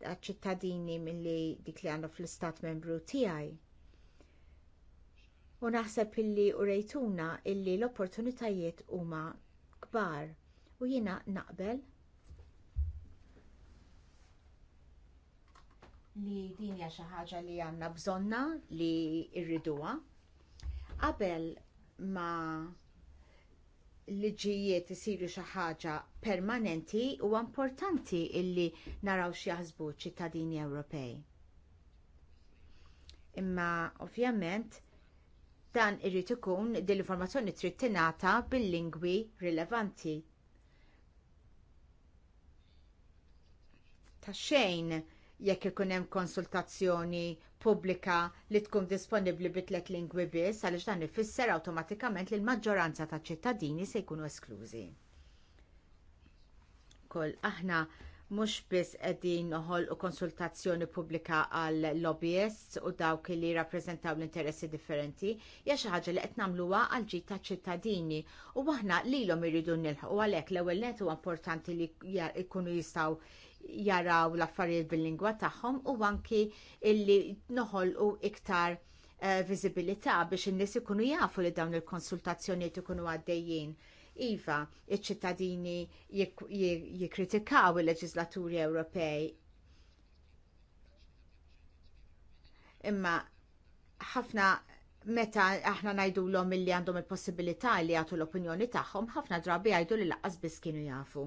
għal ċittadini milli dik li għandu fl-istat membru tiegħi u naħseb illi u rejtuna illi l-opportunitajiet huma kbar u jiena naqbel li din hija xi ħaġa li għandna bżonna li rriduha qabel ma liġijiet isiru xi ħaġa permanenti huwa importanti illi naraw x'jaħsbu ċittadini Ewropej. Imma ovvjament Dan irrid ikun din l-informazzjoni trid tingħata bil-lingwi rilevanti. Ta' xejn jekk ikun hemm konsultazzjoni pubblika li tkun disponibbli bi tliet lingwi biss għaliex dan ifisser awtomatikament li l-maġġoranza taċ ċittadini se jkunu esklużi. Koll aħna mhux biss qegħdin noħolqu konsultazzjoni pubblika għal lobbyists u dawk li jirrappreżentaw l-interessi differenti, hija xi ħaġa li qed nagħmluha għal ġid taċ ċittadini u aħna lilhom iridu nilħu għalhekk l-ewwel net huwa importanti li jkunu jistgħu jaraw l-affarijiet bil-lingwa tagħhom u anki illi noħolqu iktar uh, viżibilità biex in-nies ikunu jafu li dawn il-konsultazzjonijiet ikunu għaddejjin Iva, iċ-ċittadini jikkritikaw il-leġislaturi Ewropej. Imma ħafna meta aħna najdu l-om li għandhom il-possibilità li għatu l-opinjoni tagħhom, ħafna drabi għajdu li laqqas biss kienu jafu.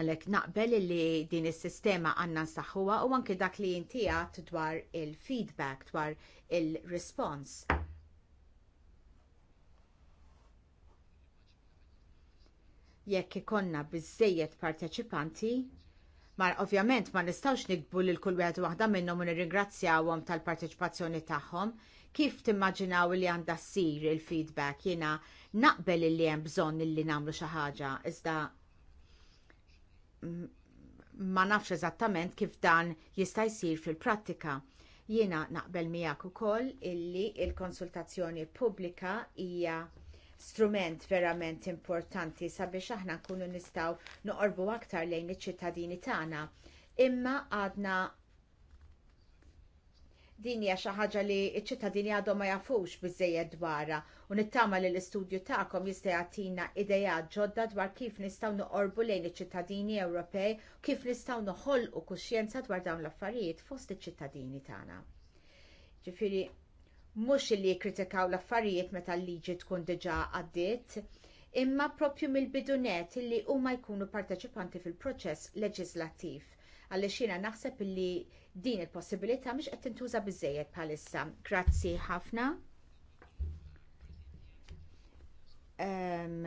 Għalek naqbel li din is-sistema għanna saħħuha u anke dak li inti dwar il-feedback, dwar il-response. jekk ikonna biżżejjed parteċipanti, ma ovvjament ma nistgħux nikbu lil kull wieħed waħda minnhom u nirringrazzjawhom tal-parteċipazzjoni tagħhom, kif timmaġinaw li għandha ssir il-feedback jiena naqbel li hemm bżonn li nagħmlu xi ħaġa iżda ma nafx eżattament kif dan jista' jsir fil-prattika. Jiena naqbel miegħek ukoll illi l il konsultazzjoni pubblika hija strument verament importanti sabiex aħna nkunu nistgħu noqorbu aktar lejn iċ-ċittadini tagħna. Imma għadna din hija xi ħaġa li ċ-ċittadini għadhom ma jafux biżżejjed dwarha u nittama li l-istudju tagħkom jista' jagħtina idea ġodda dwar kif nistgħu noqorbu lejn iċ-ċittadini Ewropej u kif nistgħu noħolqu kuxjenza dwar dawn l-affarijiet fost iċ-ċittadini tagħna. Ġifieri mhux illi jikkritikaw l-affarijiet meta l-liġi tkun diġà għaddiet, imma propju mill-bidunet illi huma jkunu parteċipanti fil-proċess leġislattiv. Għaliex jiena naħseb illi din il-possibilità mhux qed tintuża biżżejjed bħalissa. Grazzi ħafna. Um,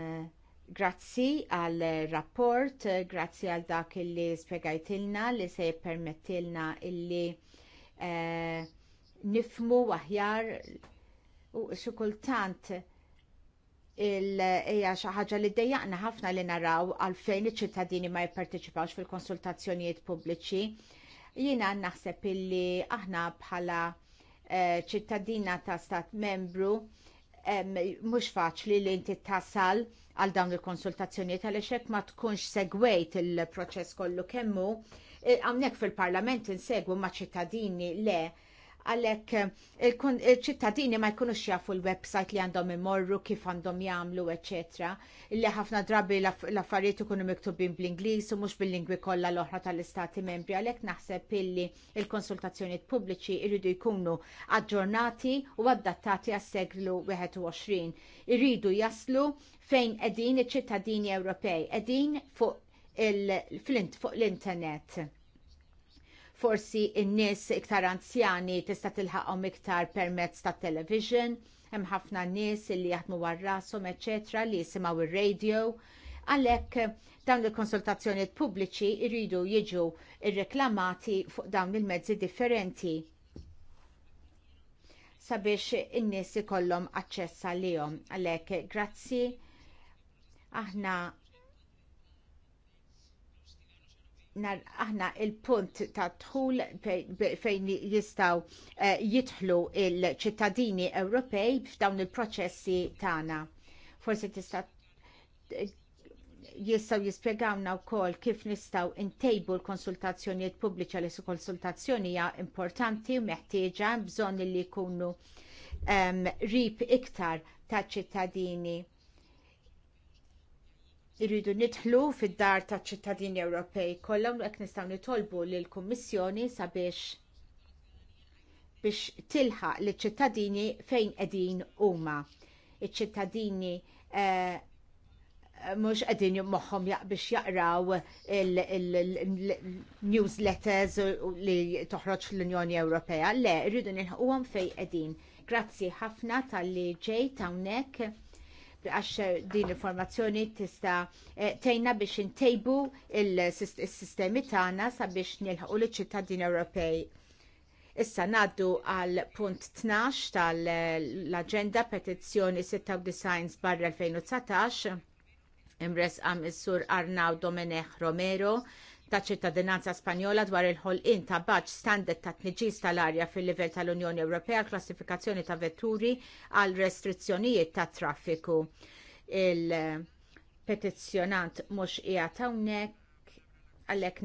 Grazzi għal rapport, grazzi għal dak illi spjegajtilna li se jippermettilna illi uh, nifmu aħjar u xukultant kultant hija xi ħaġa li dejjaqna ħafna li naraw għalfejn iċ-ċittadini ma jipparteċipawx fil-konsultazzjonijiet pubbliċi. Jiena naħseb illi aħna bħala eh, ċittadina ta' stat membru mhux faċli li inti tasal għal dawn il-konsultazzjonijiet għaliex hekk ma tkunx segwejt il-proċess kollu kemmu. Għamnek eh, fil-Parlament insegwu ma' ċittadini le għalhekk eh, il-ċittadini ma jkunux jafu l-website li għandhom imorru kif għandhom jagħmlu eċetera. Illi ħafna drabi l-affarijiet ikunu miktubin bl-Ingliż u mhux bil-lingwi kollha l-oħra tal-istati membri għalhekk naħseb illi il-konsultazzjonijiet pubbliċi jridu jkunu aġġornati u adattati għas-seglu 21. Irridu jaslu fejn qegħdin iċ-ċittadini Ewropej, qegħdin fuq fuq l-internet forsi n-nies iktar anzjani tista' tilħaqhom iktar permezz tat television, hemm ħafna nies li jaħdmu war rashom eċetera li jisimgħu ir-radio. Għalhekk dawn il-konsultazzjonijiet pubbliċi jridu jiġu rreklamati fuq dawn il-mezzi differenti sabiex in-nies ikollhom aċċess għalihom. Għalhekk grazzi aħna aħna il-punt ta' tħul fejn jistaw eh, jitħlu il-ċittadini Ewropej f'dawn il-proċessi tagħna. Forsi tista' jistaw jispjegawna u kol kif nistaw intejbu l-konsultazzjoniet pubbliċi li su konsultazzjoni hija importanti u meħtieġa bżonn li jkunu ehm, rib iktar ta' ċittadini irridu nidħlu fid-dar taċ ċittadini Ewropej kollha hekk nistgħu nitolbu lill kummissjoni sabiex biex tilħaq liċ ċittadini fejn qegħdin huma. Iċ-ċittadini eh, mhux qegħdin moħħhom biex jaqraw il-newsletters li toħroġ fl-Unjoni Ewropea. Le, irridu nilħquhom fejn qegħdin. Grazzi ħafna tal-li ġejt hawnhekk għax eh, din l-informazzjoni tista eh, tejna biex intejbu il-sistemi tagħna sabiex nilħu l-ċittadini Ewropej. Issa naddu għal punt 12 tal-agenda petizzjoni 96 barra 2019 imres għam is-sur Arnaud Domenech Romero ta' ċittadinanza Spanjola dwar il-ħolqien ta' baġġ standard ta' tniġis tal-arja fil-livell tal-Unjoni Ewropea klassifikazzjoni ta' vetturi għal restrizzjonijiet ta' traffiku. Il-petizzjonant mhux qiegħed hawnhekk għalhekk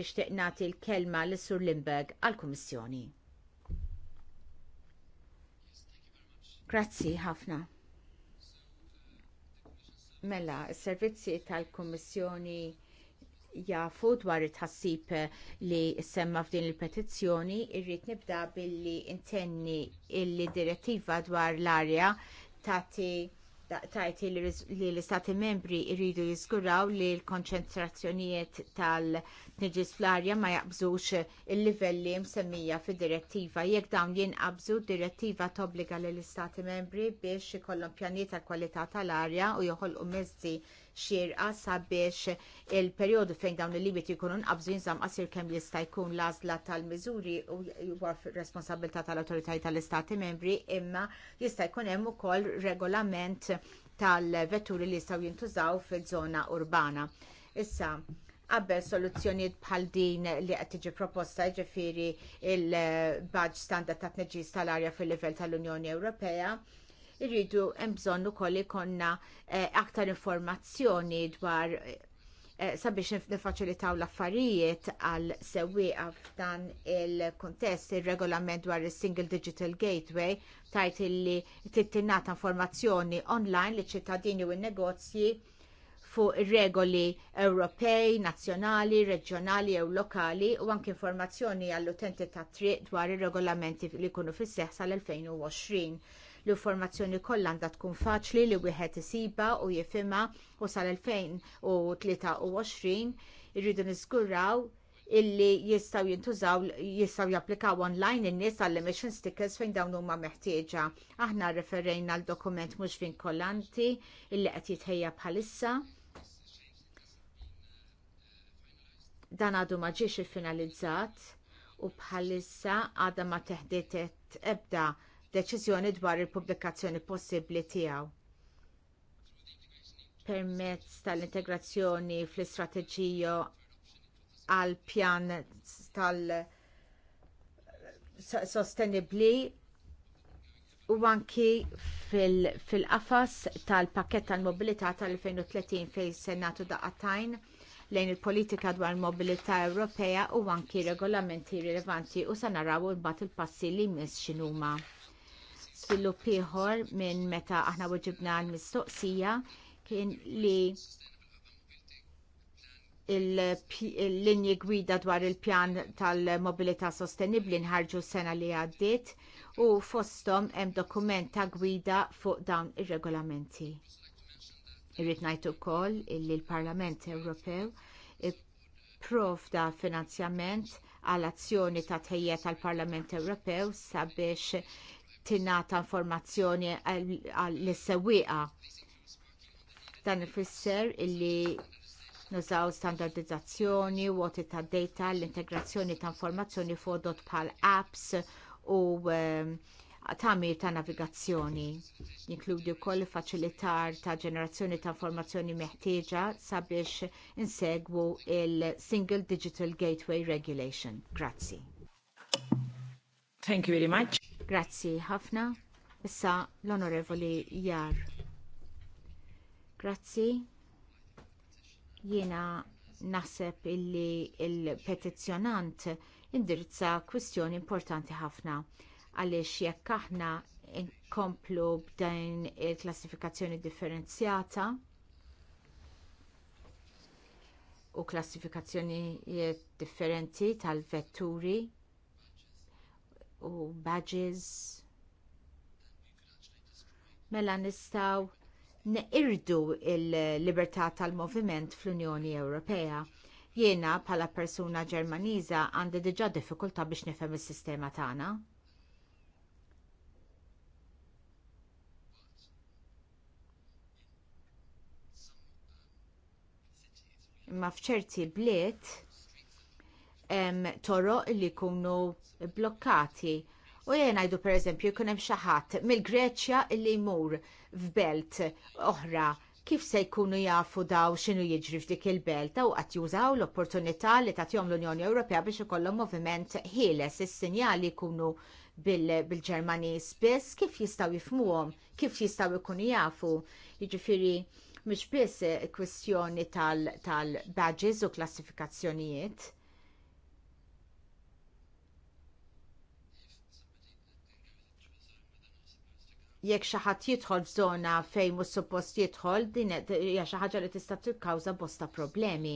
nixtieq nagħti l-kelma l sur Limberg għall-Kummissjoni. Grazzi ħafna. Mela, s-servizzi tal-Kummissjoni jafu dwar it-ħassib li semma f'din il-petizzjoni, jrid nibda billi intenni illi direttiva dwar l-arja tagħti tajti li l-istati membri jridu jiżguraw li l-konċentrazzjonijiet tal-nġis fl-arja ma jaqbżux il-livelli msemmija fid direttiva. Jekk dawn jinqabżu direttiva tobbliga lill istati membri biex ikollhom pjanijiet tal kwalità tal-arja u joħolqu mezzi Xirqa sabiex il-perjodu fejn dawn il-limiti jkunu nqabżu jinżamm qasir kemm jista' jkun l-għażla tal-miżuri u huwa responsabilità tal-awtoritajiet tal-istati membri imma jista' jkun hemm ukoll regolament tal-vetturi li jistgħu jintużaw fil żona urbana. Issa, qabel soluzzjonijiet bħal din li qed tiġi proposta ġifieri il-badge standard ta' tneġġis tal-arja fil-livell tal-Unjoni Ewropea, irridu hemm bżonn ukoll ikonna eh, aktar informazzjoni dwar eh, sabiex nifaċilitaw l-affarijiet għal sewwieqa f'dan il-kontest ir-regolament dwar is-Single Digital Gateway tajt illi tittinata informazzjoni online li ċittadini u n-negozji fuq regoli Ewropej, nazzjonali, reġjonali jew lokali u anke informazzjoni għall-utenti tat triq dwar ir-regolamenti li jkunu fis-seħħ sal-2020. L-informazzjoni kollha għandha tkun faċli li wieħed isiba u jifhimha u sal-2023 irridu niżguraw illi jistgħu jintużaw jistgħu japplikaw online in-nies għall emission stickers fejn dawn huma meħtieġa. Aħna referejna l dokument mhux vinkolanti illi qed jitħejja bħalissa. Dan għadu ma ġiex iffinalizzat u bħalissa għadha ma teħdiet ebda deċiżjoni dwar il-pubblikazzjoni possibbli tiegħu permezz tal-integrazzjoni fl-istrateġija għal pjan tal-sostenibli u anki fil-qafas tal-pakket tal-mobilità tal-2030 fejn se nagħtu daqatajn lejn il-politika dwar il mobilità Ewropea u anki regolamenti rilevanti u se naraw imbagħad il-passi li jmiss x'inhuma żvilupp ieħor minn meta aħna weġibna l-mistoqsija kien li l linji gwida dwar il-pjan tal-mobilità sostenibbli nħarġu s-sena li għaddiet u fosthom hemm dokument ta' gwida fuq dawn ir-regolamenti. Irrid ngħid ukoll illi l-Parlament Ewropew ipprovda finanzjament għal azzjoni ta' tħejjed tal-Parlament Ewropew sabiex tingħata informazzjoni għall-sewwieqa. Dan ifisser illi nużaw standardizzazzjoni, woti ta' data, l-integrazzjoni ta' informazzjoni fodot bħal apps u ehm, tamir ta' navigazzjoni. Jinkludi wkoll faċilitar ta' ġenerazzjoni ta' informazzjoni meħtieġa sabiex insegwu il-Single Digital Gateway Regulation. Grazzi. Thank you very much. Grazzi ħafna. Issa l-Onorevoli Jar. Grazzi. Jiena naħseb illi il-petizzjonant indirizza kwistjoni importanti ħafna għaliex jekk aħna nkomplu b'dejn il-klassifikazzjoni differenzjata u klassifikazzjoni differenti tal-vetturi u badges. Mela nistaw neqirdu il-libertà tal-moviment fl-Unjoni Ewropea. Jiena bħala persuna Ġermaniża għandi diġà diffikultà biex nifhem is-sistema tagħna. Imma f'ċerti bliet toroq li jkunu blokkati. U jena ngħidu pereżempju jkun hemm xi ħadd mill-Greċja li jmur f'belt oħra kif se jkunu jafu daw x'inhu jiġri f'dik il-belt u qatt jużaw l-opportunità li tagħtihom l-Unjoni Ewropea biex ikollhom moviment ħieles is-sinjali jkunu bil-Ġermani bil kif jistgħu jifmuhom, kif jistgħu jkunu jafu. Jiġifieri mhux biss kwestjoni tal-badges tal u klassifikazzjonijiet jekk xi ħadd jidħol f'żona fejn mhux suppost jidħol din hija xi ħaġa li tista' tikkawża bosta problemi.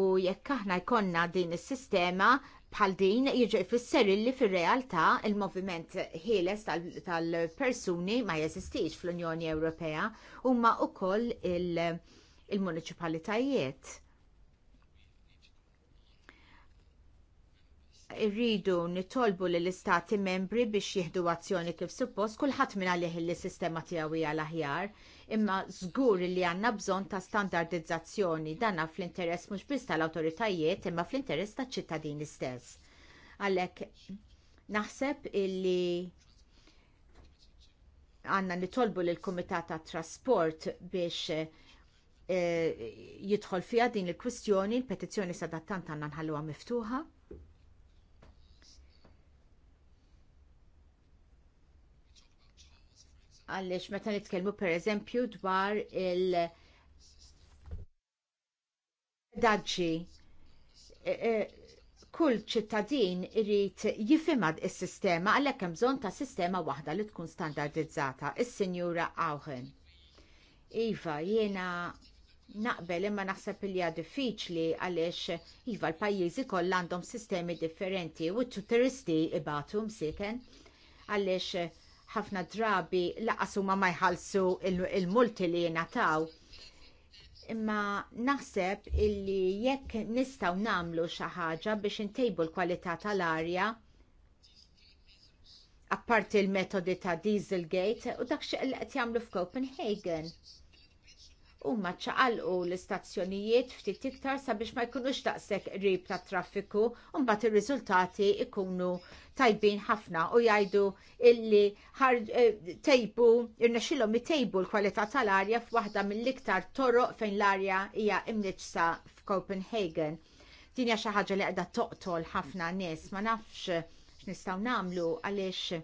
U jekk aħna jkollna din is-sistema bħal din jiġi jfisser li fir-realtà il-moviment ħieles tal-persuni ma jeżistix fl-Unjoni Ewropea huma wkoll il-municipalitajiet. irridu nitolbu lill istati membri biex jieħdu azzjoni kif suppost kulħadd minn għalih il-sistema tiegħu hija l-aħjar imma żgur li għandna bżonn ta' standardizzazzjoni danna fl-interess mhux biss tal-awtoritajiet imma fl-interess taċ-ċittadini stess. Għalhekk naħseb illi għandna nitolbu lill kumitat tat Trasport biex eh, jidħol fija din il-kwistjoni, il-petizzjoni sadattant għanna nħalluha miftuħa. għaliex meta nitkellmu pereżempju dwar il daġġi e, e, kull ċittadin irid jifimad is-sistema għalhekk hemm bżonn ta' sistema waħda li tkun standardizzata, is-Sinjura Awhen. Iva, jiena naqbel imma naħseb li hija diffiċli għaliex iva l-pajjiżi kollha għandhom sistemi differenti u t-turisti ibatu msiken għaliex ħafna drabi laqas huma ma jħallsu il-multi li jingħataw imma naħseb illi jekk nistgħu nagħmlu xi ħaġa biex intejbu l-kwalità tal-arja apparti l-metodi ta' Dieselgate u dak xi għet jagħmlu f'Copenhagen huma ċaqalqu l-istazzjonijiet ftit iktar sabiex ma jkunux daqshekk qrib tat traffiku u mbagħad ir-riżultati jkunu tajbin ħafna u jgħidu illi eh, tejbu irnexxilhom itejbu l-kwalità tal-arja f'waħda mill-iktar toroq fejn l-arja hija imniġsa f'Copenhagen. Din hija xi ħaġa li qiegħda toqtol ħafna nies ma nafx x'nistgħu nagħmlu għaliex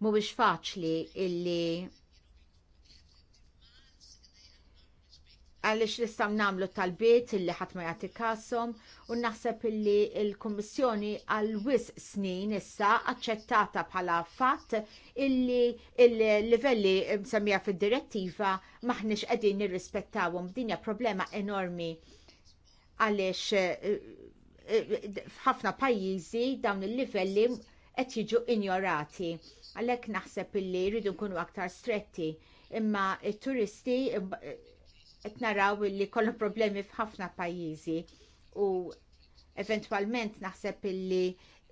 mhuwiex faċli illi għaliex nistgħu nagħmlu tal-bit illi ħadd ma jagħti kasom u naħseb illi l-Kummissjoni għal wis snin issa aċċettata bħala fatt illi il-livelli msemmija fid-direttiva maħniex qegħdin nirrispettawhom dinja problema enormi għaliex eh, eh, f'ħafna pajjiżi dawn il-livelli qed jiġu injorati. Għalhekk naħseb illi rridu nkunu aktar stretti imma t turisti qed naraw li kollu problemi f'ħafna pajjiżi u eventwalment naħseb illi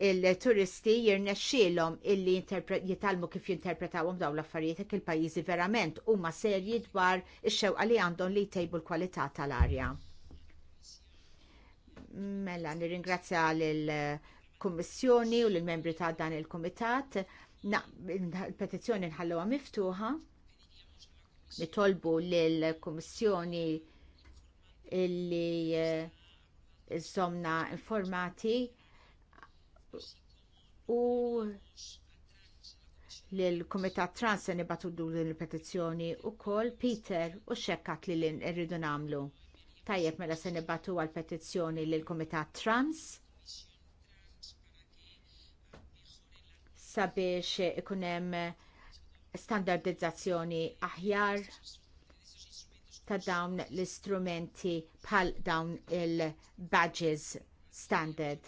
il-turisti jirnexxielhom illi jitalmu kif jinterpretawhom dawn l-affarijiet il-pajjiżi verament huma serji dwar ix-xewqa li għandhom li jtejbu l-kwalità tal-arja. Mela, nirringrazzja lill-Kummissjoni eh, u lill membri ta' dan il-Kumitat. il petizzjoni nħalluha miftuħa nitolbu lill-Kummissjoni illi zomna eh, informati u l-Komitat Trans se nibatu l-petizzjoni wkoll Peter u xekkat li l-irridu nagħmlu. Tajjeb mela se nibatu għall petizzjoni lill komitat Trans sabiex ikun hemm standardizzazzjoni aħjar ta' dawn l-istrumenti bħal dawn il-badges standard.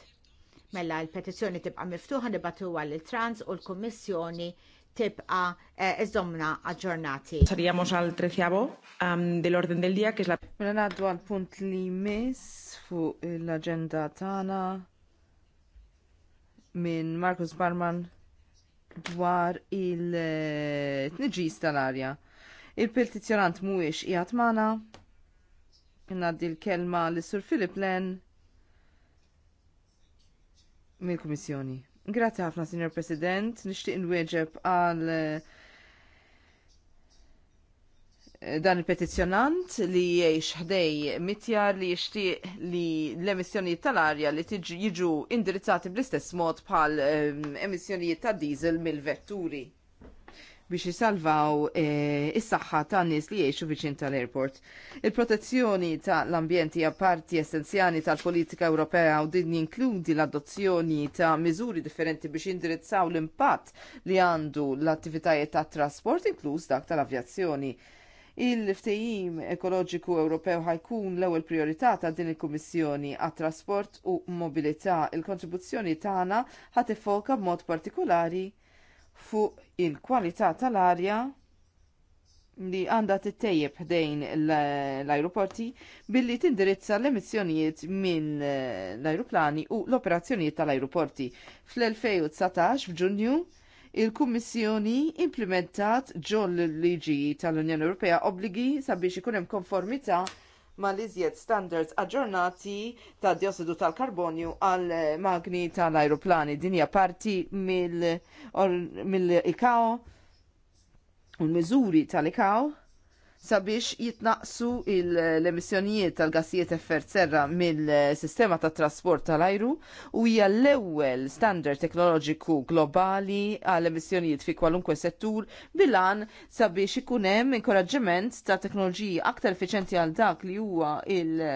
Mela l-petizzjoni tibqa' miftuħa nibatuha lil trans u l-Kummissjoni tibqa eh, iżomna aġġornati. mhux għal trezjavo dell-ordin del dia kiex la. Mela ngħaddu għal punt li miss fuq l-aġenda tagħna minn Markus Barman dwar il-tniġis tal-arja. Il-petizjonant mhuwiex qiegħed Mana, Ngħaddi l-kelma l sur Philip Len mill-Kummissjoni. Grazzi ħafna, Signor President. Nixtieq inweġeb għal uh, dan il-petizjonant li jiex ħdej mitjar li jixtieq li l-emissjonijiet tal-arja li jiġu indirizzati bl-istess mod bħal ehm, emissjonijiet ta' diesel mill-vetturi biex jisalvaw eh, is-saħħa ta' nies li jgħixu viċin tal-airport. Il-protezzjoni tal-ambjent hija parti essenzjali tal-politika Ewropea u din jinkludi l-adozzjoni ta' miżuri differenti biex jindirizzaw l-impatt li għandu l-attivitajiet tat trasport inkluż dak tal-avjazzjoni. Il-ftejim ekoloġiku Ewropew ħajkun l-ewwel priorità ta' din il-Kummissjoni għat-trasport u mobilità. Il-kontribuzzjoni tagħna ħadd ifoka b'mod partikolari fuq il-kwalità tal-arja li għandha tittejjeb ħdejn l-ajruporti billi tindirizza l-emissjonijiet minn l-ajruplani u l-operazzjonijiet tal-ajruporti. Fl-2019 f'Ġunju il-Kummissjoni implementat ġol l-liġi tal-Unjoni Ewropea obbligi sabiex ikun hemm konformità mal iżjed standards aġġornati ta' diossidu tal-karbonju għal magni tal-ajruplani. Din hija parti mill-ICAO mil u l-miżuri tal-ICAO sabiex jitnaqsu l-emissjonijiet tal-gassijiet effert serra mill-sistema tat trasport tal-ajru u hija l-ewwel standard teknoloġiku globali għal emissjonijiet fi kwalunkwe settur bilan sabiex ikun hemm inkoraġġiment ta' teknoloġiji aktar effiċenti għal dak li huwa il-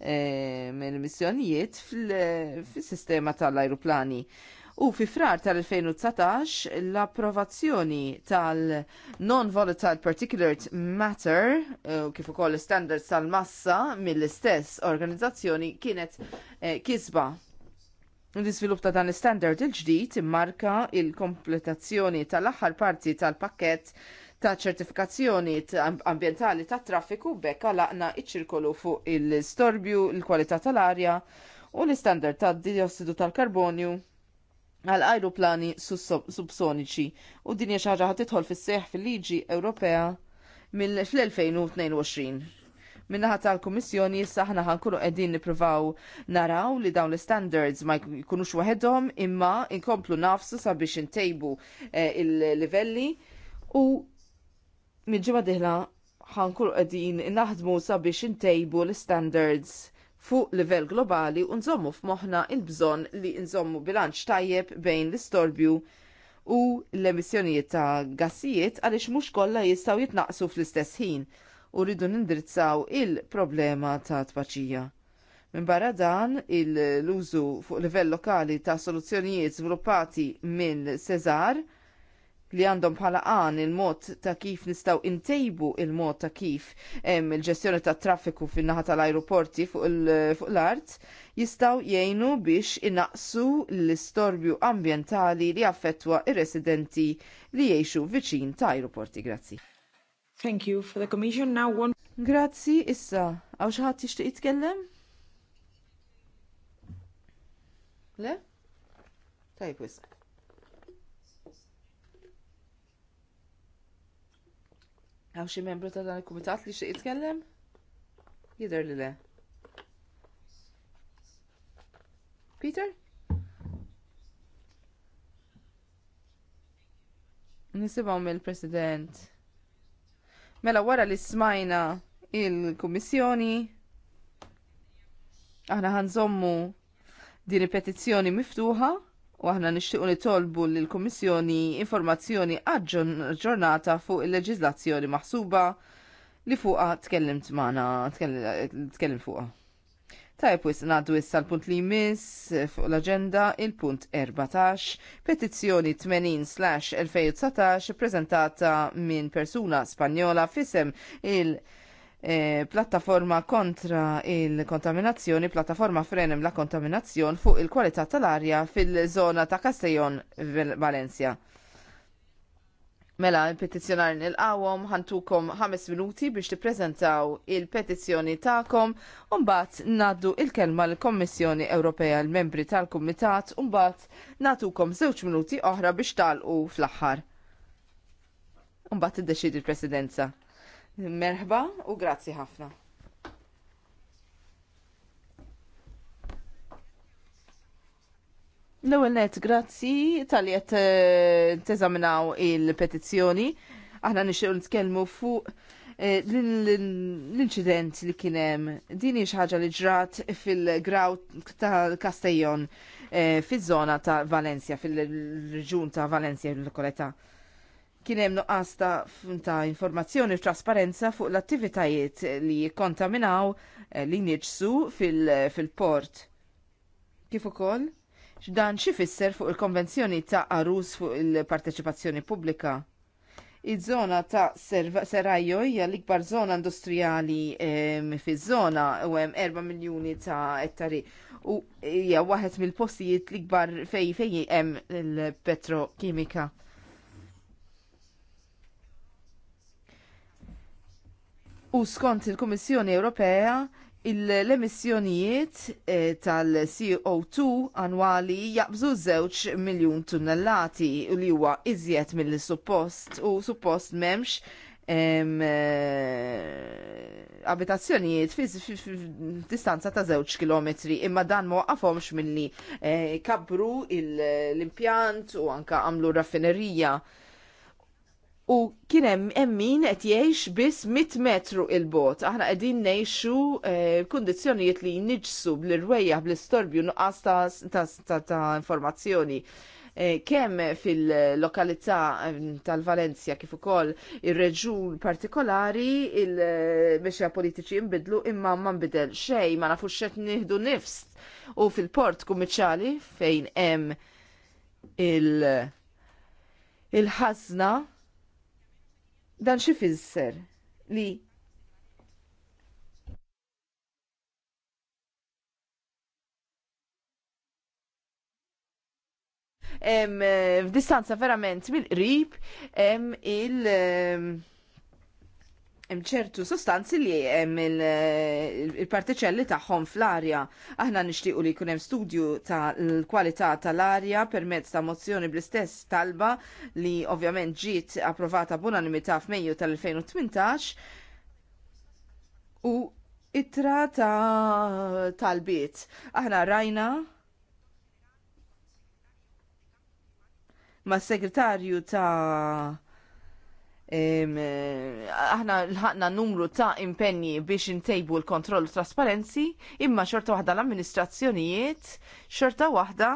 eh, emissjonijiet fil-sistema tal ajruplani u fi frar tal-2019 l-approvazzjoni tal-Non-Volatile Particulate Matter eh, kif ukoll standards tal-massa mill-istess organizzazzjoni kienet eh, kisba. L-iżvilupp ta' dan l-standard il-ġdid immarka il-kompletazzjoni tal-aħħar parti tal-pakket ta' ċertifikazzjoni ambjentali ta' traffiku bekk għalaqna iċ-ċirkolu fuq il-storbju, il-kwalità tal-arja u l-istandard ta' diossidu tal-karbonju għal ajruplani subsoniċi u dinja xaġa xi ħaġa fis-seħħ fil-liġi Ewropea mill-2022. ħat tal-Kummissjoni issa aħna ħankunu qegħdin nippruvaw naraw li dawn l-standards ma jkunux waħedhom imma inkomplu nafsu sabiex intejbu eh, il-livelli u minn ġimgħa diħla ħankunu qegħdin naħdmu sabiex intejbu l-standards fuq livell globali u nżommu f'moħħna il-bżonn li nżommu bilanċ tajjeb bejn l-istorbju u l-emissjonijiet ta' gassijiet għaliex mhux kollha jistgħu jitnaqsu fl-istess ħin u rridu nindirizzaw il-problema ta' tpaċija. Minn barra dan, l-użu fuq livell lokali ta' soluzzjonijiet sviluppati minn Cesar li għandhom bħala għan il-mod ta' kif nistaw intejbu il-mod ta' kif il-ġestjoni ta' traffiku fin-naħa tal-aeroporti fuq l-art jistaw jgħinu biex inaqsu l-istorbju ambientali li affettwa ir-residenti li jgħixu viċin ta' aeroporti. Grazzi. Thank you for the commission. Now one... Grazzi, issa, għaw xaħat jishtiq jitkellem? Le? Tajb, wisq. Għaw xi membru ta' dan il-kumitat li xie jitkellem? Jidher li le. Peter? Nisibaw mill-President. Mela wara li smajna il-Kummissjoni, aħna ħanżommu din petizzjoni miftuħa u aħna nixtiequ nitolbu lill kummissjoni informazzjoni aġġornata fuq il-leġiżlazzjoni maħsuba li fuqha tkellimt magħna, tkellim fuqha. Tajb wis ngħaddu issa l-punt li jmiss fuq l-aġenda il-punt 14, petizzjoni 80/2019 ppreżentata minn persuna Spanjola fisem il- E, plattaforma kontra il-kontaminazzjoni, plattaforma frenem la kontaminazzjon fuq il-kwalità tal-arja fil-zona ta' Castellon Valencia. Mela, il-petizjonar nil-qawom ħantukom 5 minuti biex tippreżentaw il-petizjoni ta'kom unbat naddu il-kelma l-Kommissjoni Ewropea l-membri tal-Kumitat unbat natukom 2 minuti oħra biex talqu fl-axħar. Unbat id deċid il-Presidenza. Merħba u grazzi ħafna. L-ewwel net grazzi tal eh, teżaminaw il-petizzjoni. Aħna nixtiequ nitkellmu fuq eh, l-inċident li kien hemm. Din hi ħaġa li ġrat fil-graw tal-Kastelljon eh, fiż-żona ta' Valencia, fil-reġun ta' Valencia l-Koleta. Kien hemm nuqqas ta' informazzjoni u trasparenza fuq l-attivitajiet li jikkontaminaw eh, li niġsu fil-port. Kif ukoll? X'dan xi fisser fuq il-konvenzjoni ta' Arus fuq il-parteċipazzjoni pubblika? Iż-żona ta' Serrajo hija l-ikbar żona industrijali fiż-żona u hemm 4 miljuni ta' ettari u hija waħed mill-postijiet l-ikbar fej fej hemm il-petrokimika. U skont il-Kummissjoni Ewropea, l-emissjonijiet eh, tal-CO2 annwali jaqbżu żewġ miljun tunnellati u li huwa iżjed mill-suppost u suppost memx eh, abitazzjonijiet fi distanza ta' żewġ kilometri imma dan ma waqafhomx milli li eh, kabru l-impjant u anka għamlu raffinerija u kien hemm min qed jgħix biss 100 metru il bot Aħna qegħdin ngħixu eh, kundizzjonijiet li jniġsu bl irwejja bl-istorbju nuqqas ta' informazzjoni. Eh, kemm fil-lokalità mm, tal-Valenzja kif ukoll ir-reġun partikolari il-mexja eh, politiċi nbidlu imma ma nbidel xejn ma nafux xed nieħdu nifs u fil-port kummerċjali fejn hemm il- il-ħazna il ħazna Dan xi fisser li eh, f'distanza verament mill-qrib il- hemm ċertu sostanzi li hemm il-partiċelli tagħhom fl-arja. Aħna nixtiequ li jkun hemm studju ta' l-kwalità tal-arja permezz ta' mozzjoni bl-istess talba li ovvjament ġiet approvata b'unanimità f'Mejju tal-2018 u itra ta' talbiet. Aħna rajna ma' segretarju ta' Eh, aħna l-ħakna numru ta' impenji biex intejbu l-kontroll u trasparenzi, imma xorta waħda l-amministrazzjonijiet, xorta waħda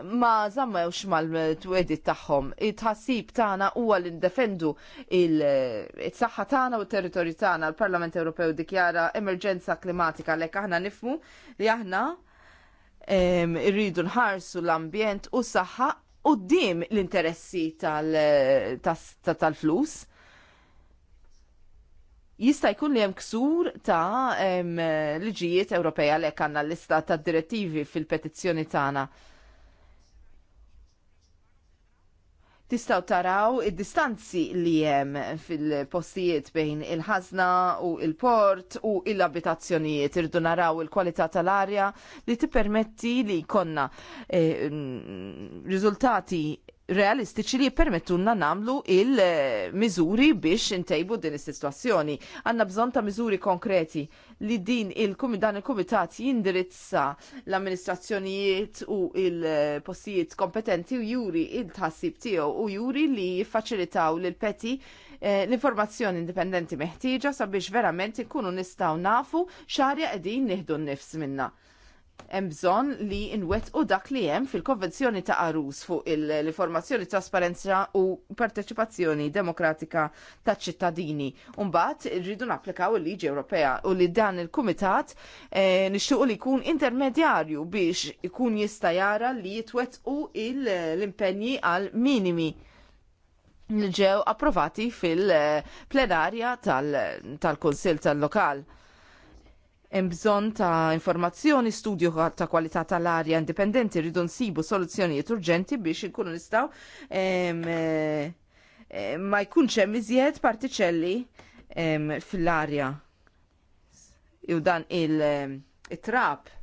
ma zammewx mal-twedit tagħhom. It-ħassib tagħna huwa li ndefendu il-saħħa eh, tagħna u t-territorju tagħna. L-Parlament Ewropew dikjara emerġenza klimatika lek aħna nifmu li aħna irridu nħarsu l-ambjent u s-saħħa qoddim l-interessi tal-flus. Jista' jkun li hemm ksur ta' liġijiet Ewropea li għandna l-lista tad direttivi fil-petizzjoni tagħna. Tistaw taraw id-distanzi li jem fil-postijiet bejn il-ħazna u il-port u il-abitazzjonijiet. Irdu naraw il-kwalità tal-arja li tippermetti li konna eh, riżultati realistiċi li jippermettulna namlu il-miżuri biex intejbu din is-sitwazzjoni. Għanna bżonn ta' miżuri konkreti li din il dan il-kumitat jindirizza l-amministrazzjonijiet u il-postijiet kompetenti u juri il-tħassib tiegħu u juri li jiffaċilitaw lil peti eh, l-informazzjoni indipendenti meħtieġa sabiex verament ikunu nistgħu nafu xarja qegħdin nieħdu nnifs minna hemm bżonn li nwettqu dak li hemm fil-Konvenzjoni ta' Arus fuq il informazzjoni trasparenza u partecipazzjoni demokratika ta' ċittadini. Umbagħad irridu napplikaw il-Liġi Ewropea u li dan il-Kumitat e, nixtiequ li jkun intermedjarju biex ikun jista' jara li jitwettqu l-impenji għal minimi li ġew approvati fil-plenarja eh, tal-Kunsil tal-Lokal. tal konsil tal lokal Hemm bżonn ta' informazzjoni, studju ta' kwalità tal-arja indipendenti rridu nsibu soluzzjonijiet urġenti biex inkunu nistgħu eh, eh, ma jkunx hemm iżjed partiċelli fil-arja. U dan il-trap eh,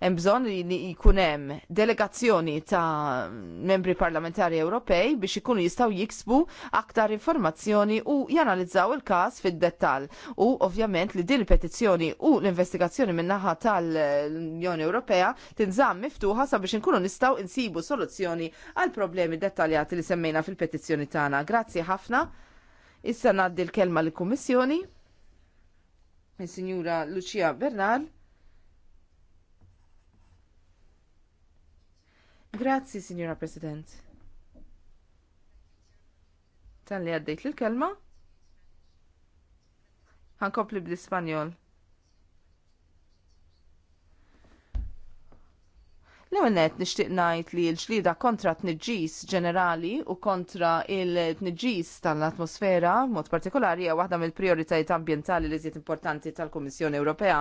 hemm bżonn li jkun hemm delegazzjoni ta' membri parlamentari Ewropej biex ikunu jistgħu jiksbu aktar informazzjoni u janalizzaw il-każ fid-dettall. U ovvjament li din il-petizzjoni u l-investigazzjoni min-naħa tal-Unjoni Ewropea tinżamm miftuħa sabiex inkunu nistgħu insibu soluzzjoni għal problemi dettaljati li semmejna fil-petizzjoni tagħna. Grazzi ħafna. Issa ngħaddi l-kelma lill kummissjoni il-Sinjura Lucia Bernard. Grazzi, Signora President. Tan li għaddejt l-kelma? Għankopli bl-Ispanjol. L-għonet nishtiq najt li l-ġlida kontra t-nġis ġenerali u kontra il-tnġis tal-atmosfera, mod partikolari, għu għahda mill-prioritajiet ambientali li zjiet importanti tal-Komissjoni Ewropea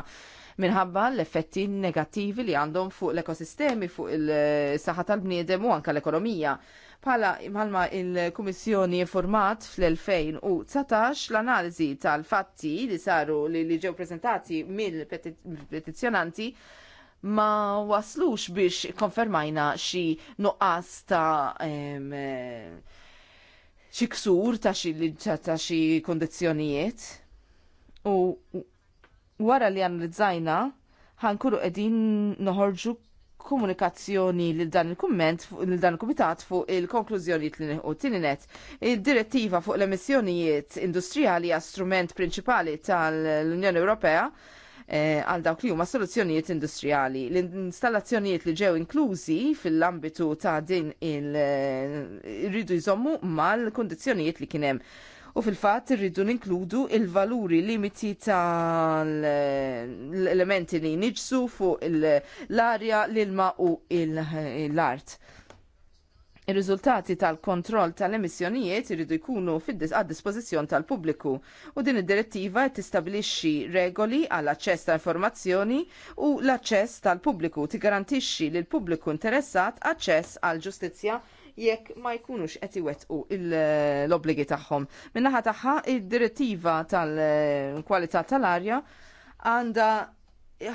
minħabba l-effetti negattivi li għandhom fuq l-ekosistemi, fuq il-saħħa tal-bniedem u anka l-ekonomija. Pala imħalma il-Kummissjoni informat fl-2019 l-analiżi tal-fatti li saru li, li ġew prezentati mill-petizzjonanti ma waslux biex konfermajna xi nuqqas ta' xi ksur ta' xi ta' U wara li għan ħankunu qegħdin noħorġu komunikazzjoni lil dan il-kumment li dan il-kumitat fuq il-konklużjonijiet li nieħu tieni net. Id-direttiva fuq l-emissjonijiet industrijali hija strument prinċipali tal-Unjoni Ewropea eh, għal dawk li huma soluzzjonijiet industrijali. L-installazzjonijiet li ġew inklużi fil-ambitu ta' din il-ridu eh, jżommu mal kondizjonijiet li kien hemm u fil-fatt irridu ninkludu il-valuri limiti tal-elementi li niġsu fuq l-arja, l-ilma u l-art. Ir-riżultati tal-kontroll tal-emissjonijiet iridu jkunu għad dispożizzjon tal-pubbliku u din id-direttiva tistabilixxi regoli għall aċċess ta' informazzjoni u l-aċċess tal-pubbliku tigarantixxi l pubbliku interessat aċċess għal ġustizzja jekk ma jkunux qed iwettqu l-obbligi tagħhom. Min-naħa tagħha id-direttiva tal-kwalità tal-arja għandha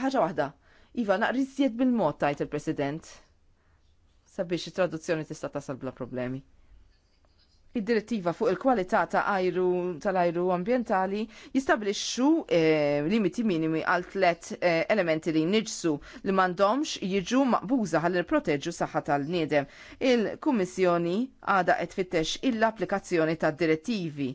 ħaġa waħda. Iva, naqri bil-mod tajt il-President sabiex it traduzzjoni tista' tasal bla problemi id-direttiva fuq il-kwalità ta' ajru tal-ajru ambientali jistabilixxu eh, limiti minimi għal tlet eh, elementi li niġsu li m'għandhomx jiġu maqbuża ħalli proteġu saħħa tal-niedem. Il-Kummissjoni għada qed fittex il-applikazzjoni tad-direttivi.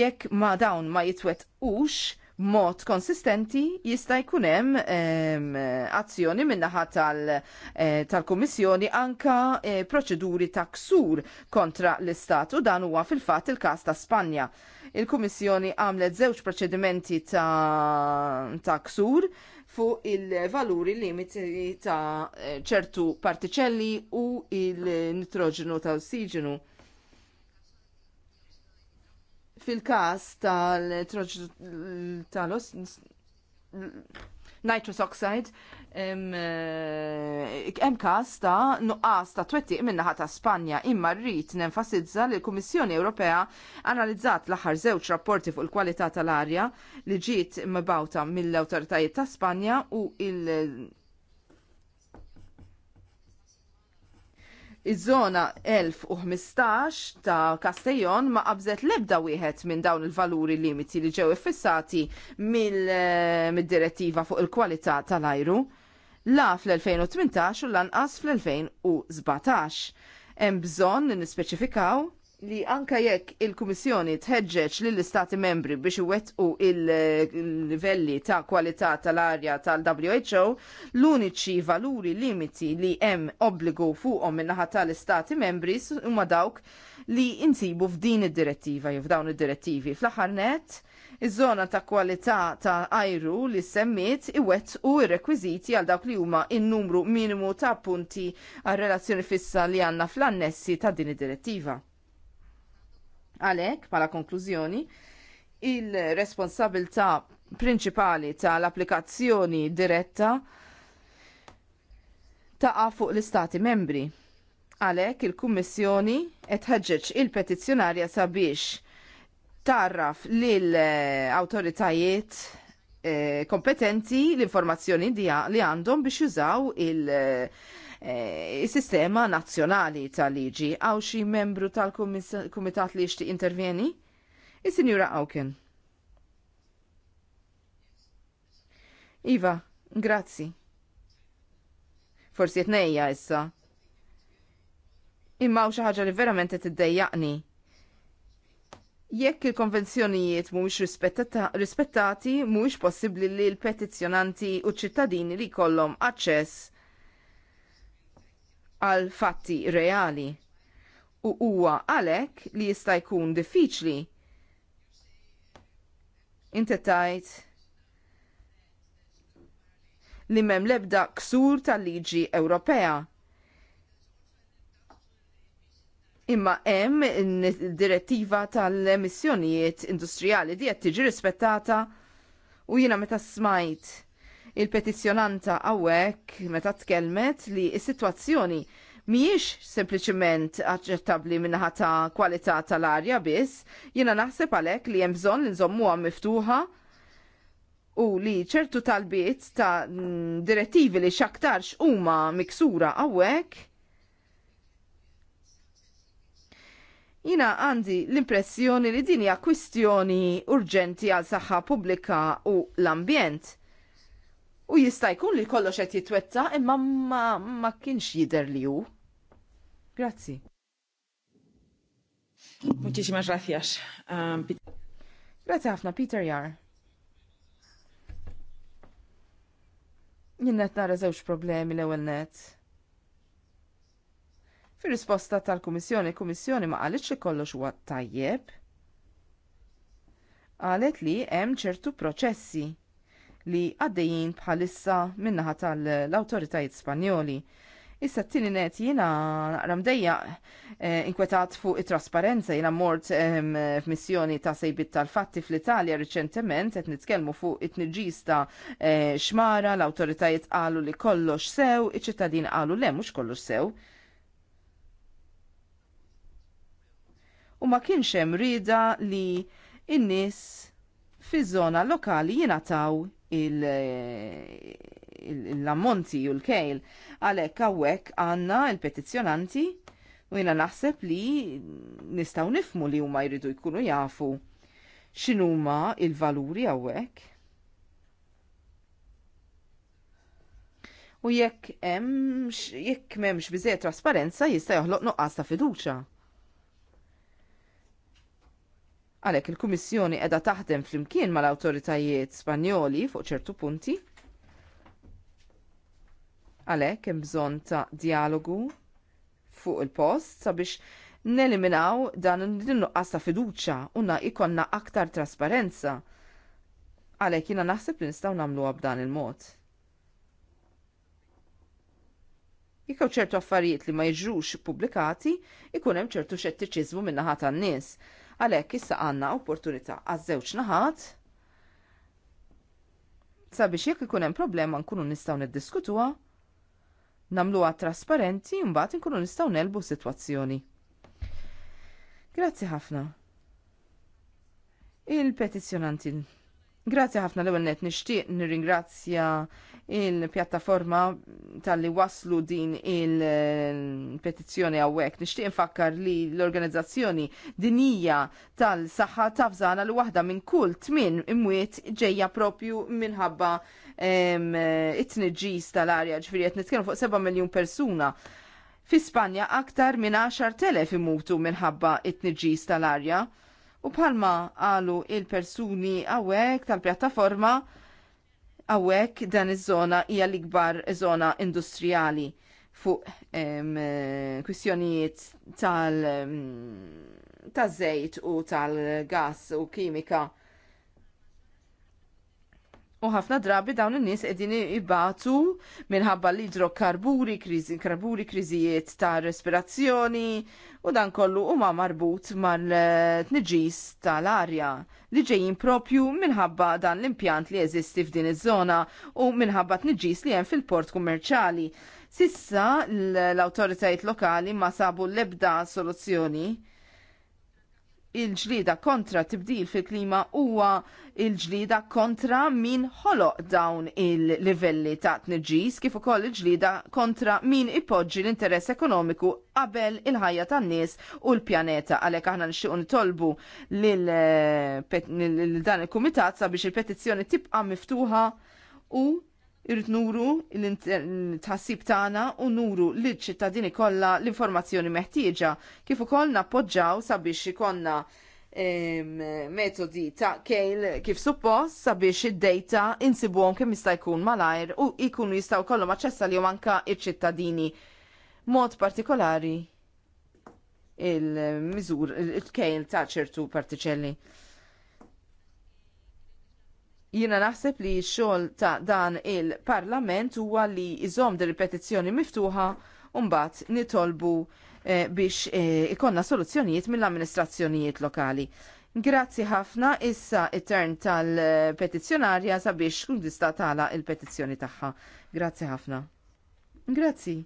Jekk ma dawn ma jitwetqux, mod konsistenti jista' jkun hemm azzjoni min-naħa eh, tal-Kummissjoni anka eh, proċeduri ta' ksur kontra l-Istat u dan huwa fil-fatt il-każ ta' Spanja. Il-Kummissjoni għamlet żewġ proċedimenti ta' ksur fuq il-valuri limiti ta' eh, ċertu partiċelli u il-nitroġenu ta' ossiġenu. Fil-kas tal-talos nitrous oxide, hemm eh, każ ta' nuqqas ta' twettiq min-naħa ta' Spanja imma rrid nenfasizza li l-Kummissjoni Ewropea analizzat l-aħħar żewġ rapporti fuq il-kwalità tal-arja li ġiet mibawta mill-awtoritajiet ta' Spanja u il Iż-żona 1015 ta' Castellon ma qabżet lebda wieħed minn dawn il-valuri limiti li ġew iffissati eh, mid-direttiva fuq il-kwalità tal-ajru la fl-2018 u lanqas fl-2017. Hemm bżonn nispeċifikaw li anka jekk il-Kummissjoni tħeġġeġ lill istati membri biex iwettqu il-livelli ta' kwalità tal-arja tal-WHO, l-uniċi valuri limiti li hemm obbligu fuqhom min-naħa tal-Istati membri huma dawk li insibu f'din id-direttiva jew f'dawn id-direttivi. Fl-aħħar net, iż-żona ta' kwalità ta' ajru li semmiet iwettqu ir-rekwiżiti għal dawk li huma in-numru minimu ta' punti għal relazzjoni fissa li għandna fl-annessi ta' din id-direttiva. Għalhekk, bħala konklużjoni, il-responsabilità prinċipali tal-applikazzjoni diretta taqa' fuq l-Istati membri. Għalhekk il-Kummissjoni qed il-petizzjonarja sabiex tarraf l eh, awtoritajiet eh, kompetenti l-informazzjoni li għandhom biex jużaw il- Eh, sistema nazzjonali tal-liġi. Għaw xi membru tal-kumitat li jixtieq intervjeni? Is-Sinjura Awken. Iva, grazzi. Forsi tnejja issa. Imma xi ħaġa li verament qed iddejjaqni jekk il-konvenzjonijiet mhumiex rispettati, mhuwiex possibbli li l-petizzjonanti u ċittadini li jkollhom aċċess għal fatti reali. U huwa għalhekk li jista' jkun diffiċli. Inti tajt li mem l-ebda ksur tal-liġi Ewropea. Imma hemm direttiva tal-emissjonijiet industrijali di tiġi rispettata u jiena meta smajt il-petizjonanta għawek meta tkellmet li s-situazzjoni miex sempliciment aċċettabli minnaħa ta' kwalità tal-arja biss, jiena naħseb għalhekk li hemm bżonn li nżommu miftuħa u li ċertu talbiet ta' mm, direttivi li xaktarx huma miksura għawek jina għandi l-impressjoni li dinja kwistjoni urġenti għal saħħa pubblika u l-ambjent. U jista' jkun li kollox qed jitwetta imma ma, ma kienx jidher li hu. Grazzi. Muchísimas gracias. Um, ah, Grazie ħafna, Peter Jar. Jinnet nara żewġ problemi l-ewwel net. Fir-risposta tal-Kummissjoni, kummissjoni ma qalitx li kollox huwa tajjeb. Qalet li hemm ċertu proċessi li għaddejjin bħalissa min-naħa tal awtoritajiet Spanjoli. Issa t-tini net jina naqram dejja eh, inkwetat fuq it-trasparenza jina mort ehm, f'missjoni ta' sejbit tal-fatti fl-Italja riċentement qed nitkellmu fuq it nġista eh, xmara, l-autoritajiet qalu li kollox sew, iċ-ċittadin qalu le mhux kollox sew. u ma kienx rida li in-nies fiż-żona lokali jingħataw l-ammonti u l-kejl. Għalhekk hawnhekk għandna l-petizzjonanti u jina naħseb li nistgħu nifmu li huma jridu jkunu jafu x'inhuma l valuri hawnhekk. u jekk jekk m'hemmx biżejjed trasparenza jista' joħloq nuqqas ta' fiduċja. Għalhekk il-Kummissjoni qiegħda taħdem flimkien mal-awtoritajiet Spanjoli fuq ċertu punti. Għalhekk hemm bżonn ta' dialogu fuq il-post sabiex neliminaw dan il-nuqqas ta' fiduċa unna ikonna aktar trasparenza. Għalek jina naħseb li nistgħu nagħmluha b'dan il-mod. Jikaw ċertu affarijiet li ma jġrux publikati, ikun hemm ċertu xettiċiżmu min-naħa tan-nies. Għalhekk issa għandna opportunità għaż-żewġ naħat sabiex jekk ikun hemm problema nkunu nistgħu niddiskutuha, nagħmluha trasparenti u mbagħad inkunu nistgħu nelbu sitwazzjoni. Grazzi ħafna. Il-petizzjonanti Grazzi ħafna l-ewwel net nixtieq nirringrazzja il-pjattaforma tal-li waslu din il-petizzjoni għawek. Nishtiq nfakkar li l-organizzazzjoni dinija tal-saħħa tafżana li waħda minn kull tmin imwiet ġeja propju minħabba it-tniġġis tal-arja ġifiri qed nitkellmu fuq 7 miljun persuna. Fi Spanja aktar minn 10,000 imutu minħabba it-tniġġis tal-arja. U bħalma għalu il-persuni għawek tal-pjattaforma Għawek dan iż-żona hija l-ikbar żona industrijali fuq kwistjonijiet tal-żejt u tal-gas u kimika U ħafna drabi dawn in-nies qegħdin ibatu minħabba l karburi, krizi, karburi, kriżijiet ta' respirazzjoni u dan kollu huma marbut mal-tniġis tal-arja li ġejjin propju minħabba dan l-impjant li jeżisti f'din iż-żona u minħabba tniġis li hemm fil-port kummerċali. Sissa l-awtoritajiet lokali ma sabu l-ebda soluzzjoni il-ġlida kontra tibdil fil-klima huwa il-ġlida kontra min ħoloq dawn il-livelli ta' tniġis kif ukoll il-ġlida kontra min ipoġġi l-interess ekonomiku qabel il-ħajja tan-nies u l-pjaneta għalhekk aħna nixtiequ nitolbu lil eh, dan il-kumitat sabiex il-petizzjoni tibqa' miftuħa u irrit nuru l-tħassib tagħna u nuru liċ ċittadini kollha l-informazzjoni meħtieġa kif ukoll nappoġġaw sabiex ikonna metodi ta' kejl kif suppost sabiex id-data insibuhom kemm jista' jkun malajr u jkunu jistgħu kollhom aċċessa li anke iċ-ċittadini. Mod partikolari il-miżur il-kejl ta' ċertu partiċelli. Jiena naħseb li x-xogħol ta' dan il-parlament huwa li iżom di ripetizjoni miftuħa u mbagħad nitolbu eh, biex eh, ikonna soluzzjonijiet mill-amministrazzjonijiet lokali. Grazzi ħafna, issa it-tern tal-petizjonarja sabiex kun tista' tagħlaq il-petizzjoni tagħha. Grazzi ħafna. Grazzi.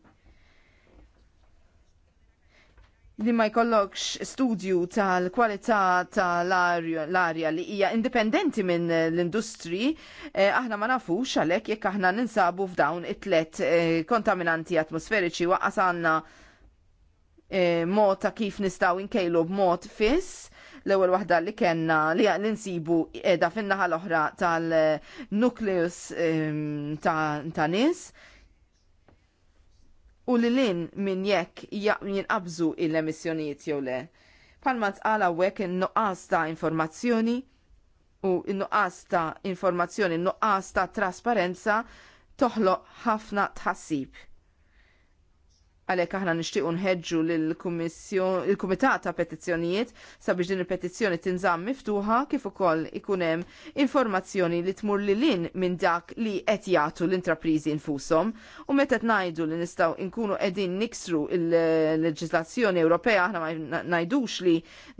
li ma jkollokx studju tal-kwalità tal-arja li hija indipendenti minn l-industri, eh, aħna ma nafux għalhekk jekk aħna ninsabu f'dawn it-tlet eh, kontaminanti atmosferiċi waqqas għandna eh, mod ta' kif nistgħu nkejlu b'mod fiss l-ewwel waħda li kellna li ninsibu qiegħda fin-naħa l-oħra tal-nukleus ehm, ta' nies. Ta u li lin minn jekk jinqabżu il-emissjonijiet jew le. Palma tqala wek in-nuqqas ta' informazzjoni u n-nuqqas ta' informazzjoni, n-nuqqas ta' trasparenza toħloq ħafna tħassib għalhekk aħna nixtiequ nħeġġu lill-Kummissjon il-Kumitat ta' Petizzjonijiet sabiex din il-petizzjoni tinżamm miftuħa kif ukoll ikun hemm informazzjoni li tmur li lin minn dak li qed jagħtu l-intrapriżi infushom. u meta qed ngħidu li nistgħu nkunu qegħdin niksru l-leġiżlazzjoni Ewropea aħna ma ngħidux li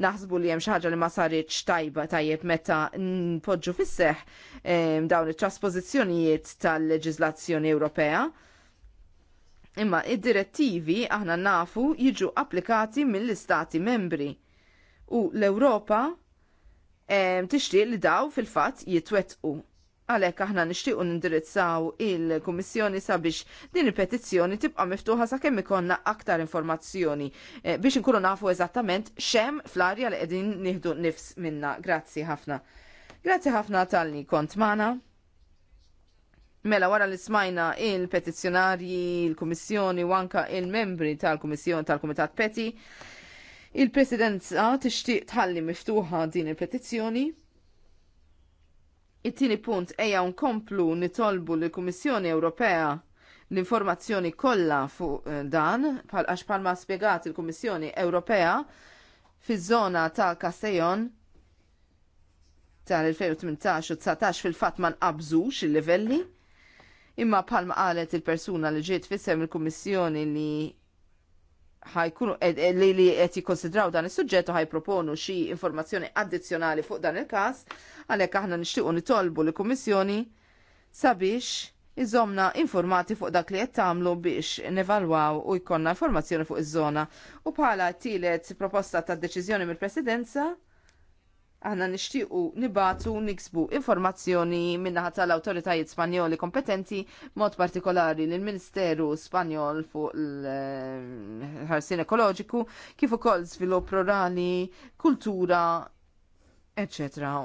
naħsbu li hemm xi ħaġa li ma saritx tajba tajjeb meta npoġġu fis-seħħ ehm, dawn it-trasposizzjonijiet tal-leġiżlazzjoni Ewropea. Imma id-direttivi aħna nafu jiġu applikati mill-istati membri. U l-Ewropa tixtieq li daw fil-fatt jitwettqu għalek aħna nixtiequ nindirizzaw il-Kummissjoni sabiex din il-petizzjoni tibqa' miftuħa sakemm ikonna aktar informazzjoni e, biex inkunu nafu eżattament xem fl-arja li qegħdin nieħdu nifs minna. Grazzi ħafna. Grazzi ħafna tal-li kont magħna. Mela wara li smajna il-petizzjonarji, il-Kummissjoni u anka il-membri tal-Kummissjoni tal-Kumitat Peti, il-Presidenza tixtieq tħalli miftuħa din il-petizzjoni. It-tieni punt ejja nkomplu nitolbu lill kummissjoni Ewropea l-informazzjoni kollha fuq eh, dan bħal għax spjegat il-Kummissjoni Ewropea fiż-żona ta' kastejon tal-2018 u 19 fil-fatt ma nqabżux il-livelli Imma palma qalet il-persuna li ġiet fissem il-Kummissjoni li ħajkunu eh, eh, li li qed jikkonsidraw dan is-suġġett u ħajproponu xi informazzjoni addizzjonali fuq dan il-każ, għalhekk aħna nixtiequ nitolbu l-Kummissjoni sabiex iżomna informati fuq dak li qed tagħmlu biex nevalwaw u jkollna informazzjoni fuq iż-żona. U bħala tielet proposta ta' deċiżjoni mill-Presidenza, Aħna nixtiequ nibatu niksbu informazzjoni minnaħat tal-awtoritajiet Spanjoli kompetenti mod partikolari l ministeru Spanjol fuq l-ħarsin ekoloġiku kif ukoll żvilupp rurali, kultura etc.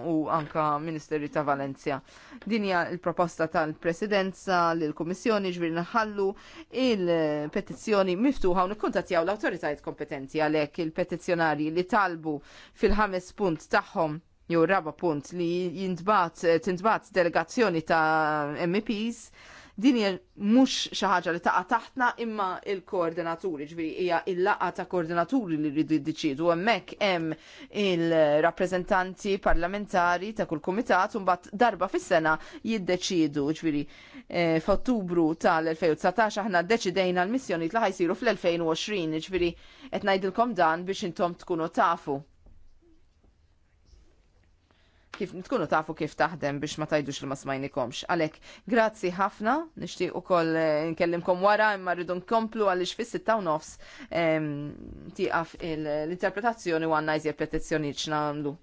u anka Ministeri ta' Valencia. Dinja il-proposta tal-Presidenza l-Komissjoni ġvir naħallu il-petizzjoni miftuħa u nikkontattjaw l autoritajt kompetenti għalhekk il petizjonari li talbu fil-ħames punt tagħhom jew raba punt li jintbat tintbat delegazzjoni ta' MEPs Din hija mhux xi ħaġa li taqa' taħtna imma il-koordinaturi, ġifieri hija il-laqa ta' koordinaturi li rridu jiddeċidu hemmhekk hemm il-rappreżentanti parlamentari ta' kull kumitat u mbagħad darba fis-sena jiddeċidu, ġifieri eh, f'Ottubru tal-2019 aħna ddeċidejna l missjoni li ħajsiru fl-2020, ġifieri qed ngħidilkom dan biex intom tkunu tafu kif tkunu tafu kif taħdem biex ma tajdux li ma smajnikomx. Għalek, grazzi ħafna, nishtiq u koll eh, nkellimkom wara, imma rridu nkomplu għalix fis sitta u nofs tiqaf l-interpretazzjoni u għanna jizja petizzjoni ċnamlu.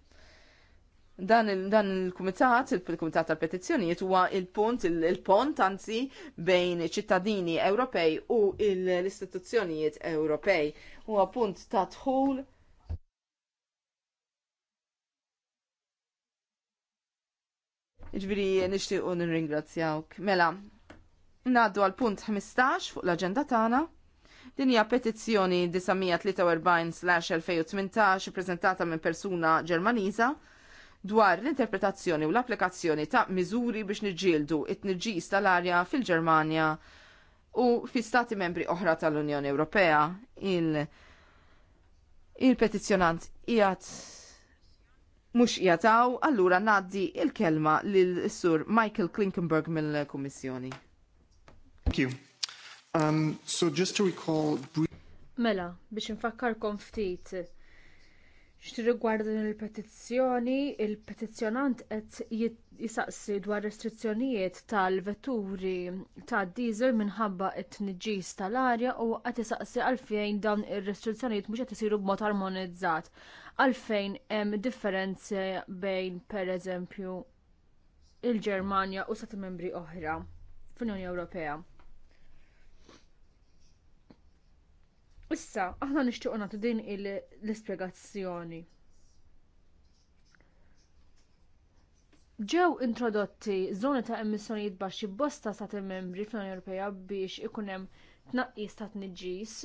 Dan il-kumitat, il-kumitat tal-petizzjonijiet, huwa il-punt, il-pont, anzi, bejn ċittadini Ewropej u l-istituzzjonijiet Ewropej. Huwa punt ta' tħul Ġviri, nishtiqu ringrazzjawk. Mela, naddu għal punt 15 fuq l-agenda tagħna. Din hija petizzjoni 943/2018 prezentata minn persuna Ġermaniża dwar l-interpretazzjoni u l-applikazzjoni ta' miżuri biex niġġieldu it-tniġġis tal-arja fil-Ġermanja u fi stati membri oħra tal-Unjoni Ewropea. Il-petizzjonant il, il jgħat mhux jataw, allura ngħaddi l kelma l sur Michael Klinkenberg mill-Kummissjoni. Thank you. Um, so just to recall Mela, biex infakkarkom ftit x'tirrigwarda din il-petizzjoni, il-petizzjonant qed jisaqsi dwar restrizzjonijiet tal-vetturi tad diesel minħabba t tniġġis tal-arja u qed jisaqsi għalfejn dawn ir-restrizzjonijiet mhux qed isiru b'mod armonizzat għalfejn hemm differenzi bejn pereżempju il-Ġermanja u stati membri oħra fl-Unjoni Ewropea. Issa, aħna nixtiequ nagħtu din l-ispjegazzjoni. Ġew introdotti żoni ta' emissjonijiet baxxi bosta stati membri fl-Unjoni Ewropea biex ikun hemm tnaqqis ta' tniġġis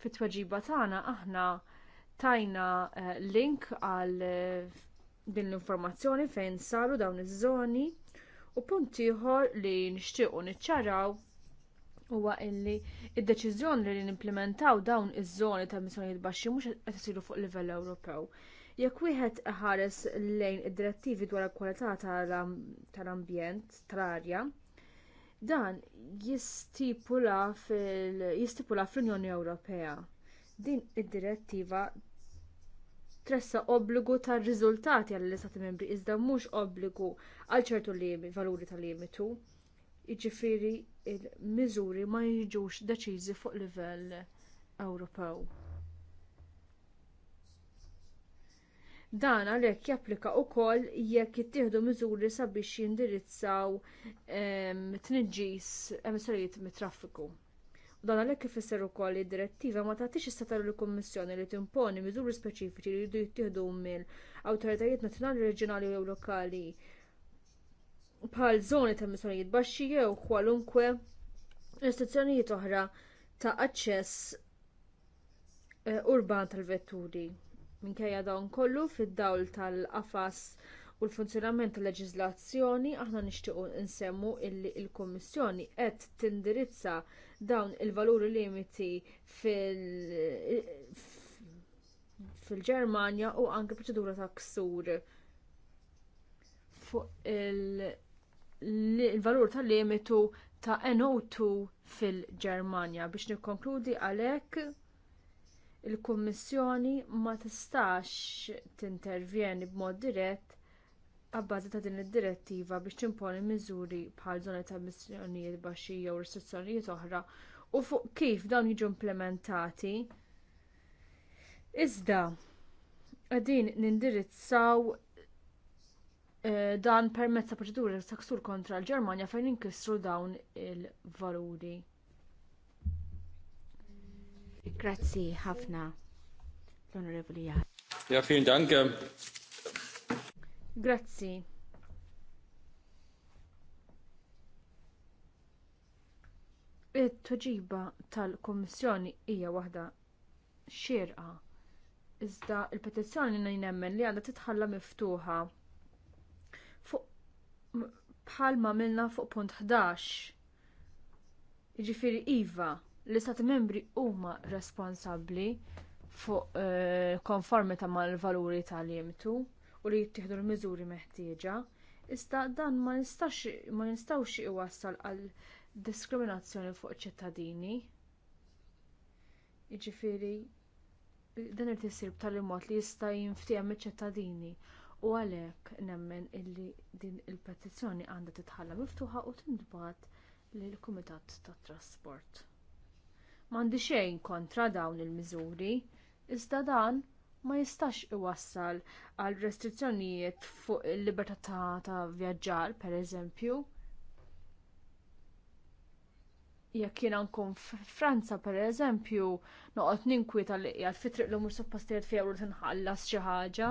fit-tweġiba tagħna aħna tajna eh, link għal eh, din l-informazzjoni fejn saru dawn iż-żoni u punt ieħor li nixtiequ niċċaraw huwa illi id-deċiżjoni li nimplementaw dawn iż-żoni ta' missjonijiet baxxi mhux qed isiru fuq livell Ewropew. Jekk wieħed ħares lejn id-direttivi dwar il-kwalità tal-ambjent tal-arja, dan jistipula fl-Unjoni Ewropea Din id-direttiva tressa obbligu tar riżultati għall istati membri iżda mhux obbligu għal ċertu limi, valuri ta' limitu. Jiġifieri l miżuri ma jiġux deċiżi fuq livell Ewropew. Dan għalhekk japplika wkoll jekk jittieħdu miżuri sabiex jindirizzaw ehm, tniġġis emissarijiet mit-traffiku. U dan għalhekk ifisser ukoll li d-direttiva ma tagħtix istatar lill kummissjoni li timponi miżuri speċifiċi li jridu jittieħdu mill-awtoritajiet nazzjonali, reġjonali jew lokali bħal żoni ta' emissjonijiet baxxi jew kwalunkwe restrizzjonijiet oħra ta' aċċess eh, urban tal-vetturi. Minkejja dawn kollu fid-dawl tal-qafas u l-funzjonament tal-leġiżlazzjoni aħna nixtiequ nsemmu illi l kummissjoni qed tindirizza dawn il-valuri limiti fil-Ġermanja u anke proċedura ta' ksur fuq il-valur tal-limitu ta' NO2 fil-Ġermanja biex nikkonkludi għalhekk il-Kummissjoni ma tistax tintervjeni b'mod dirett għabbażi ta' din id-direttiva biex timponi miżuri bħal żoni ta' emissjonijiet baxxija jew restrizzjonijiet oħra u fuq kif dawn jiġu implementati. Iżda, qegħdin nindirizzaw eh, dan permezz ta' proċeduri ta' ksur kontra l-Ġermanja fejn inkissru dawn il-valuri. Grazzi ħafna l-Onorevoli Ja, vielen Dank. Grazzi. it-tweġiba tal-Kummissjoni hija waħda xierqa. Iżda l petizzjoni li nemmen li għandha titħalla miftuħa fuq bħalma milna fuq punt 11. Jiġifieri iva li stati membri huma responsabbli fuq eh, konformità mal-valuri tal-jimtu u li jittieħdu l-miżuri meħtieġa, iżda dan ma nistgħux iwassal għal diskriminazzjoni fuq ċittadini. Jiġifieri dan irid isir b'tali mod li jista' jinftiehem iċ-ċittadini u għalhekk nemmen illi din il-petizzjoni għandha titħalla miftuħa u tintbagħat lill kumitat tat Trasport. M'għandi xejn kontra dawn il-miżuri, iżda dan ma jistax iwassal għal restrizzjonijiet fuq il-libertà ta' vjaġġar, pereżempju. Jekk jiena nkun Franza pereżempju, noqgħod ninkwita li għal fitriq l-umur suppostijiet fiha u tinħallas xi ħaġa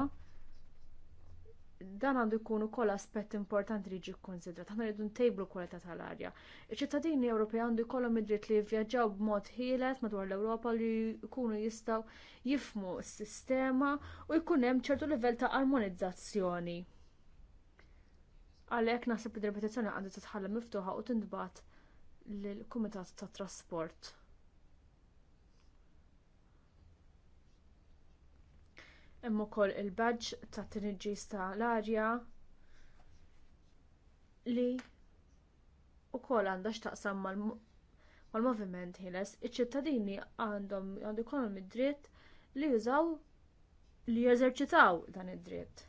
dan għandu jkun ukoll aspett importanti li jiġi kkonsidrat. Aħna rridu ntejblu kwalità tal-arja. Iċ-ċittadini Ewropej għandu jkollhom id-dritt li jivvjaġġaw b'mod ħieles madwar l-Ewropa li jkunu jistgħu jifmu s-sistema u jkun hemm ċertu livell ta' armonizzazzjoni. Għalhekk naħseb id-repetizzjoni għandu titħallem miftuħa u tintbagħat lill-Kumitat tat Trasport. hemm ukoll il baġġ ta' tinġis ta' l-arja li wkoll għandha x'taqsam mal-moviment ħieles, iċ-ċittadini għandhom għandu jkollhom id-dritt li jużaw li jeżerċitaw dan id-dritt.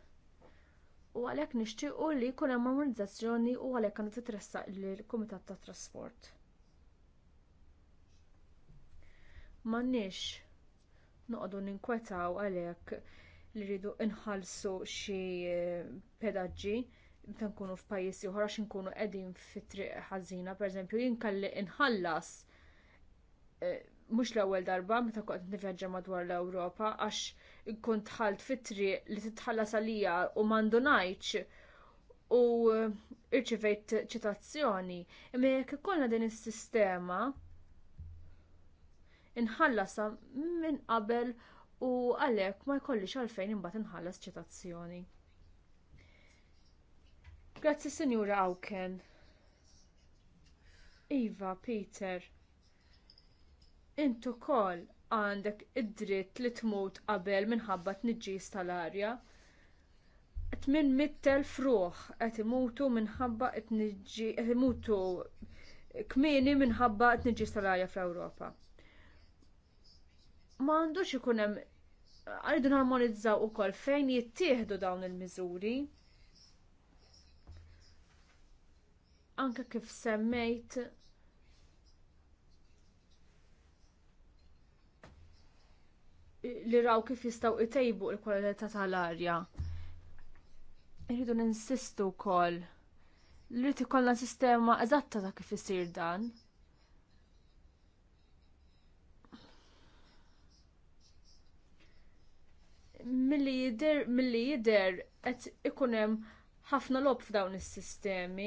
U għalhekk nixtiequ li jkun hemm armonizzazzjoni u għalhekk għandu titressaq lill-Kumitat tat Trasport. M'għandniex noqogħdu ninkwetaw għalhekk li rridu nħallsu xi eh, pedaġġi meta nkunu f'pajjiżi oħra għax nkunu qegħdin fit-triq ħażina, pereżempju jien kalli inħallas eh, mhux l-ewwel darba meta kont nivvjaġġa madwar l-Ewropa għax kont ħalt fit-triq li titħallas għalija u m'għandunajtx u eh, irċivejt ċitazzjoni. Imma jekk ikollna din is-sistema inħallasa minn qabel u għalhekk ma jkollix għalfejn imbagħad inħallas ċitazzjoni. Grazzi Sinjura Awken. Iva, Peter. Intu kol għandek id-dritt li tmut qabel minħabba t-nġis tal-arja. Tmin mittel fruħ qed imutu minħabba qed imutu kmieni minħabba t t-nġis tal-arja fl-Ewropa m'għandux ikun hemm normalizza u ukoll fejn jittieħdu dawn il-miżuri. Anke kif semmejt li raw kif jistgħu itejbu l kwalità tal-arja. Irridu ninsistu wkoll li tikollna sistema eżatta ta' kif isir dan. milli jidher milli jidher qed ikun hemm ħafna lob f'dawn is-sistemi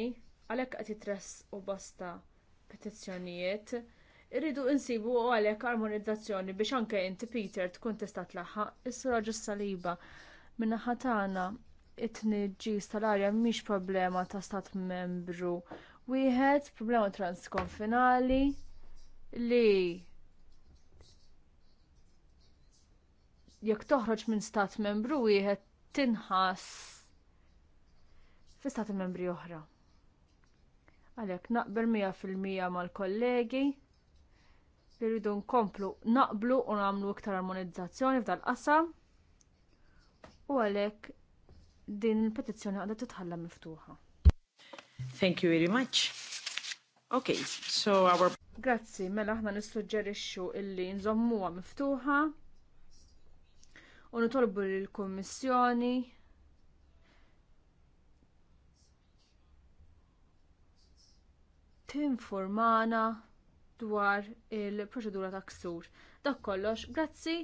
għalhekk qed jitressqu bosta petizzjonijiet. Irridu insibu għalhekk armonizzazzjoni biex anke inti Peter tkun tista' tlaħħaq is-sura ġis-saliba min-naħa tagħna it-tniġġis tal-arja mhix problema ta' stat membru wieħed problema transkonfinali li jekk toħroġ minn stat membru wieħed tinħass fi stati membri oħra. Għalhekk naqbel mija fil-mija mal-kollegi li rridu nkomplu naqblu u nagħmlu iktar armonizzazzjoni f'dal qasam u għalhekk din il-petizzjoni għadha titħalla miftuħa. Thank you very much. Okay, so our... Grazzi, mela aħna nissuġġerixxu illi nżommuha miftuħa u nitolbu lill-Kummissjoni tinformana dwar il-proċedura ta' ksur. Dak kollox, grazzi,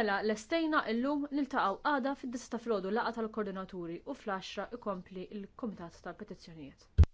mela lestejna illum niltaqgħu għada fid-dista filgħodu laqgħa tal-koordinaturi u fl-10 ikompli l kumitat tal-Petizzjonijiet.